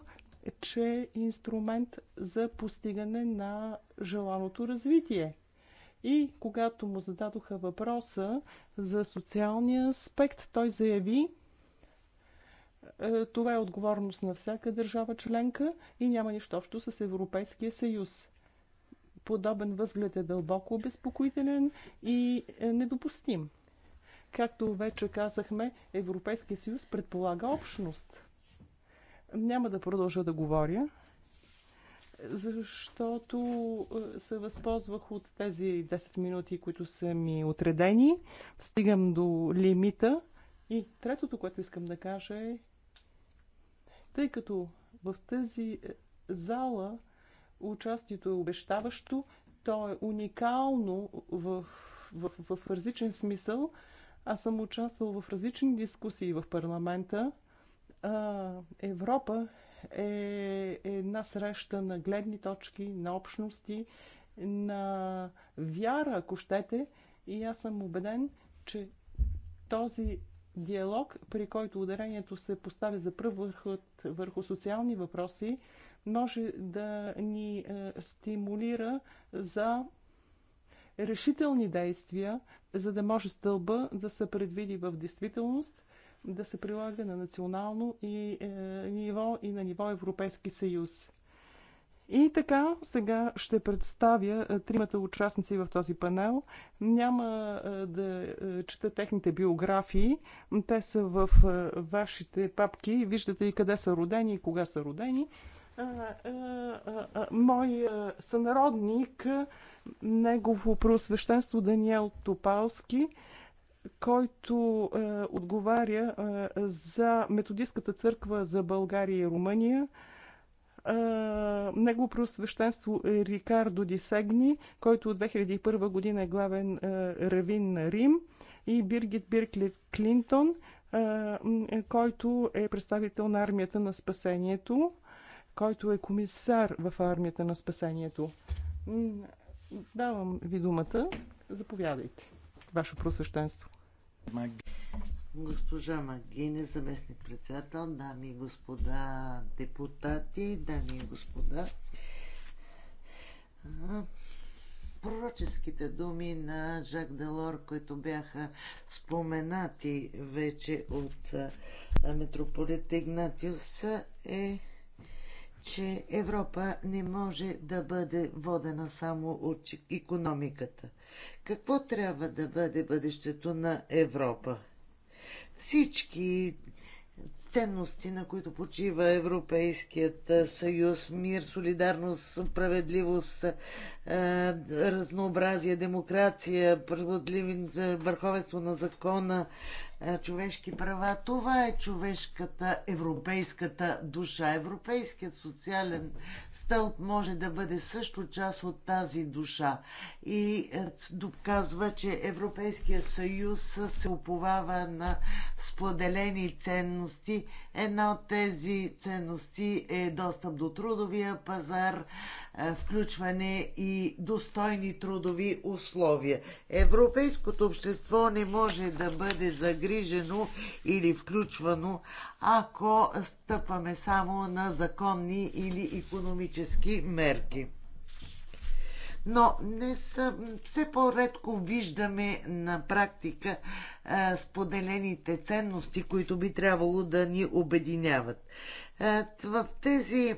че е инструмент за постигане на желаното развитие. И когато му зададоха въпроса за социалния аспект, той заяви, е, това е отговорност на всяка държава членка и няма нищо общо с Европейския съюз. Подобен възглед е дълбоко обезпокоителен и е, недопустим. Както вече казахме, Европейския съюз предполага общност. Няма да продължа да говоря защото е, се възползвах от тези 10 минути, които са ми отредени. Стигам до лимита. И третото, което искам да кажа е, тъй като в тази е, зала участието е обещаващо, то е уникално в, в, в, в различен смисъл. Аз съм участвал в различни дискусии в парламента. А, Европа е една среща на гледни точки, на общности, на вяра, ако щете. И аз съм убеден, че този диалог, при който ударението се поставя за пръв върху, върху социални въпроси, може да ни е, стимулира за решителни действия, за да може стълба да се предвиди в действителност да се прилага на национално и, е, ниво и на ниво Европейски съюз. И така, сега ще представя е, тримата участници в този панел. Няма е, да е, чета техните биографии. Те са в вашите папки. Виждате и къде са родени и кога са родени. Мой сънародник, негово просвещенство Даниел Топалски – който е, отговаря е, за Методистската църква за България и Румъния. Е, негово просвещенство е Рикардо Дисегни, който от 2001 година е главен е, равин на Рим, и Биргит Биркли Клинтон, е, който е представител на армията на спасението, който е комисар в армията на спасението. Давам ви думата. Заповядайте. Ваше просъщенство. Госпожа Магине, заместник председател, дами и господа депутати, дами и господа. Пророческите думи на Жак Делор, които бяха споменати вече от митрополит Игнатиус, е че Европа не може да бъде водена само от економиката. Какво трябва да бъде бъдещето на Европа? Всички ценности, на които почива Европейският съюз, мир, солидарност, справедливост, разнообразие, демокрация, за върховенство на закона, е, човешки права. Това е човешката, европейската душа. Европейският социален стълб може да бъде също част от тази душа. И е, доказва, че Европейския съюз се оповава на споделени ценности. Една от тези ценности е достъп до трудовия пазар, е, включване и достойни трудови условия. Европейското общество не може да бъде загрижено загрижено или включвано, ако стъпваме само на законни или економически мерки. Но са, все по-редко виждаме на практика а, е, споделените ценности, които би трябвало да ни обединяват. А, е, в тези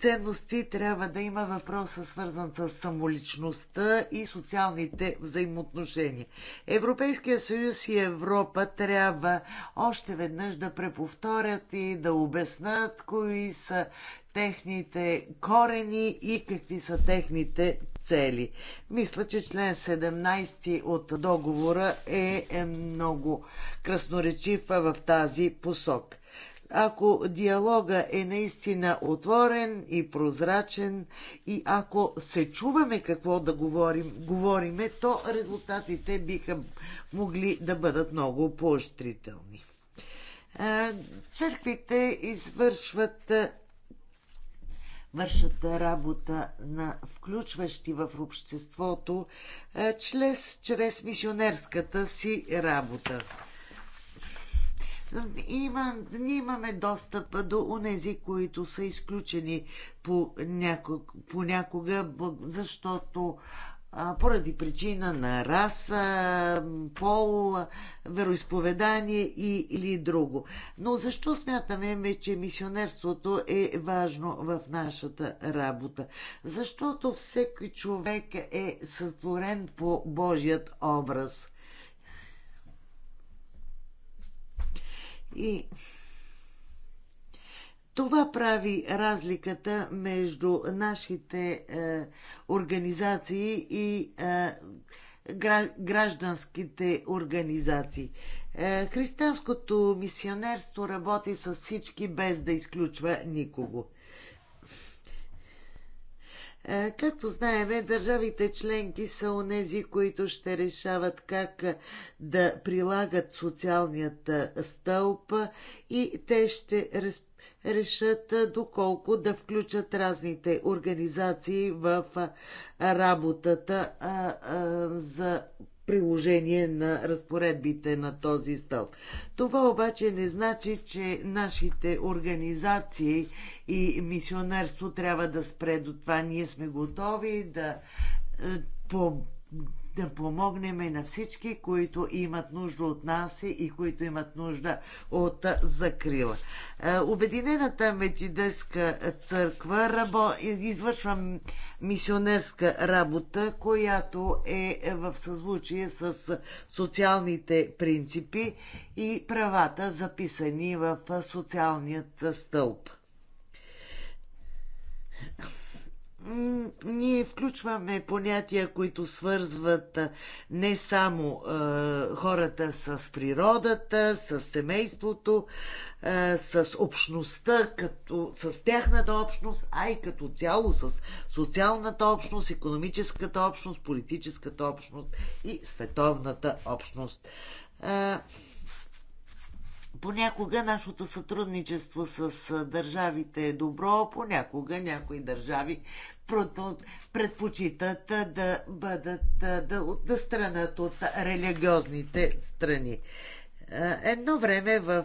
ценности трябва да има въпроса свързан с самоличността и социалните взаимоотношения. Европейския съюз и Европа трябва още веднъж да преповторят и да обяснат кои са техните корени и какви са техните цели. Мисля, че член 17 от договора е, е много красноречив в тази посок ако диалога е наистина отворен и прозрачен и ако се чуваме какво да говорим, говориме, то резултатите биха могли да бъдат много поощрителни. Църквите извършват вършат работа на включващи в обществото чрез, чрез мисионерската си работа има, ние имаме достъп до унези, които са изключени по понякога защото поради причина на раса, пол, вероисповедание и, или друго. Но защо смятаме, че мисионерството е важно в нашата работа? Защото всеки човек е сътворен по Божият образ. И това прави разликата между нашите е, организации и е, гражданските организации. Е, християнското мисионерство работи с всички без да изключва никого. Е, както знаем, държавите членки са онези, които ще решават как е, да прилагат социалният е, стълб и те ще решат доколко да включат разните организации в работата за приложение на разпоредбите на този стълб. Това обаче не значи, че нашите организации и мисионерство трябва да спре до това. Ние сме готови да е, по да помогнем на всички, които имат нужда от нас и които имат нужда от закрила. Е, Обединената метидеска църква рабо... извършва мисионерска работа, която е в съзвучие с социалните принципи и правата, записани в социалният стълб ние включваме понятия, които свързват не само е, хората с природата, с семейството, е, с общността, като, с тяхната общност, а и като цяло с социалната общност, економическата общност, политическата общност и световната общност. Е, понякога нашето сътрудничество с държавите е добро, понякога някои държави предпочитат да бъдат да, да странат от религиозните страни. Едно време в,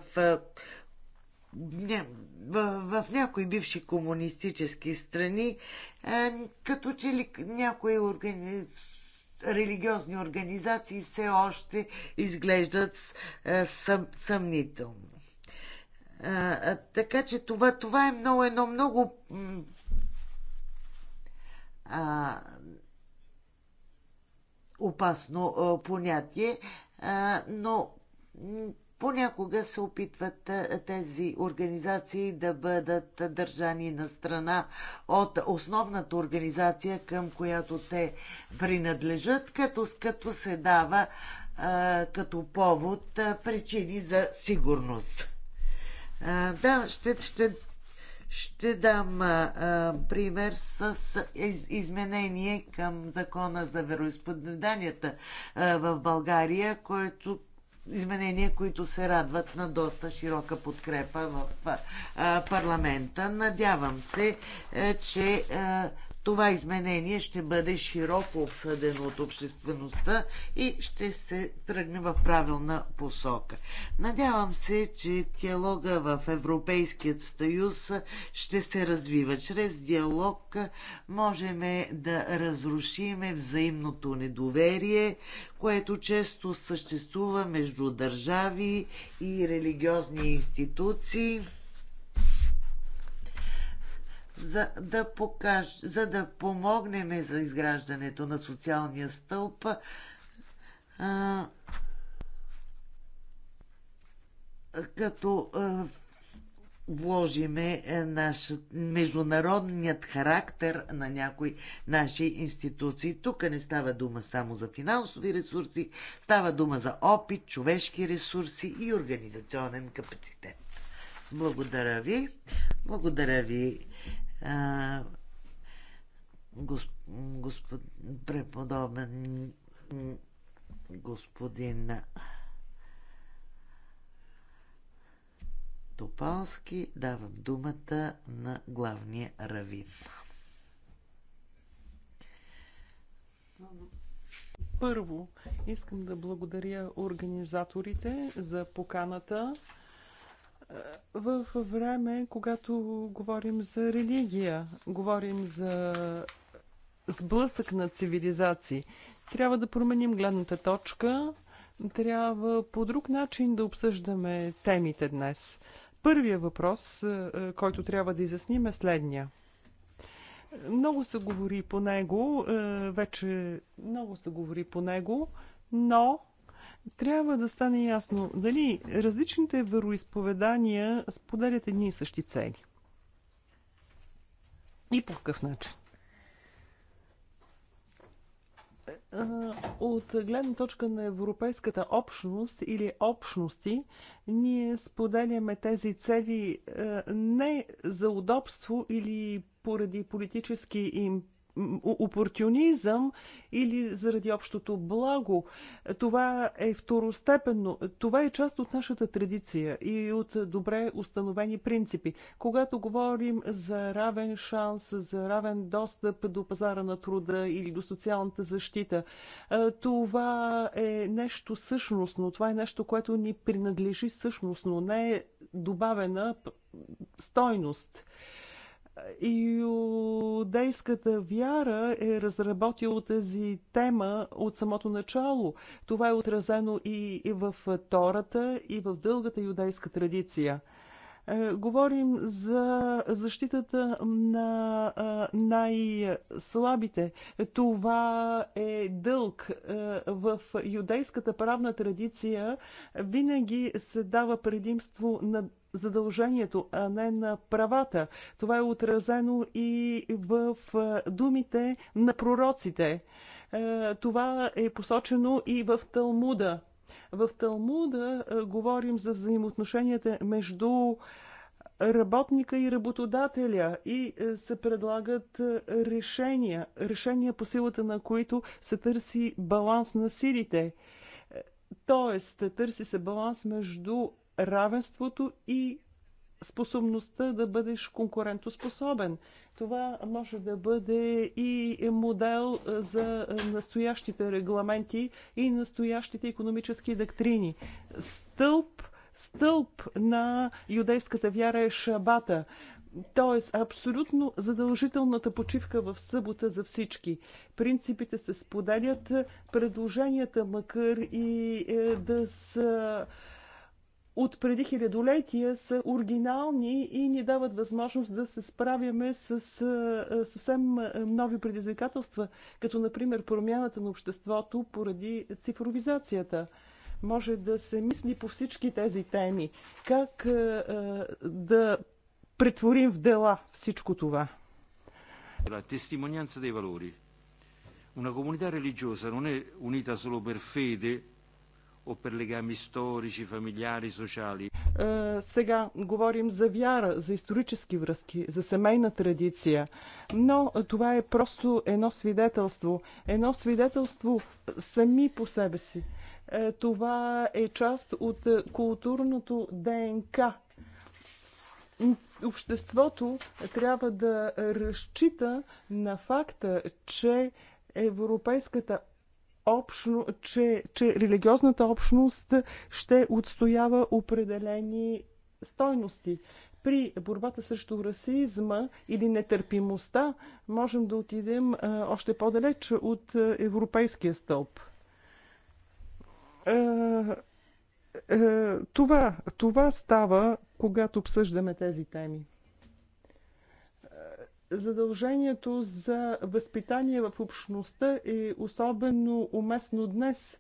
в, в някои бивши комунистически страни, като че ли някои органи... религиозни организации все още изглеждат съм, съмнително. Така че това, това е много едно много а, опасно а, понятие, а, но понякога се опитват тези организации да бъдат държани на страна от основната организация, към която те принадлежат, като, като се дава а, като повод а, причини за сигурност. А, да, ще, ще ще дам а, пример с из, изменение към закона за вероисповеданията в България, което изменения, които се радват на доста широка подкрепа в парламента. Надявам се, е, че това изменение ще бъде широко обсъдено от обществеността и ще се тръгне в правилна посока. Надявам се, че диалога в Европейският съюз ще се развива. Чрез диалог можем да разрушиме взаимното недоверие, което често съществува между държави и религиозни институции за да, покаж, за да помогнем за изграждането на социалния стълб. А, като а, вложиме е, наш, международният характер на някои наши институции. Тук не става дума само за финансови ресурси, става дума за опит, човешки ресурси и организационен капацитет. Благодаря ви. Благодаря ви а, господ, преподобен господин Топалски давам думата на главния равин. Първо, искам да благодаря организаторите за поканата в време, когато говорим за религия, говорим за сблъсък на цивилизации, трябва да променим гледната точка, трябва по друг начин да обсъждаме темите днес. Първия въпрос, е, който трябва да изясним е следния. Много се говори по него, е, вече много се говори по него, но трябва да стане ясно дали различните вероисповедания споделят едни и същи цели. И по какъв начин? Е, от гледна точка на Европейската общност или общности, ние споделяме тези цели е, не за удобство или поради политически им опортюнизъм или заради общото благо. Това е второстепенно. Това е част от нашата традиция и от добре установени принципи. Когато говорим за равен шанс, за равен достъп до пазара на труда или до социалната защита, това е нещо същностно. Това е нещо, което ни принадлежи същностно, не е добавена стойност. Иудейската вяра е разработила тази тема от самото начало. Това е отразено и в Тората, и в дългата иудейска традиция. Е, говорим за защитата на е, най-слабите. Това е дълг. Е, в юдейската правна традиция винаги се дава предимство на задължението, а не на правата. Това е отразено и в думите на пророците. Това е посочено и в Талмуда. В Талмуда е, говорим за взаимоотношенията между работника и работодателя и е, се предлагат е, решения, решения по силата на които се търси баланс на силите. Тоест, търси се баланс между равенството и способността да бъдеш конкурентоспособен. Това може да бъде и модел за настоящите регламенти и настоящите економически доктрини. Стълб, стълб на юдейската вяра е шабата. Тоест, абсолютно задължителната почивка в събота за всички. Принципите се споделят, предложенията, макар и е, да са от преди хилядолетия са оригинални и ни дават възможност да се справяме с съвсем нови предизвикателства, като например промяната на обществото поради цифровизацията може да се мисли по всички тези теми. Как да претворим в дела всичко това? Тестимонянца testimonianza dei valori. Una comunità religiosa non è unita solo per fede o per legami storici, sociali. Е, сега говорим за вяра, за исторически връзки, за семейна традиция, но това е просто едно свидетелство. Едно свидетелство сами по себе си. Е, това е част от културното ДНК обществото трябва да разчита на факта, че Европейската общно, че, че религиозната общност ще отстоява определени стойности. При борбата срещу расизма или нетърпимостта можем да отидем още по-далеч от европейския стълб. Това, това става, когато обсъждаме тези теми. Задължението за възпитание в общността е особено уместно днес.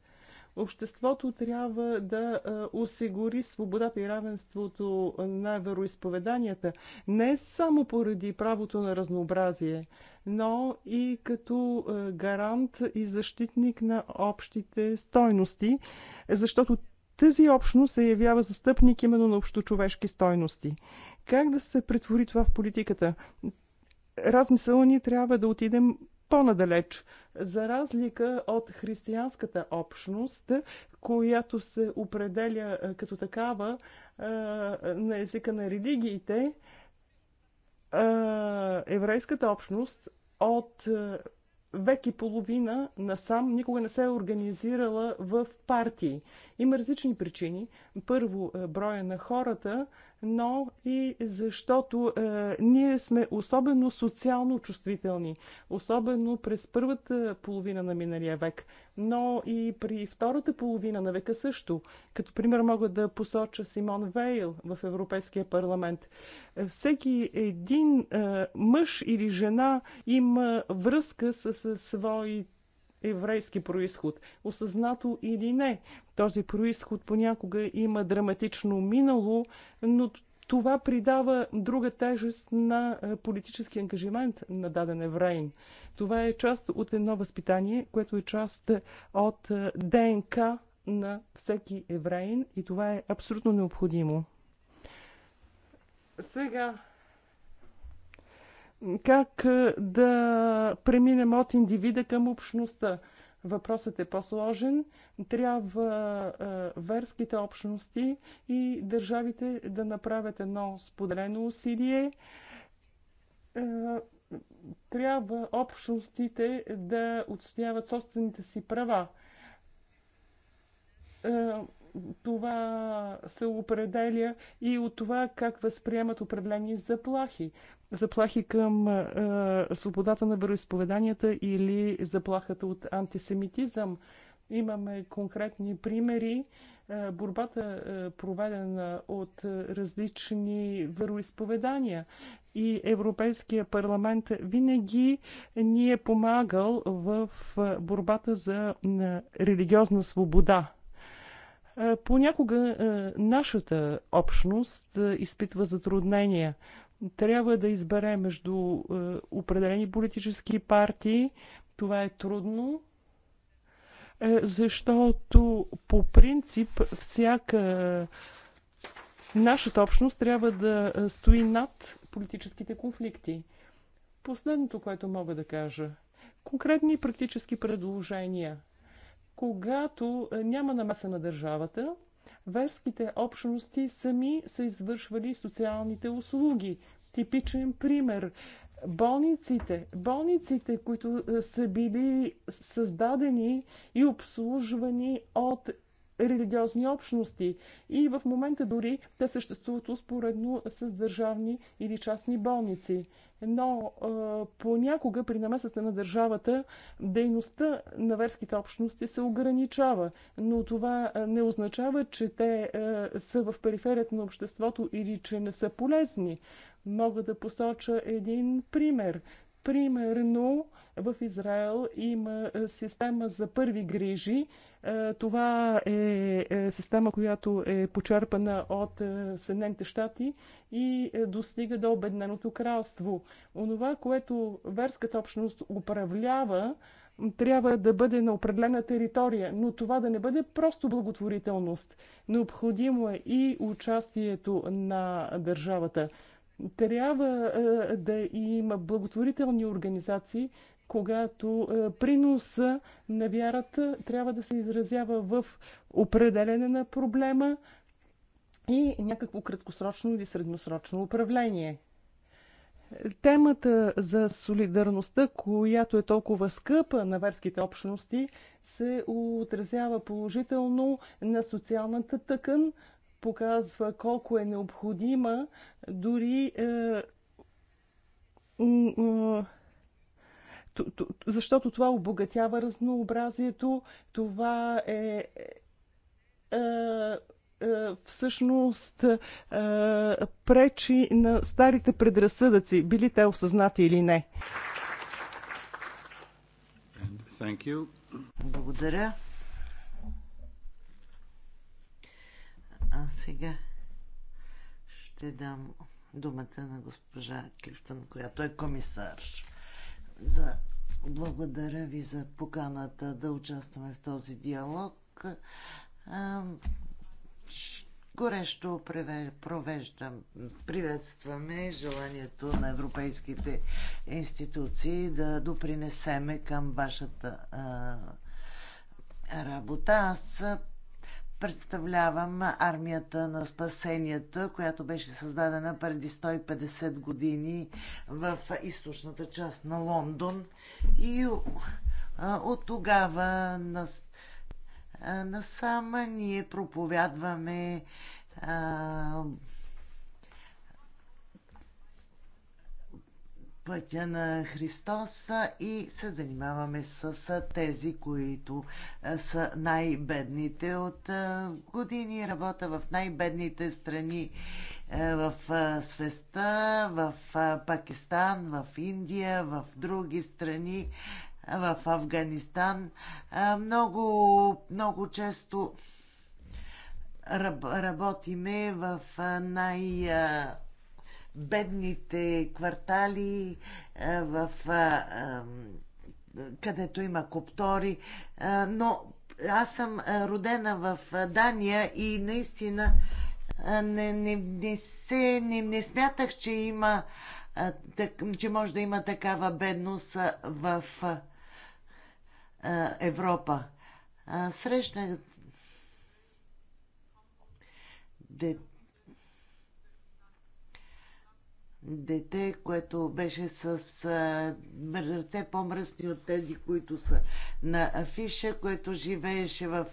Обществото трябва да осигури свободата и равенството на вероисповеданията не само поради правото на разнообразие, но и като гарант и защитник на общите стойности, защото тази общност се явява застъпник именно на общочовешки стойности. Как да се претвори това в политиката? Размисъл ни трябва да отидем по-надалеч. За разлика от християнската общност, която се определя е, като такава е, на езика на религиите, е, еврейската общност от век и половина насам никога не се е организирала в партии. Има различни причини. Първо, броя на хората, но и защото е, ние сме особено социално чувствителни, особено през първата половина на миналия век, но и при втората половина на века също. Като пример мога да посоча Симон Вейл в Европейския парламент. Всеки един е, мъж или жена има връзка с, с своите еврейски происход. Осъзнато или не, този происход понякога има драматично минало, но това придава друга тежест на е, политически ангажимент на даден евреин. Това е част от едно възпитание, което е част от е, ДНК на всеки евреин и това е абсолютно необходимо. Сега как е, да преминем от индивида към общността. Въпросът е по-сложен. Трябва е, верските общности и държавите да направят едно споделено усилие. Е, трябва общностите да отстояват собствените си права. Е, това се определя и от това как възприемат определени заплахи заплахи към а, свободата на вероисповеданията или заплахата от антисемитизъм. Имаме конкретни примери. борбата е проведена от различни вероисповедания и Европейския парламент винаги ни е помагал в борбата за религиозна свобода. Понякога нашата общност изпитва затруднения трябва да избере между е, определени политически партии. Това е трудно, е, защото по принцип всяка нашата общност трябва да е, стои над политическите конфликти. Последното, което мога да кажа. Конкретни практически предложения. Когато няма намеса на държавата, Верските общности сами са извършвали социалните услуги. Типичен пример болниците, болниците, които е, са били създадени и обслужвани от религиозни общности. И в момента дори те съществуват успоредно с държавни или частни болници. Но е, понякога при намесата на държавата дейността на верските общности се ограничава. Но това не означава, че те е, са в периферията на обществото или че не са полезни. Мога да посоча един пример. Примерно в Израел има система за първи грижи, е, това е, е система, която е почерпана от е, Съединените щати и достига до Обедненото кралство. Онова, което верската общност управлява, трябва да бъде на определена територия, но това да не бъде просто благотворителност. Необходимо е и участието на държавата. Трябва да има благотворителни организации, когато е, приноса на вярата трябва да се изразява в определене на проблема и някакво краткосрочно или средносрочно управление. Темата за солидарността, която е толкова скъпа на верските общности, се отразява положително на социалната тъкан, показва колко е необходима дори е, защото това обогатява разнообразието, това е, е, е всъщност е, пречи на старите предразсъдъци, били те осъзнати или не. Благодаря. А сега ще дам думата на госпожа Клифтън, която е комисар за благодаря ви за поканата да участваме в този диалог. Горещо провеждам, приветстваме желанието на европейските институции да допринесеме към вашата работа. Аз представлявам армията на спасенията, която беше създадена преди 150 години в източната част на Лондон. И от тогава насам ние проповядваме а, пътя на Христос и се занимаваме с тези, които е, са най-бедните. От е, години Работа в най-бедните страни е, в свеста, в Пакистан, в Индия, в други страни, в Афганистан. Много, много често работиме в най- бедните квартали, е, в, е, е, където има коптори, но аз съм родена в Дания и наистина не, не, не, се, не, не смятах, че има так, че може да има такава бедност в Европа. Срещнах дете дете, което беше с а, ръце по-мръсни от тези, които са на афиша, което живееше в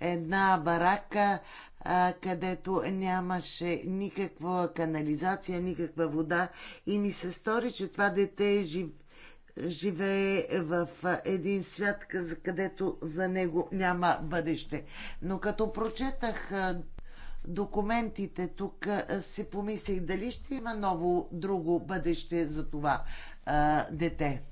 една барака, а, където нямаше никаква канализация, никаква вода и ми се стори, че това дете е жив живее в един свят, където за него няма бъдеще. Но като прочетах документите тук се помислих дали ще има ново друго бъдеще за това а, дете.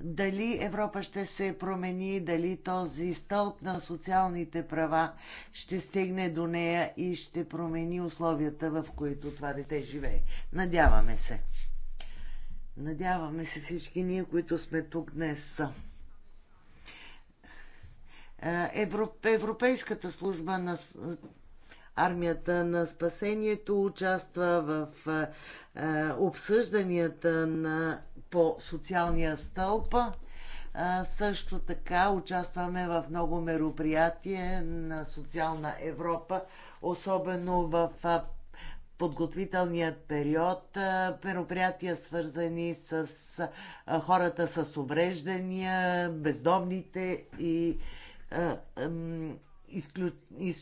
Дали Европа ще се промени, дали този стълб на социалните права ще стигне до нея и ще промени условията, в които това дете живее. Надяваме се. Надяваме се всички ние, които сме тук днес. Европейската служба на армията на спасението участва в е, обсъжданията на, по социалния стълб. също така участваме в много мероприятия на социална Европа, особено в подготвителният период, мероприятия свързани с хората с увреждания, бездомните и изключ... и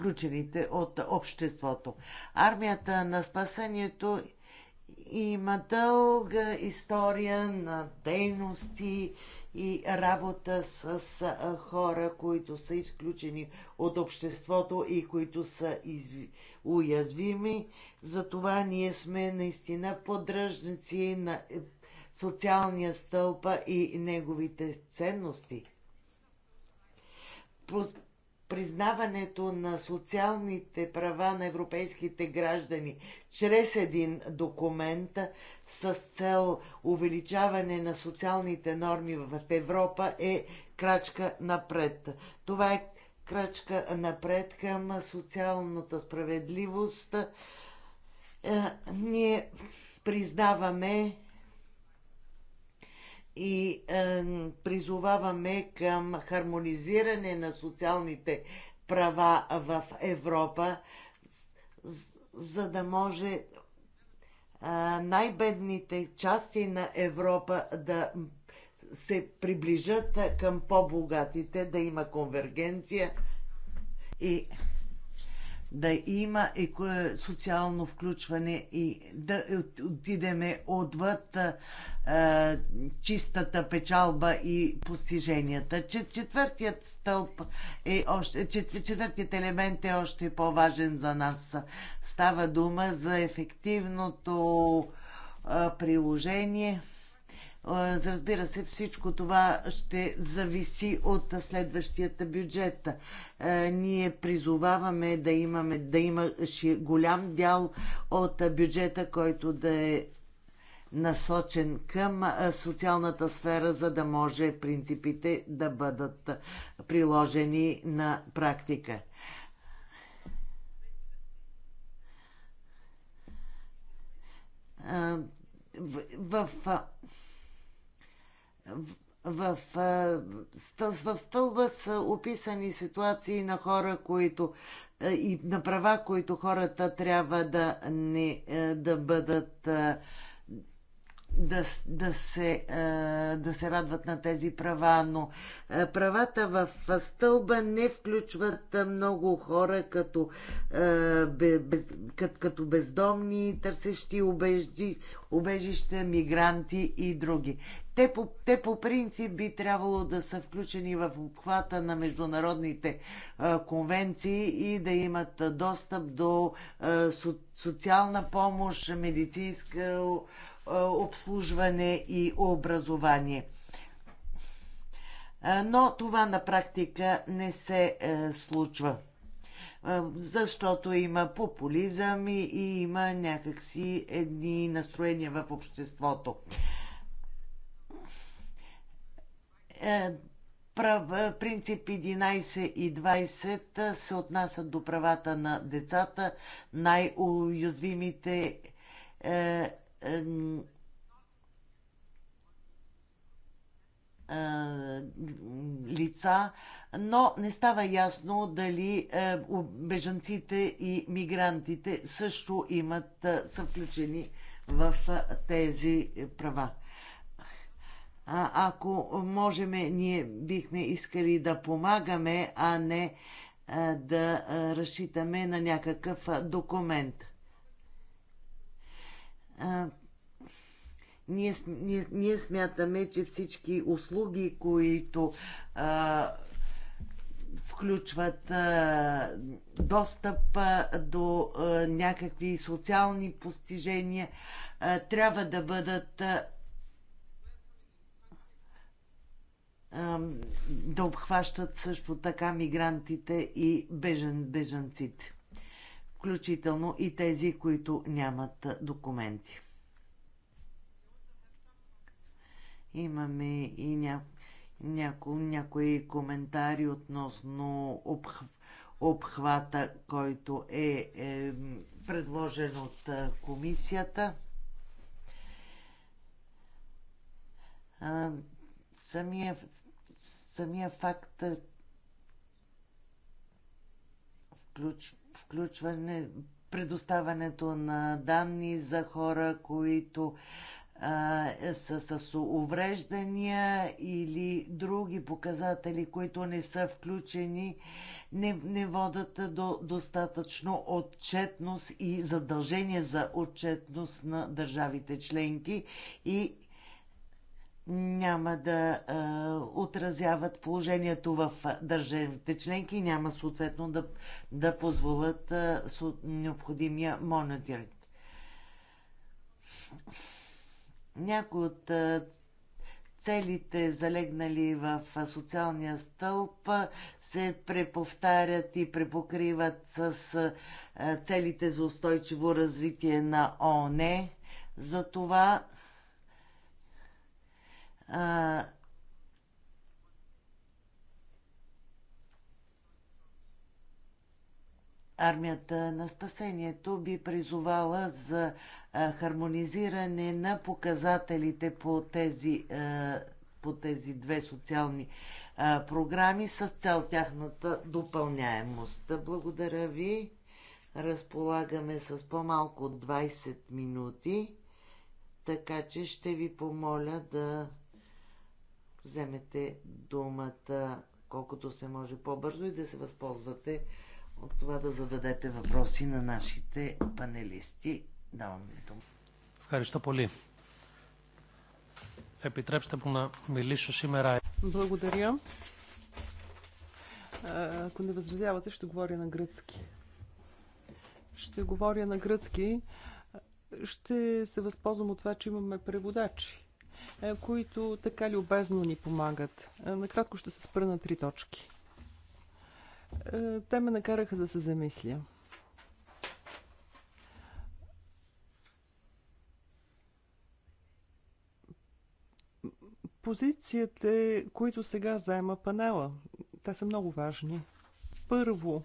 изключените от обществото. Армията на спасението има дълга история на дейности и работа с хора, които са изключени от обществото и които са уязвими. Затова ние сме наистина поддръжници на е, социалния стълпа и неговите ценности признаването на социалните права на европейските граждани чрез един документ с цел увеличаване на социалните норми в Европа е крачка напред. Това е крачка напред към социалната справедливост. Е, ние признаваме и е, призоваваме към хармонизиране на социалните права в Европа, за да може е, най-бедните части на Европа да се приближат към по-богатите, да има конвергенция и да има социално включване и да отидеме отвъд а, чистата печалба и постиженията. Четвъртият стълб е още, четвъртият елемент е още по-важен за нас. Става дума за ефективното приложение е, разбира се, всичко това ще зависи от следващията бюджет. Е, ние призоваваме да, имаме, да има голям дял от бюджета, който да е насочен към е, социалната сфера, за да може принципите да бъдат приложени на практика. В, в в, в, в стълба са описани ситуации на хора, които и на права, които хората трябва да, не, да бъдат да, да, се, е, да се радват на тези права, но е, правата в стълба не включват много хора като, е, без, като бездомни, търсещи убежди, убежища, мигранти и други. Те по, те по принцип би трябвало да са включени в обхвата на международните конвенции и да имат достъп до социална помощ, медицинска е, обслужване и образование. Е, но това на практика не се е, случва защото има популизъм и, и има някакси едни настроения в обществото. принцип 11 и 20 се отнасят до правата на децата, най-уязвимите е, лица, но не става ясно дали е, бежанците и мигрантите също имат, е, са включени в е, тези права. А ако можем, ние бихме искали да помагаме, а не да разчитаме на някакъв документ ние, ние, ние смятаме, че всички услуги, които а, включват а, достъп а, до а, някакви социални постижения, а, трябва да бъдат а, да обхващат също така мигрантите и бежен, бежанците включително и тези, които нямат документи. Имаме и някои няко... някои коментари относно обх... обхвата, който е, е предложен от комисията. самия, самия факт включва включване, предоставянето на данни за хора, които а, са с увреждания или други показатели, които не са включени, не, не водат до достатъчно отчетност и задължение за отчетност на държавите членки и няма да а, отразяват положението в държавите членки няма съответно да, да позволят а, с необходимия мониторинг. Някои от а, целите, залегнали в социалния стълб, се преповтарят и препокриват с целите за устойчиво развитие на ООН. Затова а, Армията на спасението би призовала за хармонизиране на показателите по тези, по тези две социални програми с цял тяхната допълняемост. Благодаря ви. Разполагаме с по-малко от 20 минути, така че ще ви помоля да вземете думата колкото се може по-бързо и да се възползвате от това да зададете въпроси на нашите панелисти. Давам ви дума. Ευχαριστώ поли. Επιτρέψτε по на μιλήσω Шимерай. Благодаря. Е, ако не възразявате, ще говоря на гръцки. Ще говоря на гръцки. Е, ще се възползвам от това, че имаме преводачи. Е, които така любезно ни помагат. Е, накратко ще се спра на три точки. Е, те ме накараха да се замисля. Позициите, които сега заема панела, те са много важни. Първо,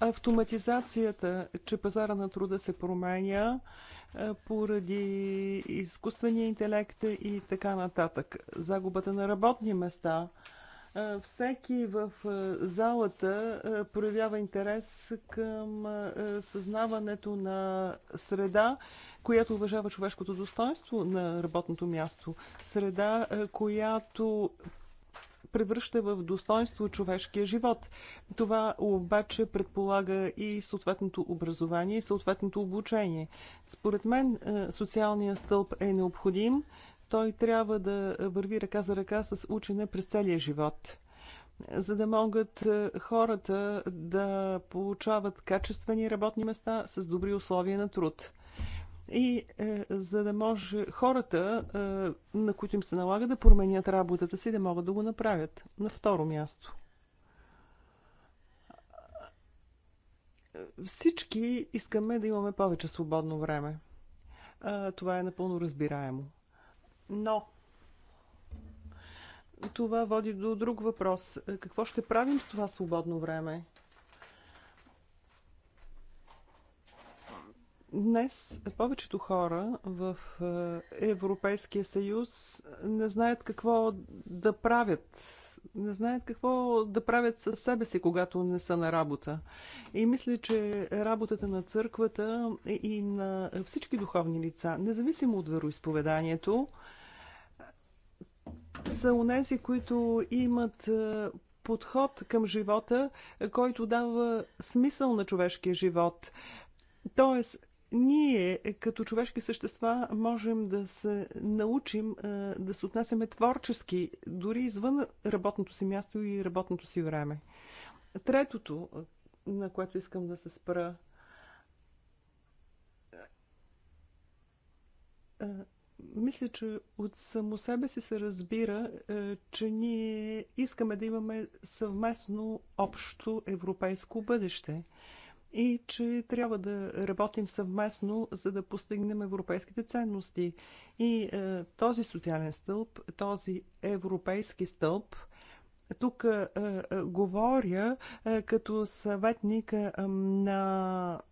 автоматизацията, че пазара на труда се променя е, поради изкуствения интелект и така нататък. Загубата на работни места. Е, всеки в е, залата проявява интерес към съзнаването на среда, която уважава човешкото достоинство на работното място. Среда, която превръща в достоинство човешкия живот. Това обаче предполага и съответното образование и съответното обучение. Според мен е, социалният стълб е необходим. Той трябва да върви ръка за ръка с учене през целия живот за да могат е, хората да получават качествени работни места с добри условия на труд и е, за да може хората, е, на които им се налага да променят работата си, да могат да го направят. На второ място. Всички искаме да имаме повече свободно време. Е, това е напълно разбираемо. Но това води до друг въпрос. Е, какво ще правим с това свободно време? Днес повечето хора в е, Европейския съюз не знаят какво да правят. Не знаят какво да правят със себе си, когато не са на работа. И мисля, че работата на църквата и на всички духовни лица, независимо от вероисповеданието, са унези, които имат е, подход към живота, който дава смисъл на човешкия живот. Тоест, ние, като човешки същества, можем да се научим е, да се отнасяме творчески, дори извън работното си място и работното си време. Третото, на което искам да се спра, е, мисля, че от само себе си се разбира, е, че ние искаме да имаме съвместно общо европейско бъдеще – и че трябва да работим съвместно, за да постигнем европейските ценности. И е, този социален стълб, този европейски стълб, тук е, е, говоря е, като съветник е, на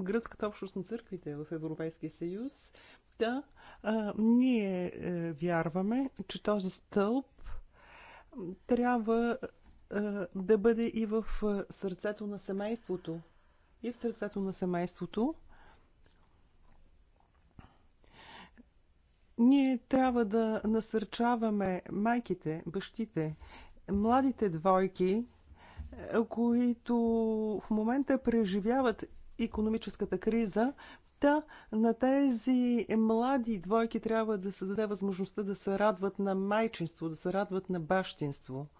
Гръцката общност на църквите в Европейския съюз. Да, е, ние е, вярваме, че този стълб трябва е, да бъде и в е, сърцето на семейството. И в сърцето на семейството. Ние трябва да насърчаваме майките, бащите, младите двойки, е, които в момента преживяват економическата криза, Та да, на тези млади двойки трябва да се даде възможността да се радват на майчинство, да се радват на бащинство –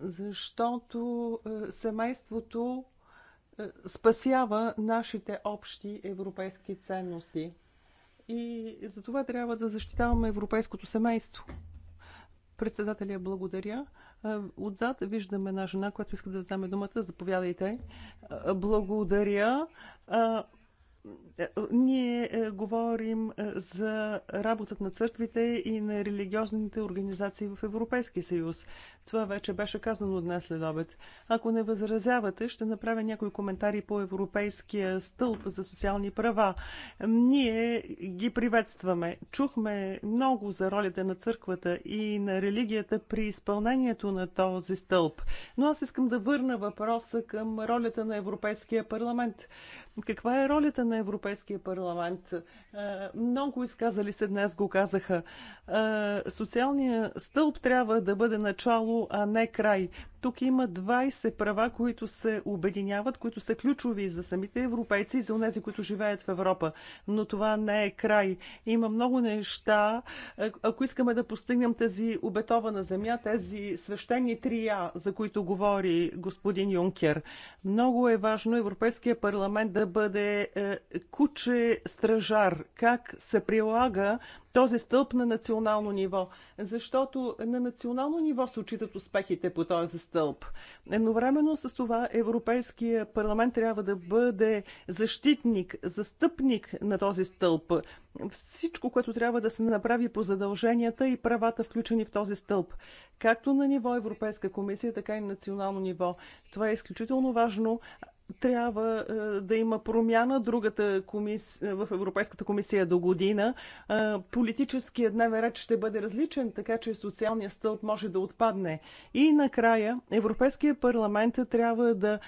защото е, семейството е, спасява нашите общи европейски ценности. И за това трябва да защитаваме европейското семейство. Председателя, благодаря. Е, отзад виждаме една жена, която иска да вземе думата. Заповядайте. Благодаря. Ние е, говорим е, за работата на църквите и на религиозните организации в Европейския съюз. Това вече беше казано днес след обед. Ако не възразявате, ще направя някои коментари по Европейския стълб за социални права. Ние ги приветстваме. Чухме много за ролята на църквата и на религията при изпълнението на този стълб. Но аз искам да върна въпроса към ролята на Европейския парламент. Каква е ролята на Европейския парламент? Е, много изказали се днес го казаха. Е, социалният стълб трябва да бъде начало, а не край. Тук има 20 права, които се обединяват, които са ключови за самите европейци и за тези, които живеят в Европа. Но това не е край. Има много неща. Ако искаме да постигнем тази обетована земя, тези свещени трия, за които говори господин Юнкер, много е важно Европейския парламент да бъде е, куче стражар. Как се прилага този стълб на национално ниво, защото на национално ниво се отчитат успехите по този стълб. Едновременно с това Европейския парламент трябва да бъде защитник, застъпник на този стълб. Всичко, което трябва да се направи по задълженията и правата, включени в този стълб, както на ниво Европейска комисия, така и на национално ниво. Това е изключително важно, трябва е, да има промяна другата комис... Е, в Европейската комисия е до година. Политическият дневен ред ще бъде различен, така че социалният стълб може да отпадне. И накрая Европейския парламент трябва да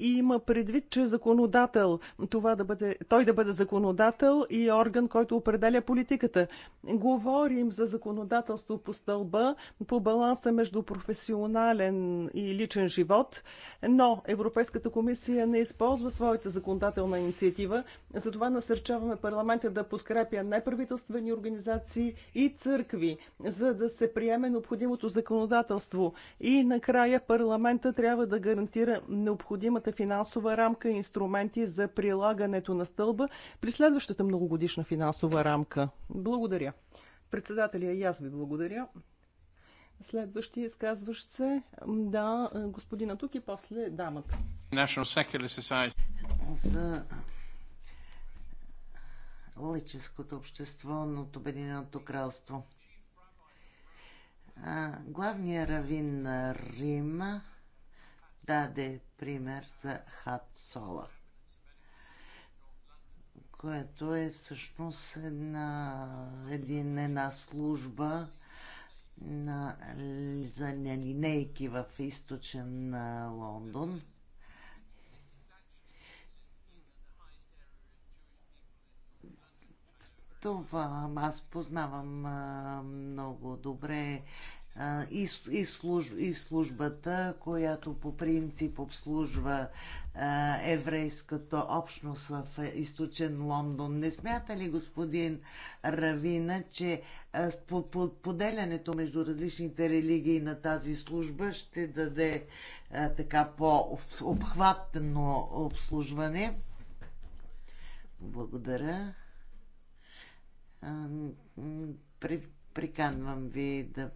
и има предвид, че законодател, това да бъде, той да бъде законодател и орган, който определя политиката. Говорим за законодателство по стълба, по баланса между професионален и личен живот, но Европейската комисия не използва своята законодателна инициатива, затова насърчаваме парламента да подкрепя неправителствени организации и църкви, за да се приеме необходимото законодателство. И накрая парламента трябва да гарантира необходимата многогодишната финансова рамка и инструменти за прилагането на стълба при следващата многогодишна финансова рамка. Благодаря. Председателя, и аз ви благодаря. Следващия изказващ се, да, господина тук и после дамата. За лическото общество на Обединеното кралство. Главният равин на Рима даде пример за Хат Сола, което е всъщност една, един, една служба на, за линейки в източен Лондон. Това аз познавам а, много добре и, и, служ, и службата, която по принцип обслужва а, еврейската общност в е, източен Лондон. Не смята ли господин Равина, че поделянето между различните религии на тази служба ще даде а, така по-обхватно обслужване? Благодаря. А, при Приканвам ви да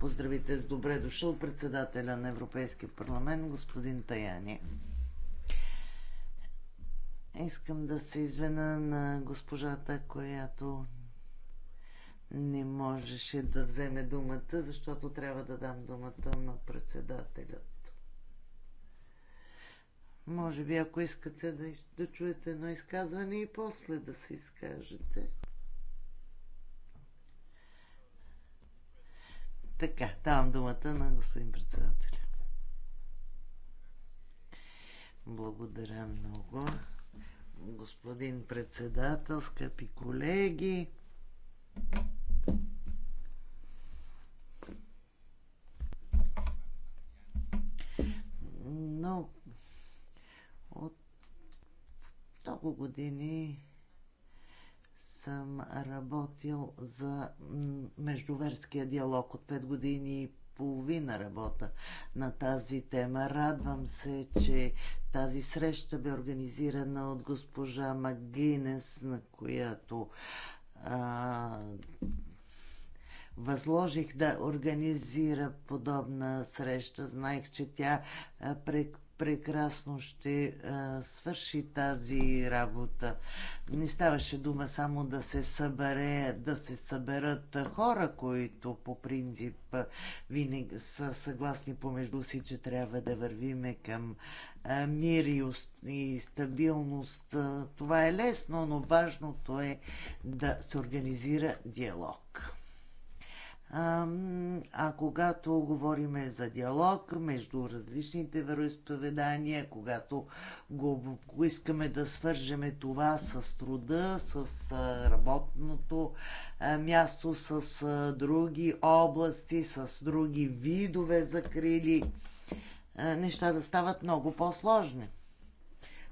поздравите с добре дошъл председателя на Европейския парламент, господин Таяни. Искам да се извена на госпожата, която не можеше да вземе думата, защото трябва да дам думата на председателят. Може би, ако искате да, да чуете едно изказване и после да се изкажете. Така, давам думата на господин председател. Благодаря много. Господин председател, скъпи колеги, но от много години съм работил за междуверския диалог от 5 години и половина работа на тази тема. Радвам се, че тази среща бе организирана от госпожа Магинес, на която а, възложих да организира подобна среща. Знаех, че тя пред прекрасно ще а, свърши тази работа. Не ставаше дума само да се събере, да се съберат хора, които по принцип винаги са съгласни помежду си, че трябва да вървиме към а, мир и, и стабилност. Това е лесно, но важното е да се организира диалог. А когато говорим за диалог между различните вероисповедания, когато го, го искаме да свържеме това с труда, с работното място, с други области, с други видове закрили, неща да стават много по-сложни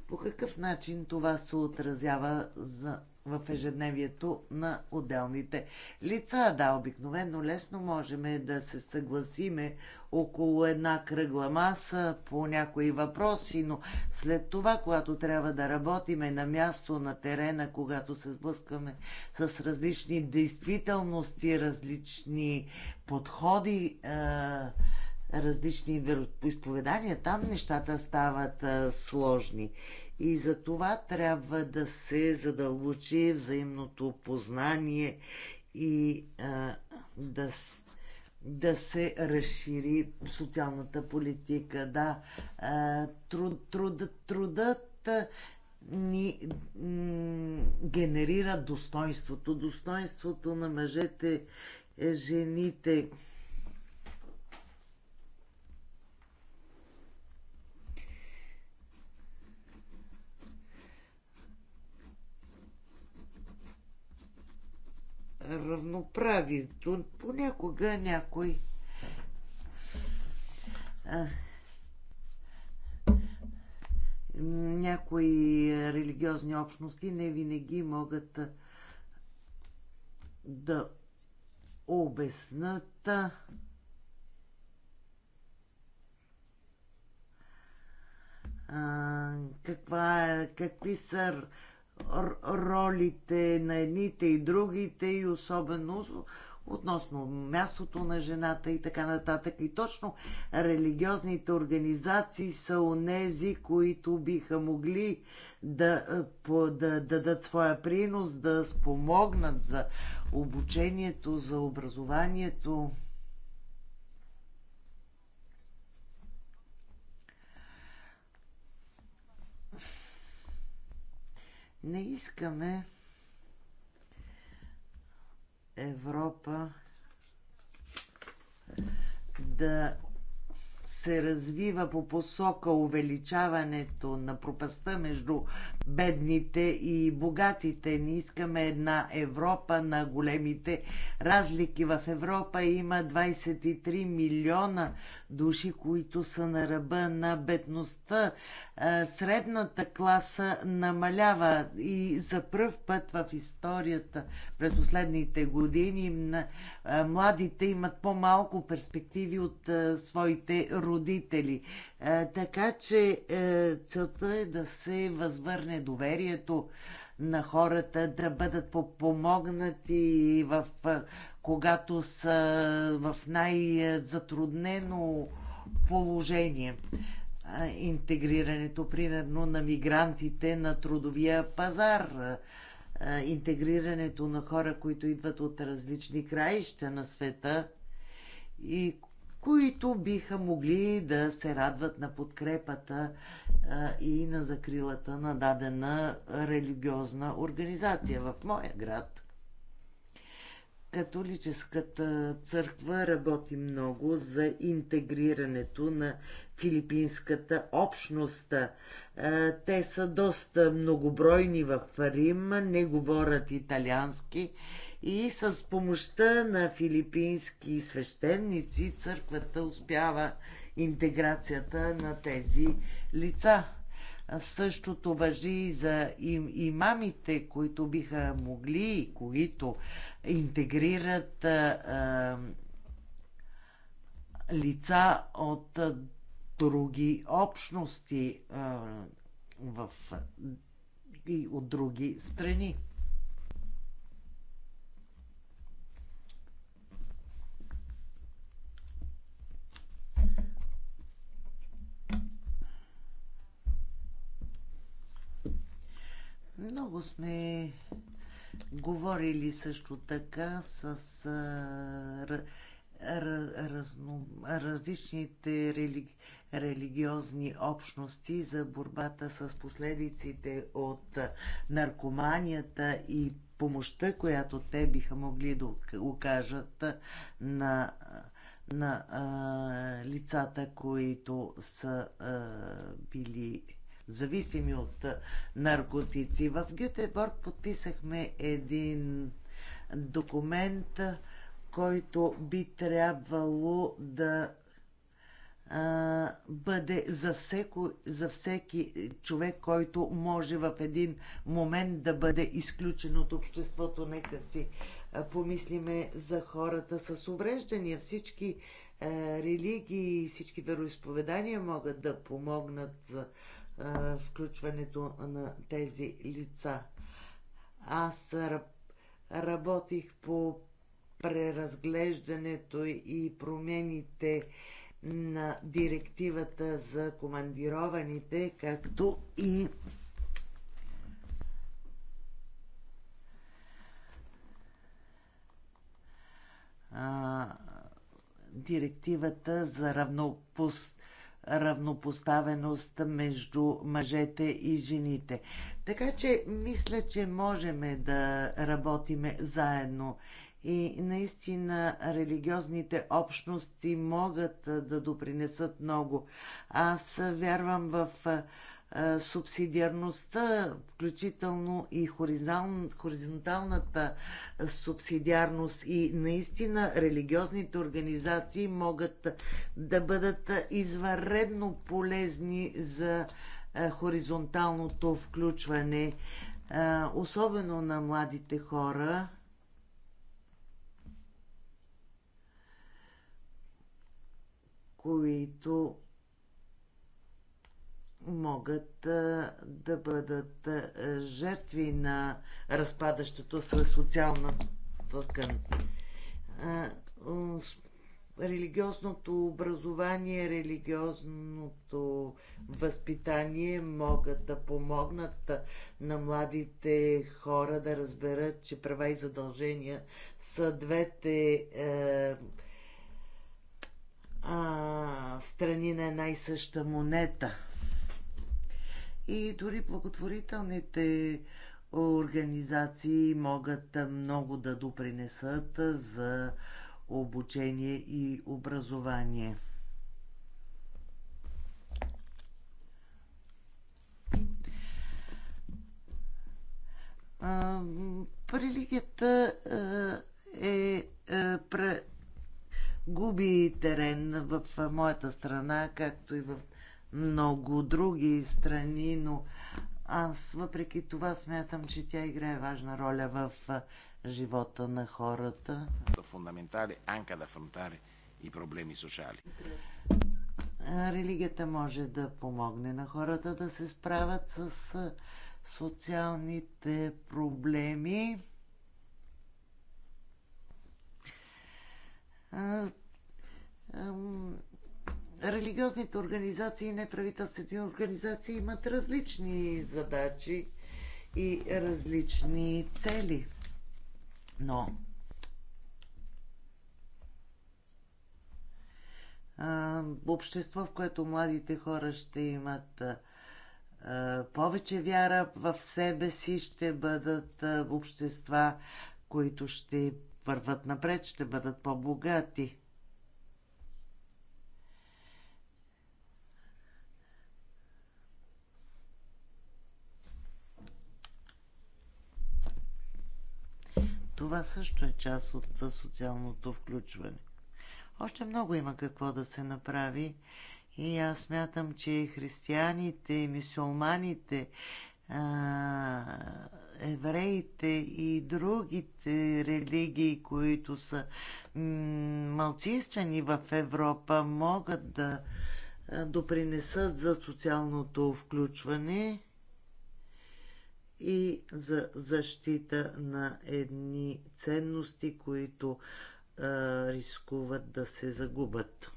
по какъв начин това се отразява за, в ежедневието на отделните лица. Да, обикновено лесно можем да се съгласиме около една кръгла маса по някои въпроси, но след това, когато трябва да работиме на място, на терена, когато се сблъскваме с различни действителности, различни подходи, е, различни вероисповедания, там нещата стават а, сложни. И за това трябва да се задълбочи взаимното познание и а, да, да се разшири социалната политика. Да, а, труд, труд, трудът ни генерира достоинството, достоинството на мъжете, жените равноправието. Понякога някой а, някои религиозни общности не винаги могат да обяснат а, каква, е- какви са ролите на едните и другите и особено относно мястото на жената и така нататък. И точно религиозните организации са онези, които биха могли да, е, да, да дадат своя принос, да спомогнат за обучението, за образованието. Не искаме Европа да се развива по посока увеличаването на пропаста между бедните и богатите. Ние искаме една Европа на големите разлики. В Европа има 23 милиона души, които са на ръба на бедността. Средната класа намалява и за пръв път в историята през последните години младите имат по-малко перспективи от своите родители. Е, така че е, целта е да се възвърне доверието на хората, да бъдат помогнати в, е, когато са в най-затруднено положение. Интегрирането, примерно, на мигрантите на трудовия пазар, интегрирането на хора, които идват от различни краища на света и които биха могли да се радват на подкрепата и на закрилата на дадена религиозна организация. В моя град католическата църква работи много за интегрирането на филипинската общност. Те са доста многобройни в Рим, не говорят италиански и с помощта на филипински свещеници църквата успява интеграцията на тези лица. Същото въжи и за им, имамите, които биха могли и които интегрират а, а, лица от а, други общности а, в, и от други страни. Много сме говорили също така с разно, различните рели, религиозни общности за борбата с последиците от наркоманията и помощта, която те биха могли да окажат на, на а, лицата, които са а, били зависими от наркотици. В Гютеборг подписахме един документ, който би трябвало да а, бъде за, всеко, за всеки човек, който може в един момент да бъде изключен от обществото. Нека си а, помислиме за хората с увреждания. Всички а, религии, всички вероисповедания могат да помогнат за включването на тези лица. Аз работих по преразглеждането и промените на директивата за командированите, както и директивата за равнопост равнопоставеност между мъжете и жените. Така че мисля, че можем да работиме заедно и наистина религиозните общности могат да допринесат много. Аз вярвам в субсидиарността, включително и хоризонталната субсидиарност и наистина религиозните организации могат да бъдат извънредно полезни за хоризонталното включване, особено на младите хора. които могат да бъдат жертви на разпадащото се социална тъкан. Религиозното образование, религиозното възпитание могат да помогнат на младите хора да разберат, че права и задължения са двете е, а, страни на една и съща монета и дори благотворителните организации могат много да допринесат за обучение и образование. Религията е, е губи терен в моята страна, както и в много други страни, но аз въпреки това смятам, че тя играе важна роля в живота на хората. Фундаментали, анка да фронтари и проблеми социали. Религията може да помогне на хората да се справят с социалните проблеми религиозните организации и неправителствените организации имат различни задачи и различни цели. Но общество, в което младите хора ще имат повече вяра в себе си, ще бъдат общества, които ще върват напред, ще бъдат по-богати. Това също е част от социалното включване. Още много има какво да се направи и аз смятам, че християните, мисулманите, мусулманите, евреите и другите религии, които са малцинствени в Европа, могат да допринесат за социалното включване и за защита на едни ценности, които а, рискуват да се загубят.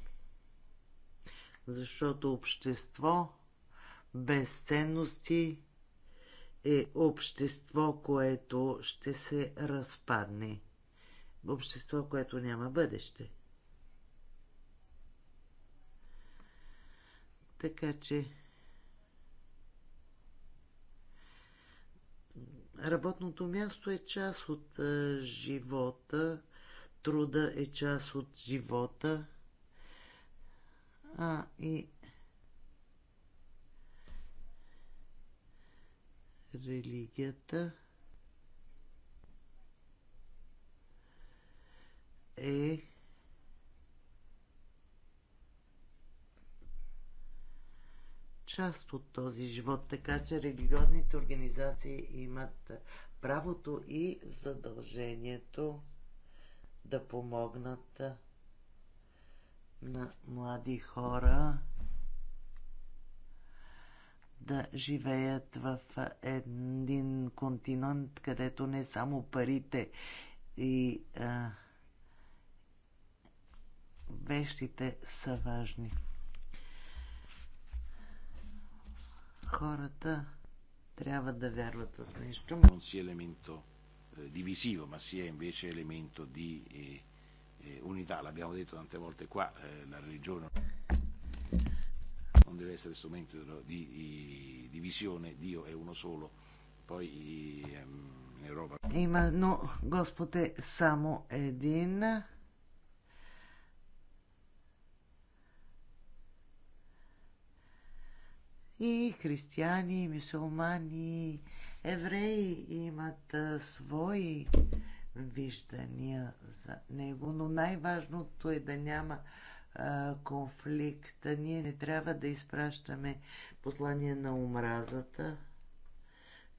Защото общество без ценности е общество, което ще се разпадне. Общество, което няма бъдеще. Така че Работното място е част от е, живота, труда е част от живота. А, и религията е част от този живот, така че религиозните организации имат правото и задължението да помогнат на млади хора да живеят в един континент, където не само парите и а, вещите са важни. хората трябва да вярват в нещо. Non sia elemento divisivo, ma sia invece elemento di unità. L'abbiamo detto tante volte qua, la religione non deve essere strumento di divisione, Dio è uno solo. Poi in Europa. Има, но Господ е само И християни, и мусулмани, и евреи имат свои виждания за него, но най-важното е да няма конфликт. Ние не трябва да изпращаме послание на омразата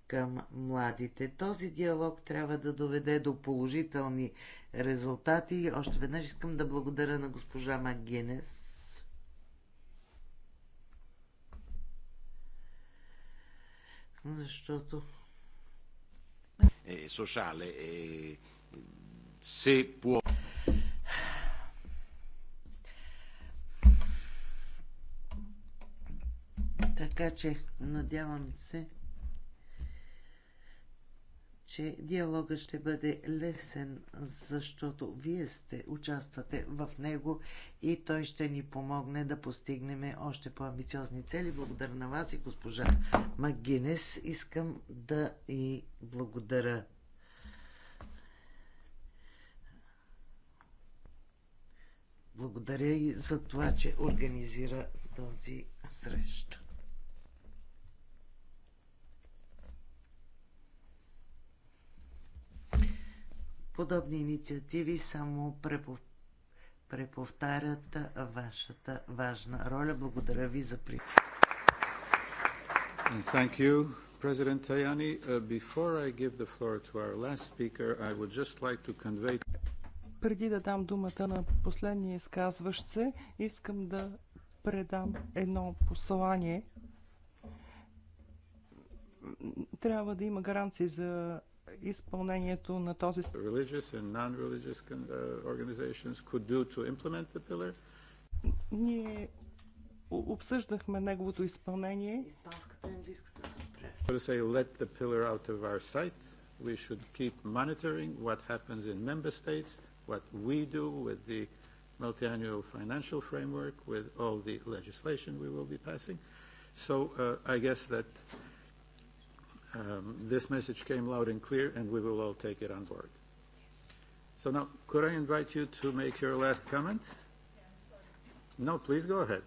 към младите. Този диалог трябва да доведе до положителни резултати. Още веднъж искам да благодаря на госпожа Магинес Защото е, социале е, се по... Така че, надявам се, че диалогът ще бъде лесен, защото вие сте, участвате в него и той ще ни помогне да постигнем още по-амбициозни цели. Благодаря на вас и госпожа Магинес. Искам да и благодаря. Благодаря и за това, че организира този среща. подобни инициативи само препов... преповтарят вашата важна роля. Благодаря ви за при. Thank you, President Tajani. Uh, before I give the floor to our last speaker, I would just like to convey... Преди да дам думата на последния изказващ се, искам да предам едно послание. Трябва да има гаранции за изпълнението на този Ние обсъждахме неговото изпълнение. Испанската и английската са let We should keep monitoring what happens in member states, what we do with the multiannual financial framework, with all the legislation we will be passing. So uh, I guess that um, this message came loud and clear, and we will all take it on board. So now, could I invite you to make your last comments? No, please go ahead.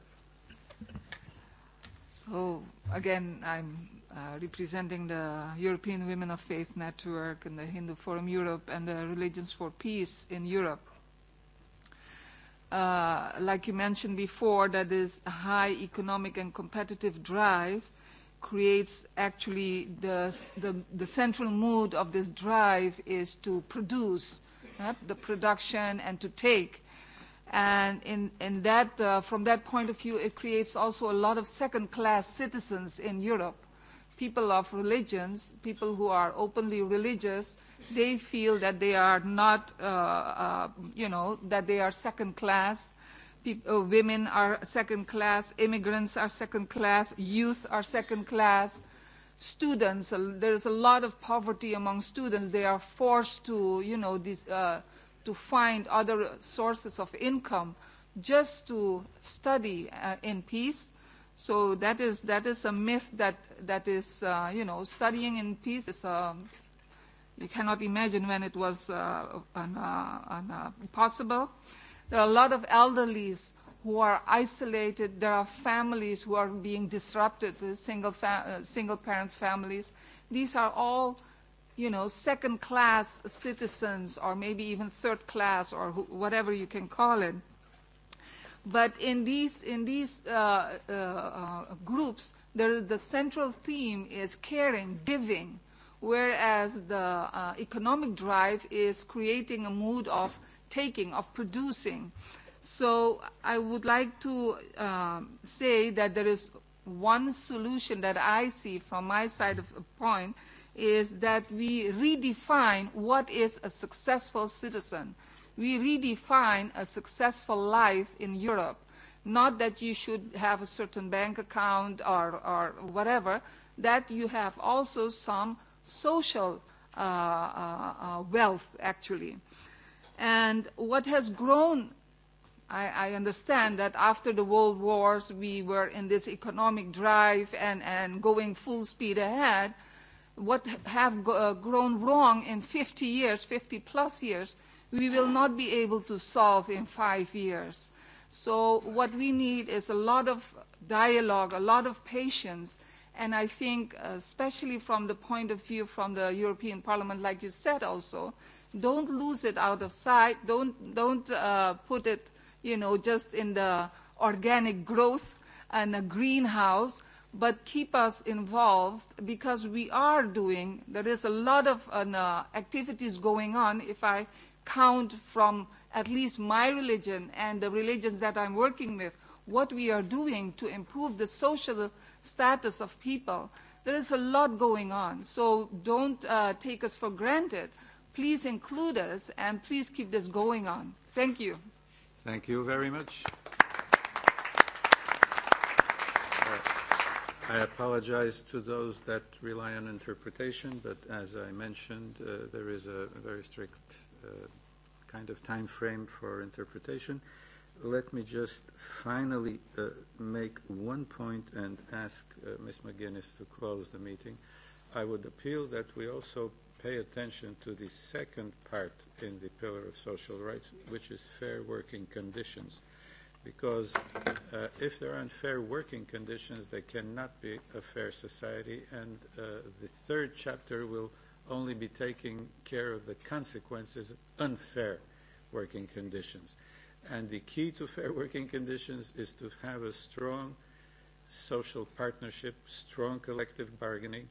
So again, I'm uh, representing the European Women of Faith Network and the Hindu Forum Europe and the Religions for Peace in Europe. Uh, like you mentioned before, that is a high economic and competitive drive creates actually the, the, the central mood of this drive is to produce uh, the production and to take. And in, in that, uh, from that point of view, it creates also a lot of second-class citizens in Europe. People of religions, people who are openly religious, they feel that they are not, uh, uh, you know, that they are second class. Uh, women are second class, immigrants are second class, youth are second class, students, there is a lot of poverty among students. They are forced to, you know, this, uh, to find other sources of income just to study uh, in peace. So that is, that is a myth that, that is, uh, you know, studying in peace is um you cannot imagine when it was uh, an, uh, an, uh, possible. Uh, There are a lot of elderlies who are isolated. There are families who are being disrupted, single, fa- single parent families. These are all you know, second class citizens or maybe even third class or wh- whatever you can call it. But in these, in these uh, uh, uh, groups, there, the central theme is caring, giving, whereas the uh, economic drive is creating a mood of taking, of producing. So I would like to uh, say that there is one solution that I see from my side of the point is that we redefine what is a successful citizen. We redefine a successful life in Europe. Not that you should have a certain bank account or, or whatever, that you have also some social uh, uh, wealth actually. Uh, And what has grown, I, I understand that after the World Wars, we were in this economic drive and, and going full speed ahead. What have uh, grown wrong in 50 years, 50 plus years, we will not be able to solve in five years. So what we need is a lot of dialogue, a lot of patience, and I think especially from the point of view from the European Parliament, like you said also, Don't lose it out of sight. Don't, don't uh, put it, you know, just in the organic growth and a greenhouse, but keep us involved because we are doing, there is a lot of uh, activities going on. If I count from at least my religion and the religions that I'm working with, what we are doing to improve the social status of people. There is a lot going on, so don't uh, take us for granted. Please include us and please keep this going on. Thank you. Thank you very much. I apologize to those that rely on interpretation, but as I mentioned, uh, there is a very strict uh, kind of time frame for interpretation. Let me just finally uh, make one point and ask uh, Ms. McGuinness to close the meeting. I would appeal that we also pay attention to the second part in the pillar of social rights, which is fair working conditions. Because uh, if there aren't fair working conditions, there cannot be a fair society. And uh, the third chapter will only be taking care of the consequences of unfair working conditions. And the key to fair working conditions is to have a strong social partnership, strong collective bargaining,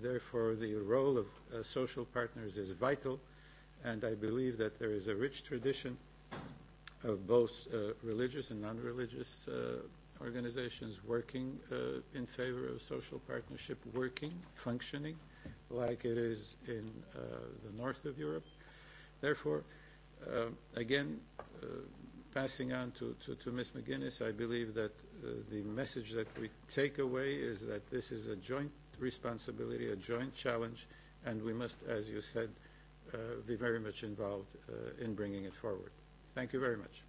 Therefore, the role of uh, social partners is vital, and I believe that there is a rich tradition of both uh, religious and non-religious uh, organizations working uh, in favor of social partnership, working, functioning, like it is in uh, the north of Europe. Therefore, uh, again, uh, passing on to, to, to Ms. McGuinness, I believe that uh, the message that we take away is that this is a joint responsibility, a joint challenge, and we must, as you said, uh, be very much involved uh, in bringing it forward. Thank you very much.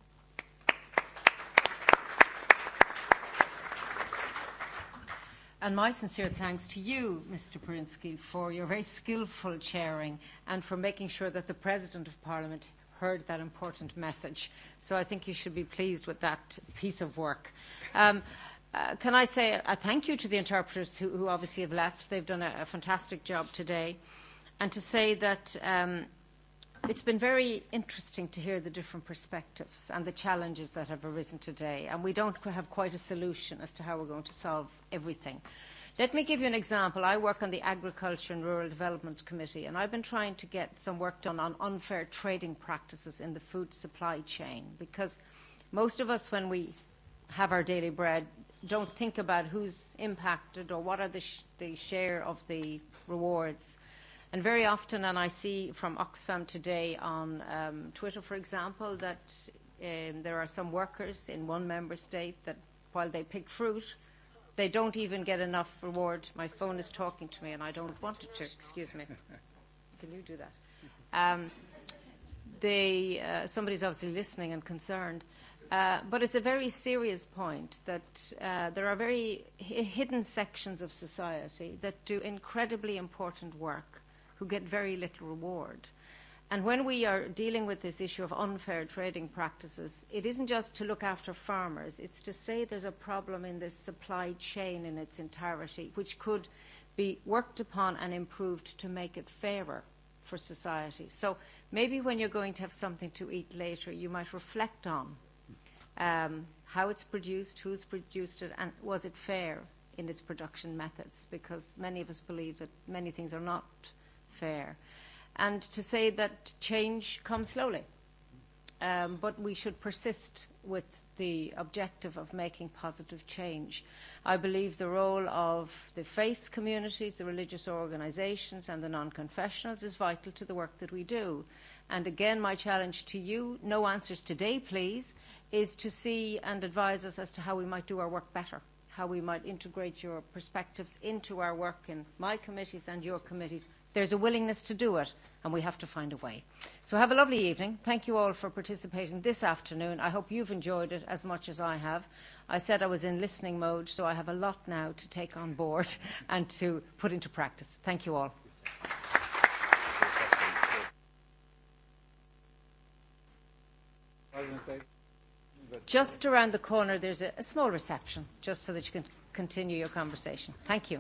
And my sincere thanks to you, Mr. Perinsky, for your very skillful chairing and for making sure that the President of Parliament heard that important message. So I think you should be pleased with that piece of work. Um, Uh, can I say a thank you to the interpreters who, who obviously have left? They've done a, a fantastic job today. And to say that um, it's been very interesting to hear the different perspectives and the challenges that have arisen today. And we don't have quite a solution as to how we're going to solve everything. Let me give you an example. I work on the Agriculture and Rural Development Committee, and I've been trying to get some work done on unfair trading practices in the food supply chain because most of us, when we have our daily bread, don't think about who's impacted or what are the, sh the share of the rewards. And very often, and I see from Oxfam today on um, Twitter, for example, that um, there are some workers in one member state that while they pick fruit, they don't even get enough reward. My phone is talking to me and I don't want it to, excuse me. Can you do that? Um, they, uh, somebody's obviously listening and concerned. Uh, but it's a very serious point that uh, there are very hidden sections of society that do incredibly important work who get very little reward. And when we are dealing with this issue of unfair trading practices, it isn't just to look after farmers, it's to say there's a problem in this supply chain in its entirety, which could be worked upon and improved to make it fairer for society. So maybe when you're going to have something to eat later, you might reflect on um, how it's produced, who's produced it, and was it fair in its production methods? Because many of us believe that many things are not fair. And to say that change comes slowly, um, but we should persist with the objective of making positive change. I believe the role of the faith communities, the religious organisations and the non-confessionals is vital to the work that we do. And again, my challenge to you, no answers today, please, is to see and advise us as to how we might do our work better, how we might integrate your perspectives into our work in my committees and your committees. There's a willingness to do it, and we have to find a way. So have a lovely evening. Thank you all for participating this afternoon. I hope you've enjoyed it as much as I have. I said I was in listening mode, so I have a lot now to take on board and to put into practice. Thank you all. Just around the corner, there's a, a small reception, just so that you can continue your conversation. Thank you.